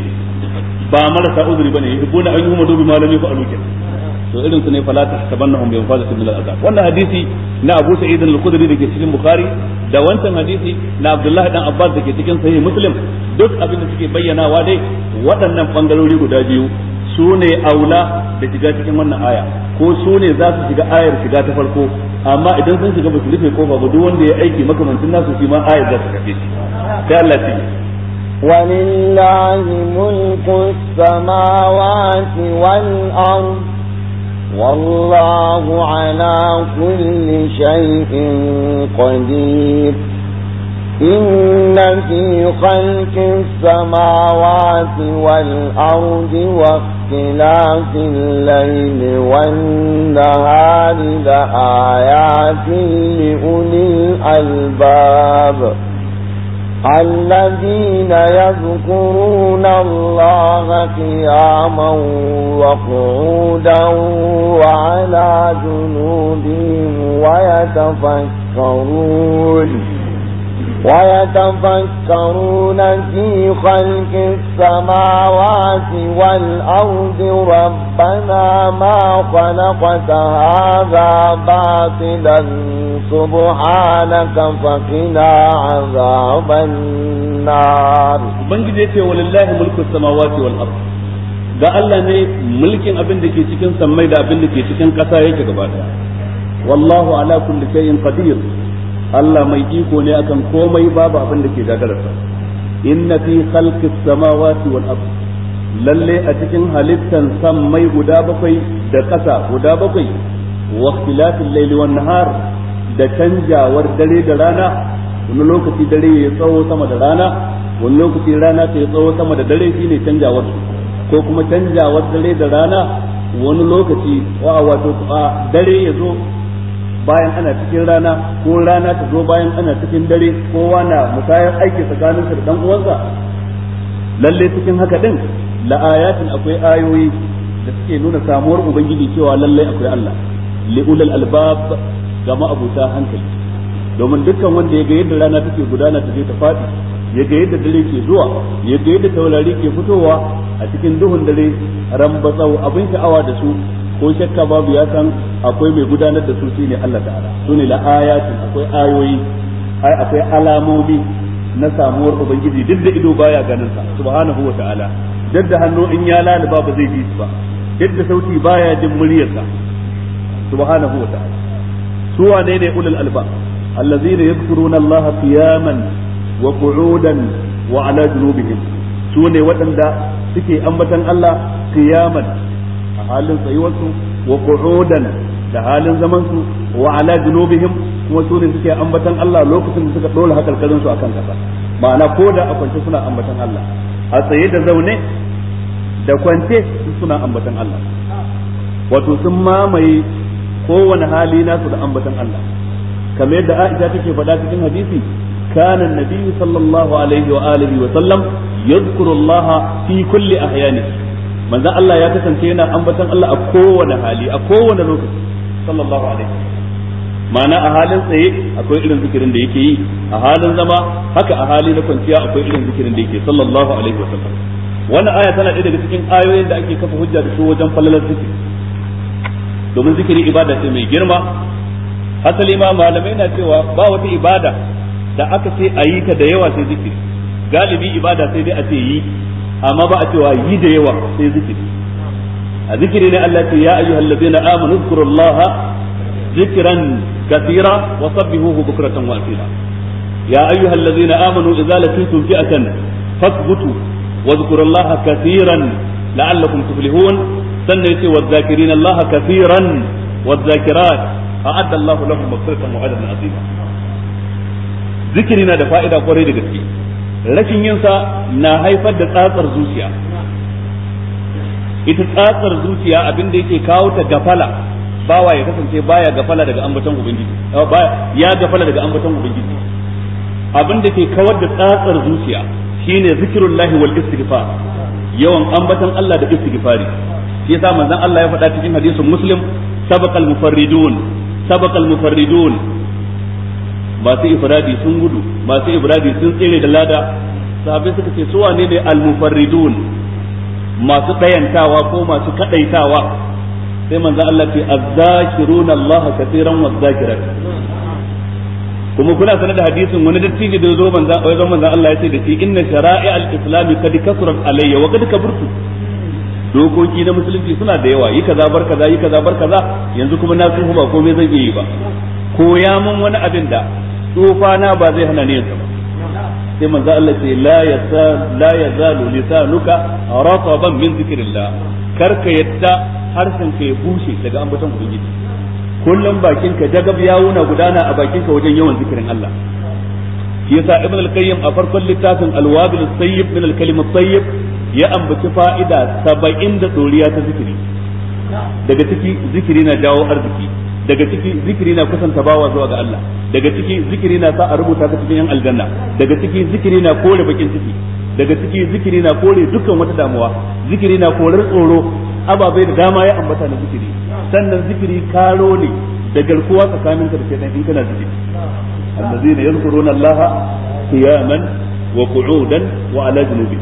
ba marasa uzuri bane yuhibbuna an yuhmadu bi malami fa alukin to irin su ne fala tahsabannahum bi mafazati min al-azab wannan hadisi na Abu Sa'id al-Khudri dake cikin Bukhari da wancan hadisi na Abdullah dan Abbas dake cikin Sahih Muslim duk abin da suke bayyanawa dai waɗannan bangarori guda biyu su ne aula da shiga cikin wannan aya ko su ne za su shiga ayar shiga ta farko amma idan sun shiga ba su rufe kofa ba duk wanda ya aiki makamancin nasu shi ma ayar za su kafe shi sai Allah ya ولله ملك السماوات والأرض والله على كل شيء قدير إن في خلق السماوات والأرض واختلاف الليل والنهار لآيات لأولي الألباب الذين يذكرون الله قياما وقعودا وعلى جنوبهم ويتفكرون ويتفكرون في خلق السماوات والأرض ربنا ما خلقت هذا باطلا سبحانك فقنا عذاب النار ubangiji yace walillahi mulku samawati wal ard da Allah ne mulkin abin da ke cikin sammai da abin da ke cikin ƙasa yake gaba daya wallahu ala kulli shay'in qadir Allah mai iko ne akan komai babu abin da ke dagararsa inna fi khalqis samawati wal ard lalle a cikin halittan sammai guda bakwai da ƙasa guda bakwai wa ikhtilafil layli wan nahar da canjawar dare da rana wani lokaci dare ya tsawo sama da rana wani lokaci rana ta tsawo sama da dare shine canjawar su ko kuma canjawar dare da rana wani lokaci wa wato dare ya zo bayan ana cikin rana ko rana ta zo bayan ana cikin dare kowa na musayar aiki tsakaninsa da dan uwansa lalle cikin haka din la'ayatin akwai ayoyi da suke nuna samuwar ubangiji cewa lalle akwai Allah li ulal albab ga ma'abuta hankali domin dukkan wanda ya ga yadda rana take gudana ta je ta faɗi ya ga yadda dare ke zuwa ya ga yadda taurari ke fitowa a cikin duhun dare rambatsau abin sha'awa da su ko shakka babu ya san akwai mai gudanar da su shine Allah ta'ala sune la ayatin akwai ayoyi ai akwai alamomi na samuwar ubangiji duk da ido baya ganin sa subhanahu wa ta'ala duk da hannu in ya lalaba ba zai ji su ba duk da sauti baya jin muryarsa subhanahu wa ta'ala su wane ne ulul alba allazina yadhkuruna Allah qiyaman wa qu'udan wa ala junubihim su ne waɗanda suke ambatan Allah qiyaman a halin tsayuwarsu wa qu'udan da halin zaman su wa ala junubihim kuma su ne suke ambatan Allah lokacin da suka dole hakalkarin su akan kasa ma'ana ko da a kwance suna ambatan Allah a tsaye da zaune da kwance suna ambatan Allah wato sun mamaye kowane hali nasu da ambatan Allah kamar yadda Aisha take faɗa cikin hadisi كان النبي صلى الله عليه وآله وسلم يذكر الله في كل أحيانه من Allah ya kasance yana ambatan Allah a حالي أكون لوكس صلى الله عليه وسلم ma'ana a halin tsaye akwai irin zikirin da yake yi a halin zama haka a hali na kwanciya akwai irin zikirin da yake sallallahu alaihi wa sallam. wannan aya tana ɗaya daga cikin ayoyin da ake kafa hujja da su wajen falalar zikiri domin zikiri ibada ce mai girma hasali ma malamai na cewa ba wata ibada da aka ce a yi ta da yawa sai zikiri galibi ibada sai dai a ce yi amma ba a cewa yi da yawa sai zikiri a zikiri ne Allah ce ya ayyuhal ladina amanu zkurullaha zikran kathira wa sabbihuhu bukratan wa asila ya ayyuhal ladina amanu idza laqitum fi'atan fathbutu wa zkurullaha kathiran la'allakum tuflihun sannan yace wazakirin Allah kaseeran wazakirat a'adda Allah lahum maghfiratan wa ajran azima zikiri na da fa'ida kwarai da gaske rashin yin sa na haifar da tsatsar zuciya ita tsatsar zuciya abin da yake kawo ta gafala bawa ya kasance baya gafala daga ambaton ubangiji ya gafala daga ambaton ubangiji abin da ke kawar da tsatsar zuciya shine zikirullahi wal istighfar yawan ambaton Allah da istighfari yasa manzon Allah ya faɗa cikin hadisin muslim sabaqal mufarridun sabaqal mufarridun masu ifradi sun gudu masu ifradi sun tsere da lada sahabbai suka ce su wane ne al mufarridun masu ɗayantawa ko masu kaɗaitawa sai manzon Allah ce azzakiruna Allah kaseeran wazzakirat kuma kuna sanar da hadisin wani dattijo da zo manzon Allah ya ce da shi inna shara'i al-islam kad kasrat alayya wa kad kaburtu dokoki na musulunci suna da yawa yi kaza bar kaza yi kaza bar kaza yanzu kuma na tsufa ba komai zan iya yi ba koya mun wani abin da tsufa na ba zai hana ni yanzu ba sai manzo Allah ce la yasa la yazalu lisanuka rataban min zikrillah kar ka yadda harshen ka ya bushe daga ambaton ubangiji kullum bakin ka dagab yawuna gudana a bakin ka wajen yawan zikirin Allah shi yasa ibn al-qayyim a farkon littafin al-wabil sayyib min al-kalim sayyib ya ambaci fa'ida saba'in da tsoriya ta zikiri daga ciki zikiri na jawo arziki daga ciki zikiri na kusanta bawa zuwa ga Allah daga ciki zikiri na sa a rubuta ta cikin yan aljanna daga ciki zikiri na kore bakin ciki daga ciki zikiri na kore dukkan wata damuwa zikiri na korar tsoro ababai da dama ya ambata na zikiri sannan zikiri karo ne da garkuwa tsakaninka da shaidan in kana zikiri allazina yazkuruna allaha qiyaman wa qu'udan wa ala junubi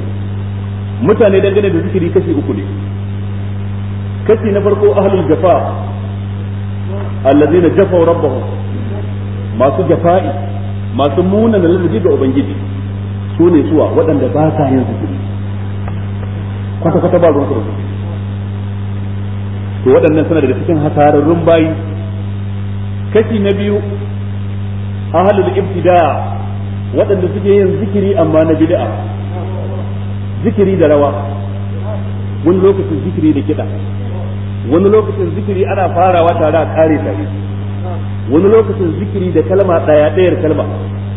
mutane dangane da zikiri kashi uku ne kashi na farko ahlul jafa allazina jafa rabbahum masu jafa'i masu muna na ga ubangiji su ne suwa waɗanda ba sa yin zikiri kwata kwata ba ruwan kurkuku to waɗannan suna daga cikin hasararrun bayi kashi na biyu ahlul ibtida waɗanda suke yin zikiri amma na bid'a zikiri da rawa wani lokacin zikiri da kiɗa wani lokacin zikiri ana farawa tare a ƙare tare wani lokacin zikiri da kalma ɗaya ɗayar kalma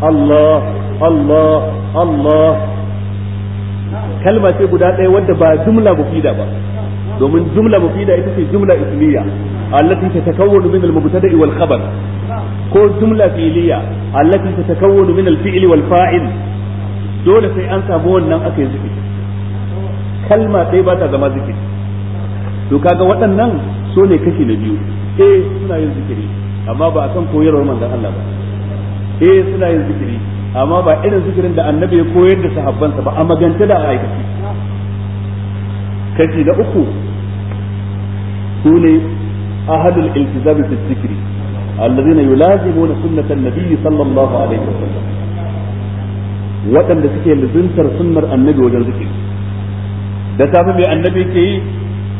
Allah Allah Allah kalma ce guda ɗaya wadda ba jumla mufida ba domin jumla mufida ita ce jumla ismiya allati tatakawwanu min al-mubtada'i wal khabar ko jumla fi'liya allati tatakawwanu min al-fi'li wal fa'il dole sai an samu wannan aka yi zikiri kalma ɗaya ba ta zama zikiri to kaga waɗannan so ne kashi na biyu eh suna yin zikiri amma ba akan koyarwar manzon Allah ba eh suna yin zikiri amma ba irin zikirin da annabi ya koyar da sahabbansa ba a magance da aikaci kashi na uku su ne ahadul iltizami fi zikri alladhina yulazimuna sunnata an-nabi sallallahu alaihi wasallam waɗanda suke lizuntar sunnar annabi wajen zikiri da safe mai annabi ke yi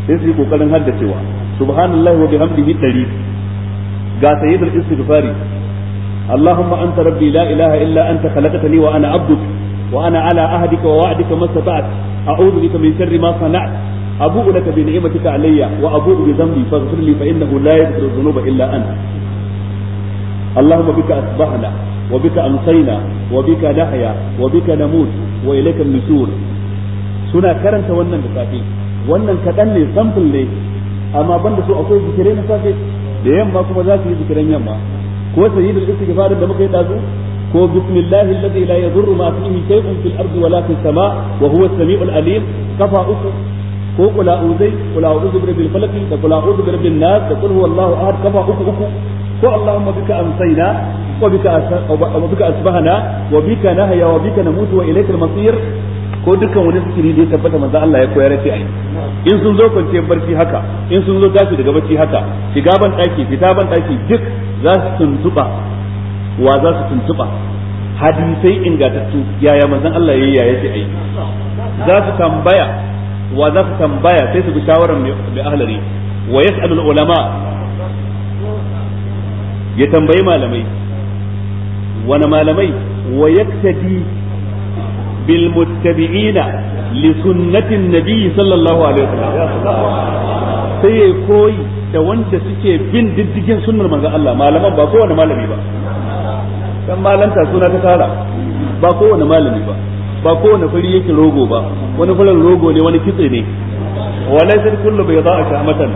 sai su yi kokarin haddacewa subhanallahi wa bihamdihi dari ga sayyidul istighfari اللهم أنت ربي لا إله إلا أنت خلقتني وأنا عبدك وأنا على عهدك ووعدك ما استطعت أعوذ بك من شر ما صنعت أبوء لك بنعمتك علي وأبوء بذنبي فاغفر لي فإنه لا يغفر الذنوب إلا أنت اللهم بك أصبحنا وبك أمسينا وبك نحيا وبك نموت وإليك النشور suna karanta wannan da safe wannan kaɗan ne samfin ne amma banda su akwai zikirai na safe da yamma kuma za su yi zikiran yamma ko sayyidul istighfar da muka yi dazu ko bismillahi alladhi la yadurru ma fihi shay'un fil ardi wala fis sama wa huwa as-sami'ul alim kafa uku ko kula uzai kula uzu bi rabbil falaq da kula uzu bi rabbin nas da kul huwallahu ahad kafa uku uku ko allahumma bika amsayna wa bika wa bika asbahna wa bika nahya wa bika namutu wa ilaykal masir ko dukkan wani sikiri da ya tabbata manzo Allah ya koyar ce ai in sun zo kwanciyar barci haka in sun zo tashi daga barci haka shiga ban daki fita ban daki duk za su tuntuba wa za su tuntuba hadisai ingantattu yaya manzon Allah yayi yaya ce ai za su tambaya wa za su tambaya sai su bi shawaran mai ahlari wa yas'alul ulama ya tambayi malamai wani malamai wa yaktadi bil muttabi'ina li sunnatin nabi sallallahu alaihi wasallam sai ya koyi da wanda suke bin diddigin sunnar manzon Allah malaman ba kowane malami ba dan malanta suna ta tara ba kowane malami ba ba kowane fari yake rogo ba wani fulan rogo ne wani kitse ne walaysat kullu bayda'a shamatan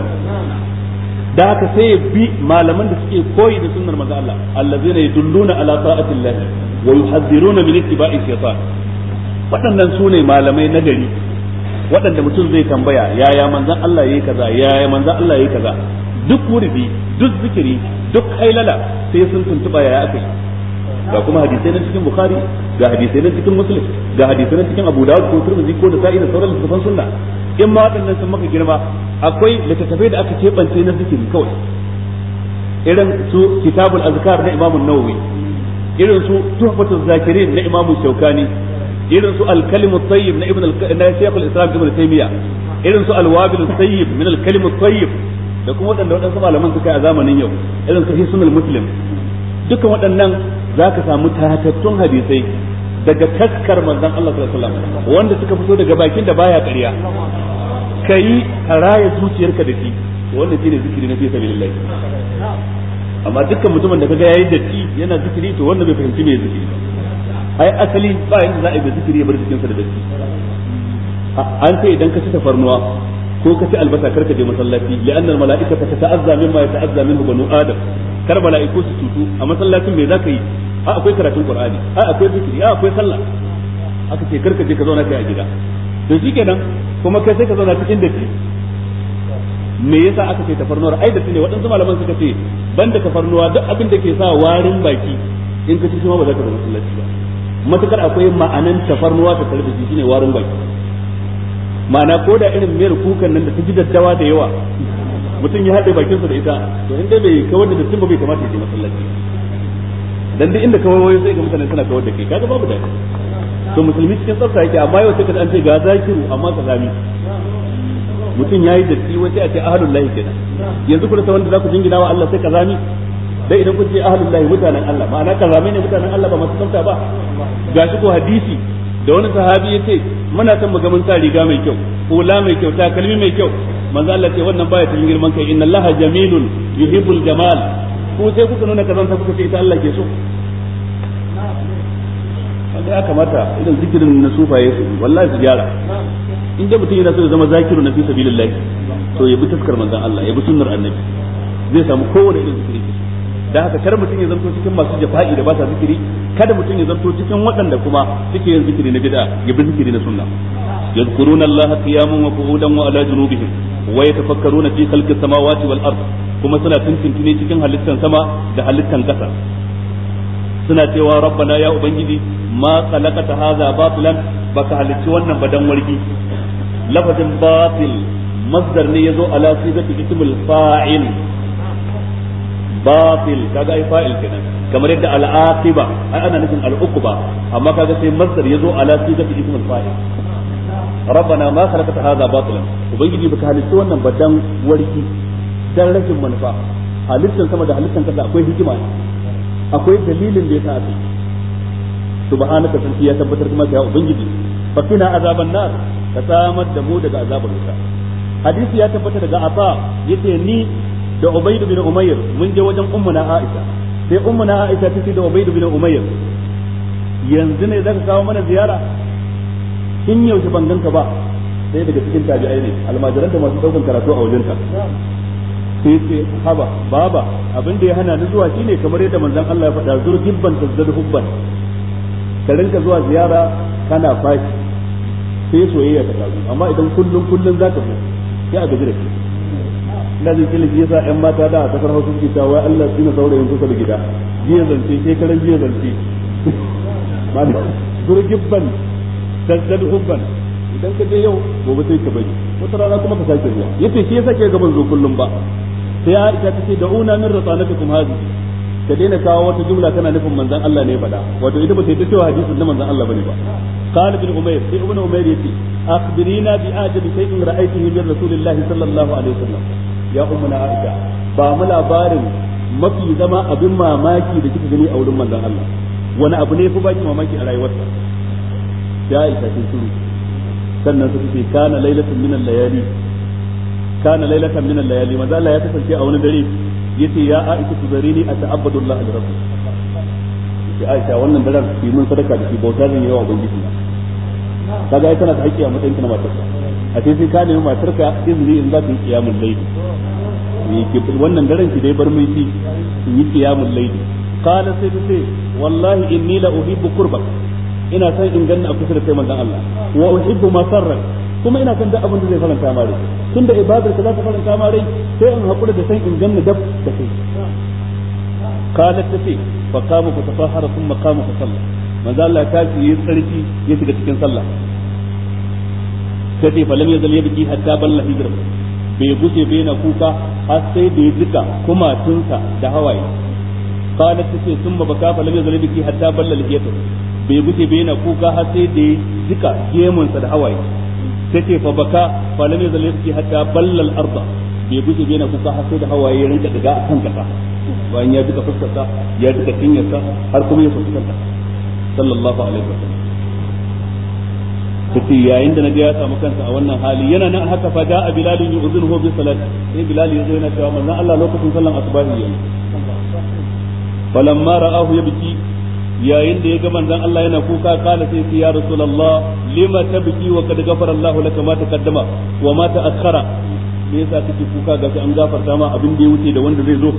da haka sai ya bi malaman da suke koyi da sunnar manzo Allah allazina yadulluna ala ta'atillah wa yuhadhiruna min ittiba'i shaytan waɗannan su ne malamai na gari waɗanda mutum zai tambaya yaya manzan Allah yayi kaza yaya manzan Allah yayi kaza duk wurdi duk zikiri duk hailala sai sun tuntuɓa yaya aka yi ga kuma hadisai na cikin bukhari ga hadisai na cikin muslim ga hadisai na cikin abu dawud ko turmi ko da sa'i da sauran littattafan sunna in ma waɗannan sun maka girma akwai littattafai da aka keɓance na zikiri kawai irin su kitabul azkar na imamun nawawi irin su tuhfatul zakirin na imamun shaukani irin su al-kalimu tayyib na ibn na shaykh islam ibn taymiya irin su al-wabil tayyib min al-kalimu tayyib da kuma waɗanda waɗansu malaman suka yi a zamanin yau irin su sunan muslim dukkan waɗannan zaka samu tatattun hadisai daga taskar manzon Allah sallallahu alaihi wasallam wanda suka fito daga bakin da baya ƙarya kai raya zuciyarka da shi wannan shine zikiri na fi sabilillah amma dukkan mutumin da kaga yayi datti yana zikiri to wannan bai fahimci me zikiri ba ai asali ba yanda za a yi da zikiri ya bar sa da datti an sai idan ka ci tafarnuwa ko ka ci albasa kar ka je masallaci li'anna al-mala'ika ta ta'azza mimma yata'azza minhu banu adam kar mala'iku su tutu a masallacin me ka yi a akwai karatun qur'ani a akwai zikiri a akwai sallah aka ce kar ka je ka zauna kai a gida to shikenan kuma kai sai ka zauna cikin datti me yasa aka ce tafarnuwa ai da ne waɗansu malaman suka ce banda tafarnuwa duk abin da ke sa warin baki in ka ci shi ma ba za ka zama masallaci ba matukar akwai ma'anan tafarnuwa ta tare da shi shine warin bai ma'ana ko da irin miyar kukan nan da ta ji daddawa da yawa mutum ya haɗe sa da ita to inda bai kawar da dattin ba bai kamata ya je masallaci dan duk inda kawai wayo sai ga mutane suna kawar da kai kaga babu da to musulmi cikin tsafta yake amma yau sai ka an ce ga zakiru amma kazami mutum yayi datti wace a ce ahlul kenan yanzu kuma wanda za ku jingina wa Allah sai zami dai idan kun ce ahlul lahi mutanen Allah ma'ana kazamai ne mutanen Allah ba masu tsafta ba ga shi ko hadisi da wani sahabi ya ce muna san mu ga mun sa riga mai kyau hula mai kyau takalmi mai kyau manzo Allah ce wannan baya cikin girman kai inna Allah jamilun yuhibbul jamal ko sai kuka nuna kazanta kuka ce ita Allah ke so wanda ya kamata idan zikirin na sufaye su wallahi su gyara in da mutum yana so ya zama zakiru na fi sabilillah to ya bi taskar manzon Allah ya bi sunnar annabi zai samu kowane irin zikiri da haka kar mutum ya zanto cikin masu jafa'i da ba sa zikiri kada mutum ya zanto cikin waɗanda kuma suke yin zikiri na bid'a ya bi zikiri na sunna يذكرون الله قياما وقعودا وعلى جنوبهم ويتفكرون في خلق السماوات والارض كما سنا تنتنتني cikin halittan sama da halittan kasa suna cewa rabbana ya ubangiji ma khalaqata hadha batilan baka halicci wannan badan warki lafazin batil masdar ne yazo ala sifati ismul fa'il batil kaga ai fa'il kenan kamar yadda al-aqiba ai ana nufin al-uqba amma kaga sai masdar yazo ala sigati ism al-fa'il rabbana ma khalaqta hadha batilan ubangiji baka halitta wannan ba dan warki dan rashin manufa halittan sama da halittan kasa akwai hikima akwai dalilin da ya aka yi subhanaka sarki ya tabbatar kuma ya ubangiji fa kina azaban nar ka samar da mu daga azabar wuta hadisi ya tabbata daga asa yace ni da ubayd bin umayr mun je wajen na aisha sai na aisha ta ce da ubayd bin umayr yanzu ne zaka kawo mana ziyara kin yaushe ban ganka ba sai daga cikin tabi'ai ne almajiran da masu daukan karatu a wajenta sai ce haba baba abin da ya hana ni zuwa shine kamar yadda manzon Allah ya faɗa zur gibban tazdad hubban ka zuwa ziyara kana fashi sai soyayya ta kazu amma idan kullun kullun zaka zo sai a gaji da kai na jin kila ji yasa ƴan mata da a kasar hausa suke ta wai Allah na saurayin kusa da gida jiya zance ke karan jiya zance mana gurgibban daddan hubban idan ka je yau gobe sai ka bari wata rana kuma ka sake zuwa yace shi yasa ke gaban zo kullum ba sai Aisha ta ce una min rasanatikum hadi ka daina kawo wata jumla kana nufin manzon Allah ne bada wato ita ba sai ta cewa hadisin na manzon Allah bane ba ابن عمير في ابن عمير يتي yace akhbirina bi ajabi من رسول الله صلى sallallahu عليه وسلم ya ummu na aisha ba mu labarin mafi zama abin mamaki da kika gani a wurin manzon Allah wani abu ne fa baki mamaki a rayuwarsa ya aisha kin shiru sannan su ce kana lailatun min al-layali kana lailatan min al-layali manzo Allah ya kasance a wani dare yace ya aisha tuzarini ata'abbadu Allah al-rabbi yace aisha wannan daren ki mun sadaka da ki bauta zan yi yawa ubangiji kaga ai tana da haƙƙi a matsayin kana matarsa a sai sai ka nemi matarka izini in za ta yi kiyamul laili eh, wannan daren ki dai bar mai fi su yi kiyamul laili qala sai ta ce wallahi inni la uhibbu kurba ina san in ganna a kusa da kai manzon Allah wa uhibbu masarrak kuma ina son duk abin da zai faranta ma rai tunda ibadar ka za ta faranta ma rai sai in hakura da san in ganna dab da kai qalat ta ce fa qama fa tafahara thumma qama fa salla manzon Allah ta ce yi tsarki ya shiga cikin sallah tace falam hatta balla hijra bai bai na kuka har sai da jika kumatunsa da hawaye tace falam hatta balla hijra bai bai na kuka har sai jika gemunsa da hawaye fa baka falam hatta balla arda bai guje bai na kuka har sai da hawaye ya rinka daga akan kasa bayan ya jika ya jika har kuma ya sallallahu alaihi wasallam tace yayin da naji ya samu kansa a wannan hali yana nan haka fa da bilal yu'zinuhu bi salat sai bilal yazo yana cewa manzon Allah lokacin sallan asbahi yayi falamma ra'ahu yabki yayin da ya ga manzon Allah yana kuka kala sai sai ya rasulullah lima tabki wa kad ghafara Allah laka ma taqaddama wa ma ta'akhkhara me yasa kuka ga an gafarta ma abin da ya wuce da wanda zai zo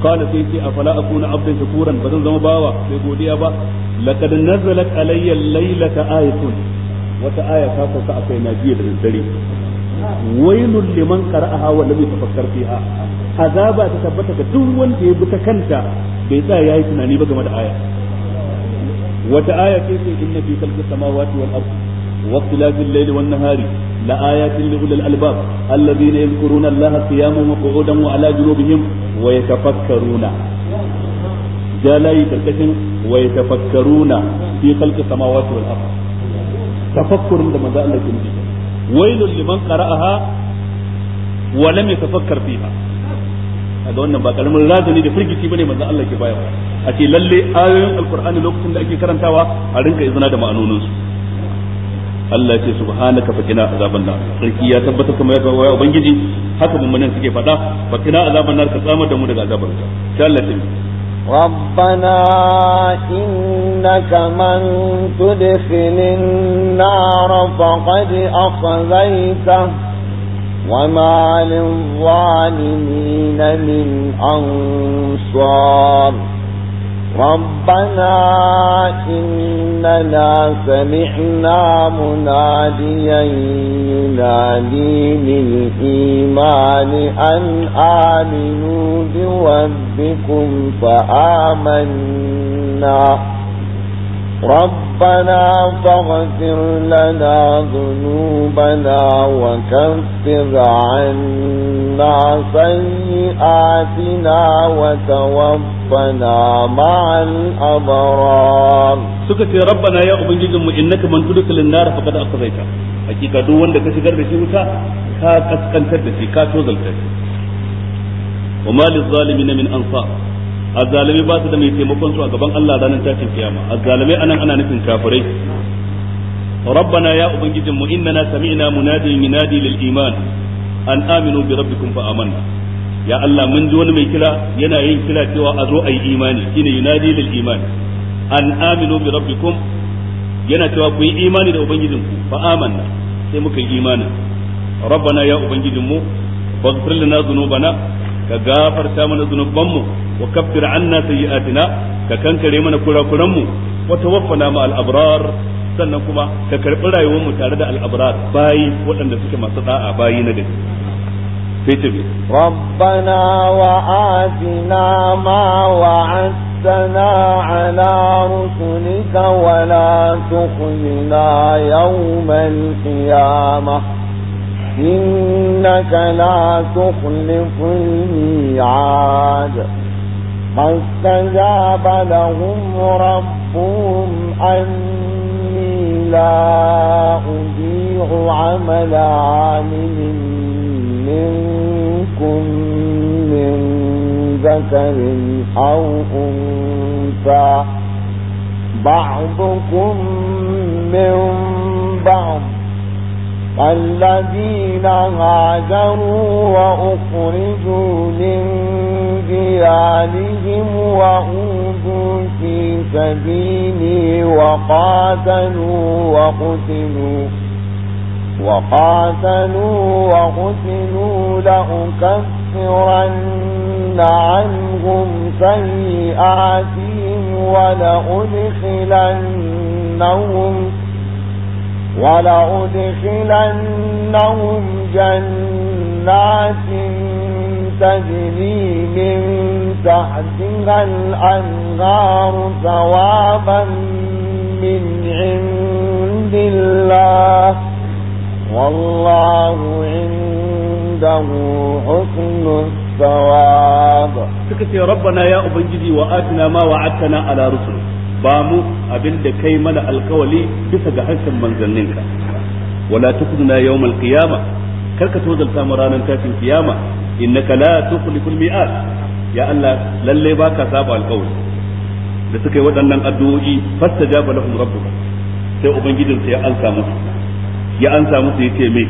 قال سيتي أفلا أكون عبدا شكورا بدل زما باوا بيقول يا با لقد alayya علي الليلة آية wata aya ta sauka akai na jiya da daddare wailul liman qara'aha wa lam yatafakkar fiha azaba ta tabbata ga duk wanda ya bi ta kanta bai tsaya yayi tunani ba game da aya wata aya ce ce inna fi khalqis samawati wal ardi واختلاف الليل والنهار لآيات لأولي الألباب الذين يذكرون الله قياما وقعودا وعلى جنوبهم ويتفكرون جالاي كركشن ويتفكرون في خلق السماوات والأرض tafakkurin da manzo Allah ke nufi wailul liman qara'aha wa lam yatafakkar fiha kaga wannan ba karamin razani da firgici bane manzo Allah ke bayarwa a ce lalle ayoyin alqur'ani lokacin da ake karantawa a rinka izina da ma'anonin su Allah ya ce subhanaka fakina azaban nar sarki ya tabbatar kamar yadda waya ubangiji haka mun suke faɗa fakina azaban nar ka tsama da mu daga azabar ka Allah ربنا إنك من تدخل النار فقد أخذيته وما للظالمين من أنصار ربنا إننا سمعنا مناديا ينادي للإيمان أن آمنوا بربكم فآمنا ربنا فاغفر لنا ذنوبنا وكفر عنا سيئاتنا وتوفنا مع الأبرار suka ce rabbana ya ubangijin mu innaka man tudkhil an-nar faqad akhzaita hakika duk wanda ka shigar da shi wuta ka kaskantar da shi ka tozalta shi wa ma lizalimin min ansar azzalimi ba su da mai taimakon su a gaban Allah ranar tashin kiyama azzalimi anan ana nufin kafirai rabbana ya ubangijin mu innana sami'na munadi minadi lil iman an aminu bi rabbikum fa amanna ya Allah mun ji wani mai kira yana yin kira cewa a zo a yi imani shine yunadi lil iman an aminu bi rabbikum yana cewa ku yi imani da ubangijinku fa amanna sai muka yi imanin rabbana ya ubangijinmu faghfir lana dhunubana ka gafarta mana dhunubanmu wa kaffir anna sayyi'atina ka kankare mana kurakuranmu wa tawaffana ma al abrar sannan kuma ka karɓi rayuwar mu tare da al'abrar bayi waɗanda suke masu da'a bayi na gari sai ce bi rabbana wa atina ma wa'adtana ala rusulika wa la tukhzina yawmal qiyamah إنك لا تخلف الميعاد فاستجاب لهم ربهم أن لا أضيع عمل عامل منكم من ذكر أو أنثى بعضكم من بعض الذين هاجروا وأخرجوا من بذيانهم وأوذوا في سبيلي وقاتلوا وقتلوا وقاتلوا وقتلوا لأكفرن عنهم سيئاتهم ولأدخلنهم ولأدخلنهم جنات تجري من تحتها الأنهار ثوابا من عند الله والله عنده حسن الثواب سكت يا ربنا يا أبنجدي وآتنا ما وعدتنا على رسل بامو أبن دكي ملأ القولي بسجحة من ولا تخذنا يوم القيامة karka tozalta mu ranar tashin kiyama innaka la tukhliful mi'ad ya Allah lalle baka saba alƙawari da suka yi waɗannan addu'o'i fastajaba lahum rabbuka sai ubangijinsa ya ansa musu ya ansa musu yace me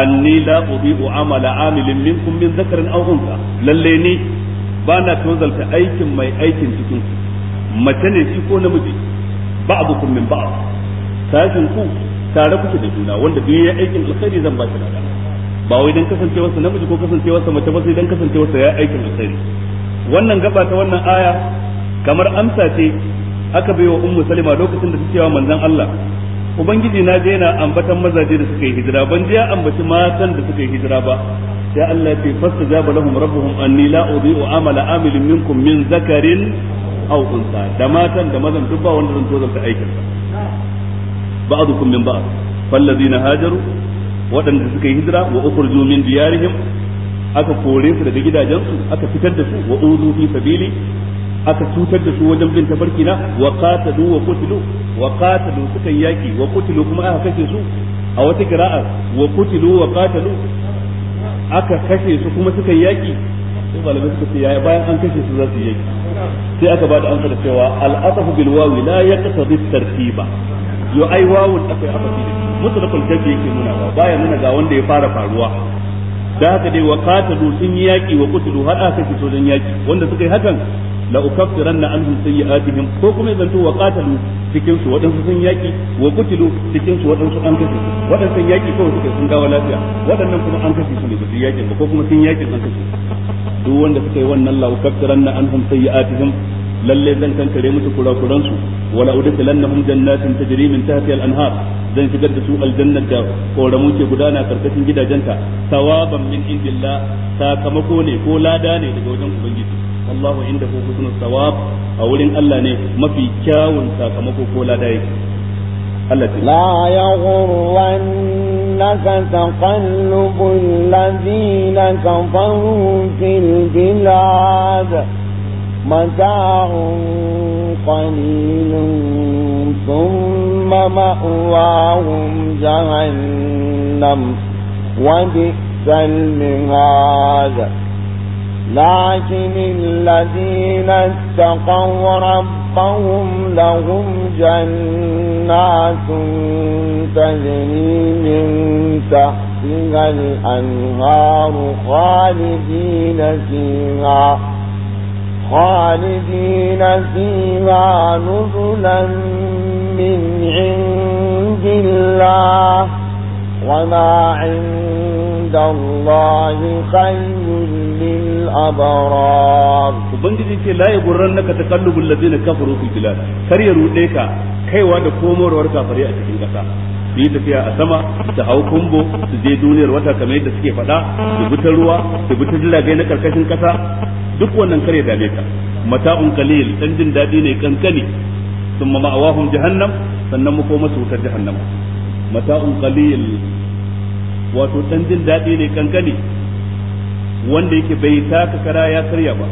anni la ubi'u amala amilin minkum min zakarin aw unsa lalle ni ba na tozalta aikin mai aikin cikin ku mace ne shi ko namiji ba'dukum min ba'd sashin ku tare kuke da juna wanda duk ya aikin alkhairi zan ba shi lada ba wai dan kasancewar sa namiji ko kasancewar sa mace ba sai dan kasancewar sa ya aikin alkhairi wannan gaba ta wannan aya kamar amsa ce aka wa ummu salima lokacin da take cewa manzon Allah ubangiji na je na ambatan mazaje da suka yi hijira ban je ambaci matan da suka yi hijira ba sai Allah ya ce fastajaba lahum rabbuhum anni la udhi'u amala amilin minkum min zakarin aw unsa da matan da mazan duk ba wanda zan ta aikin sa ba'dukum min ba'd fallazina hajaru waɗanda suka yi hijira wa ukhruju min diyarihim aka kore su daga gidajensu aka fitar da su wa uzu fi sabili aka cutar da su wajen bin tafarki na wa qatadu wa qutilu wa qatadu suka yaki wa qutilu kuma aka kashe su a wata qira'a wa qutilu wa qatadu aka kashe su kuma suka yaki sai malamai suka ce yaya bayan an kashe su za su yaki sai aka bada amsa da cewa al-asafu bil wawi la yaqtadi tartiba yo ai wawun akwai abafi da mutlaqul kafi yake nuna ba baya nuna ga wanda ya fara faruwa da haka dai wa qatalu sun yi yaki wa qutilu har aka ci sojan yaki wanda suka yi hakan la ukaffiranna anhum sayi'atihim ko kuma idan to wa qatalu cikin su wadansu sun yaki wa qutilu cikin su wadansu an kashe wadansu yaki ko suka sun dawo lafiya wadannan kuma an kashe su ne ba yakin ba ko kuma sun yaki an kashe duk wanda suka yi wannan la ukaffiranna anhum sayi'atihim lalle zan kankare musu kurakuran su wala udkhilannahum jannatin tajri min tahtiha al-anhar zan shigar da su aljannar da koramu ke gudana karkashin gidajenta sawaban min indillah sakamako ne ko lada ne daga wajen ubangiji inda ko husnul sawab a wurin Allah ne mafi kyawun sakamako ko lada yake لا يغرنك تقلب الذين كفروا في البلاد متاع قليل ثم مأواهم جهنم وبئس المهاد لكن الذين اتقوا ربهم لهم جنات تجري من تحتها الأنهار خالدين فيها خالدين فيها نزلا من عند الله وما عند عند الله خير للأبرار وبنجي ce la yagurrannaka taqallubul ladina kafaru fil bilad kar ya rude ka kaiwa da komorwar kafare a cikin kasa su tafiya a sama su hau kumbo su je duniyar wata kamar yadda suke faɗa su bi ta ruwa su bi ta jiragai na karkashin kasa duk wannan karya dame ka mata'un qalil dan jin ne kankani thumma ma'awahum jahannam sannan mu koma su wutar jahannama mata'un qalil wato dan jin daɗi ne kankani wanda yake bai taka kara ya karya ba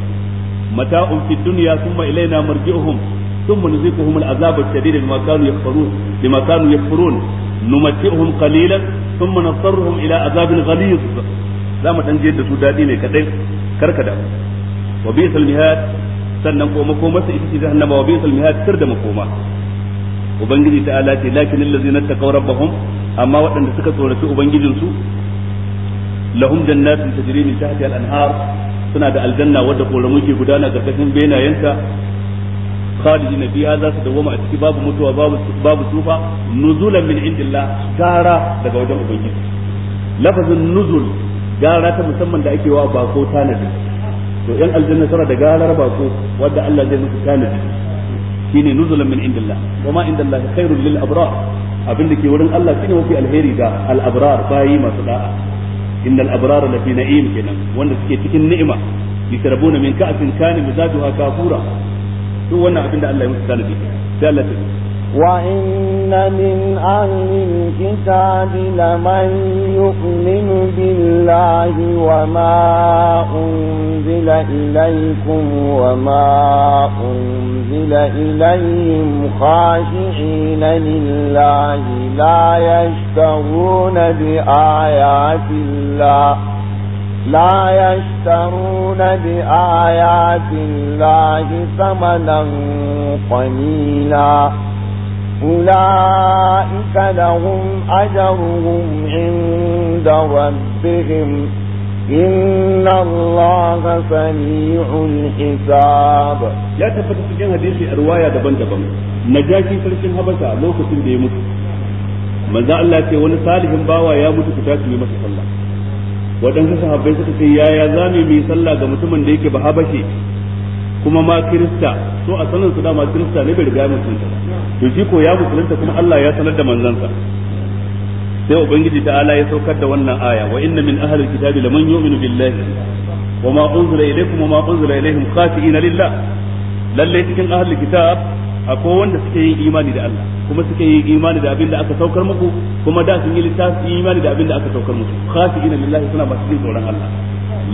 mata fid dunya thumma ilaina marji'uhum thumma nuziquhum al'azab ash-shadid bima kanu yakfurun bima kanu yakfurun numatti'uhum qalilan thumma nasarruhum ila azabin ghalid za mu dan da su daɗi ne kadai karka da wa bi'sal mihad sannan ko makoma sai ita ce jahannama wa bi'sal mihad ubangiji ta'ala ce lakin ta taqaw rabbahum amma waɗanda suka tsoraci ubangijinsu lahum jannatin tajri min tahtiha al-anhar suna da aljanna wadda koramu ke gudana karkashin benayenta khalidin fiha za su dawoma a ciki babu mutuwa babu babu tufa nuzulan min indillah gara daga wajen ubangiji lafazin nuzul gara ta musamman da ake wa bako tanadi to yan aljanna suna da garar bako wadda Allah zai musu tanadi shine nuzulan min indillah wa ma indallah khairul lil abrar abin da ke wurin Allah shine mafi alheri ga al abrar bayi masu da'a innal abrar lafi na'im kenan wanda suke cikin ni'ima yashrabuna min ka'sin kana mizajuha kafura to wannan abin da Allah ya musu tanadi sai Allah ya wa in من أهل الكتاب لمن يؤمن بالله وما أنزل إليكم وما أنزل إليهم خاشعين لله لا يشترون بآيات الله لا يشترون بآيات الله ثمنا قليلا أولئك لهم أجرهم عند ربهم إن الله سميع الحساب يا تفت سجن هديسي أرواية دبن دبن نجاكي فلسين هبسا لو كتن دي مت من ذا الله كي ولي صالح باوا يا مت كتاكي لما صلى waɗansu sahabbai suka ce يا za mu yi sallah ga mutumin da yake kuma ma kirista so a sanin su dama kirista ne bai riga ya musulunta to shi ko ya musulunta kuma Allah ya sanar da manzansa sai ubangiji ta ala ya saukar da wannan aya wa inna min ahli alkitabi laman yu'minu billahi wa ma unzila ilaykum wa ma unzila ilayhim khashi'ina lillah lalle cikin ahli alkitab akwai wanda suke yin imani da Allah kuma suke yin imani da abin da aka saukar muku kuma da sun yi littafi imani da abin da aka saukar muku khashi'ina lillahi suna masu jin tsoron Allah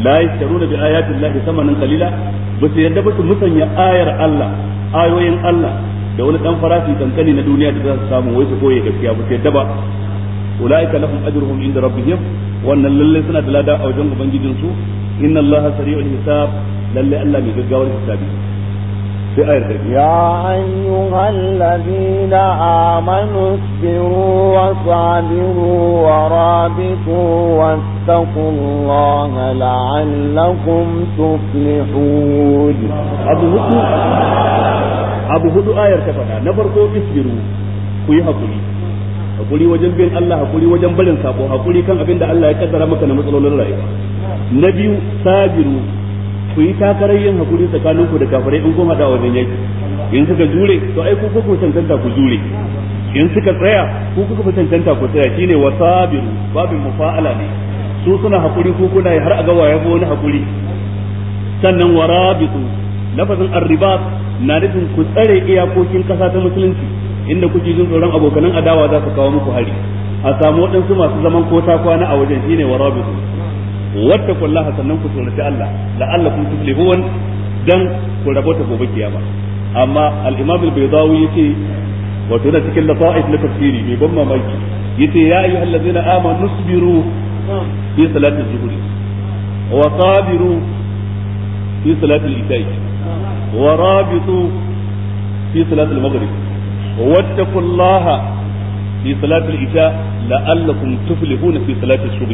la yashtaruna bi ayati llahi thamanan qalila ba su yadda ba su musanya ayar Allah ayoyin Allah da wani dan farashi kankani na duniya da za su samu wai su koye gaskiya ba su yadda ba ulaika lahum ajruhum inda rabbihim wannan lalle suna da lada a wajen ubangijinsu inna allaha sari'ul hisab lalle Allah mai gaggawar hisabi يا أيها الذين آمنوا اصبروا وصابروا ورابطوا واتقوا الله لعلكم تفلحون أبو هدو أبو هدو آية كفنا نفرقوا اصبروا كوي حقولي hakuri wajen bin Allah hakuri wajen barin sako hakuri kan abin da Allah ya kaddara maka na matsalolin rayuwa na biyu sabiru ku yi takarar yin hakuri tsakanin ku da kafirai in goma da wajen yaki in suka jure to ai ku kuka tantanta ku jure in suka tsaya ku kuka tantanta ku tsaya shine wasabiru babin mufa'ala ne su suna hakuri ku kuna har a ga waye wani hakuri sannan warabitu lafazin arribat na nufin ku tsare iyakokin kasa ta musulunci inda kuke jin tsoron abokanan adawa za su kawo muku hari a samu waɗansu masu zaman kota kwana a wajen shine warabitu wattaqullaha sannan ku tsoraci Allah la'allakum tuflihun dan ku rabota gobe kiyama amma al-imam al-baydawi yace wato da cikin lafa'id na tafsiri mai ban mamaki yace ya ayyuhal ladzina amanu sabiru fi salati zuhri wa sabiru fi salati al-isha'i wa rabitu fi salati al-maghrib wattaqullaha في صلاة isha la'allakum تفلحون في صلاة subh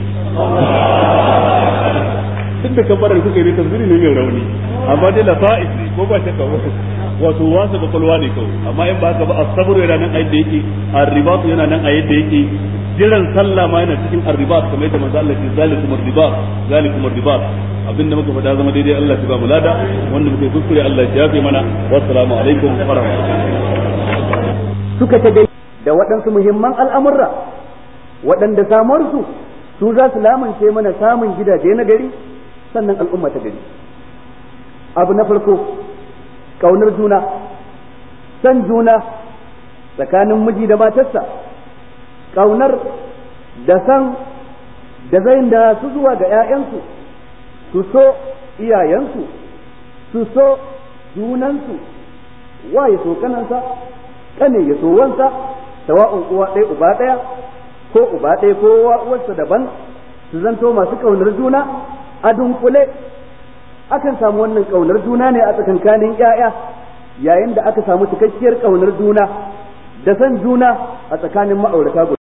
duk da kabarar kuka yi tafsiri ne mai rauni amma dai lafa'is ne ko ba shakka wato wasu kwakwalwa ne kawo amma in ba ka ba asabru yana nan a yadda yake arribatu yana nan a yadda yake jiran sallah ma yana cikin arribat kamar yadda manzo Allah ya zalikum arribat zalikum arribat abinda muka fada zama daidai Allah ya ba mu lada wanda muke kuskure Allah ya yafe mana wassalamu alaikum wa rahmatullahi suka ta da waɗansu muhimman al'amurra waɗanda samarsu su za su lamunce mana samun gidaje na gari sannan al'umma ta gari abu na farko ƙaunar juna san juna tsakanin miji da matarsa ƙaunar da san da zai da su zuwa ga 'ya'yansu su so iyayensu su so junansu wa ya so kanansa kane ya so wansa sawa'un uwa ɗaya uba ɗaya ko uba ɗaya ko uwa uwarsa daban su zanto masu ƙaunar juna a dunkule akan samu wannan ƙaunar juna ne a tsakankanin ƴaƴa yayin da aka samu cikakkiyar ƙaunar juna da san juna a tsakanin ma'aurata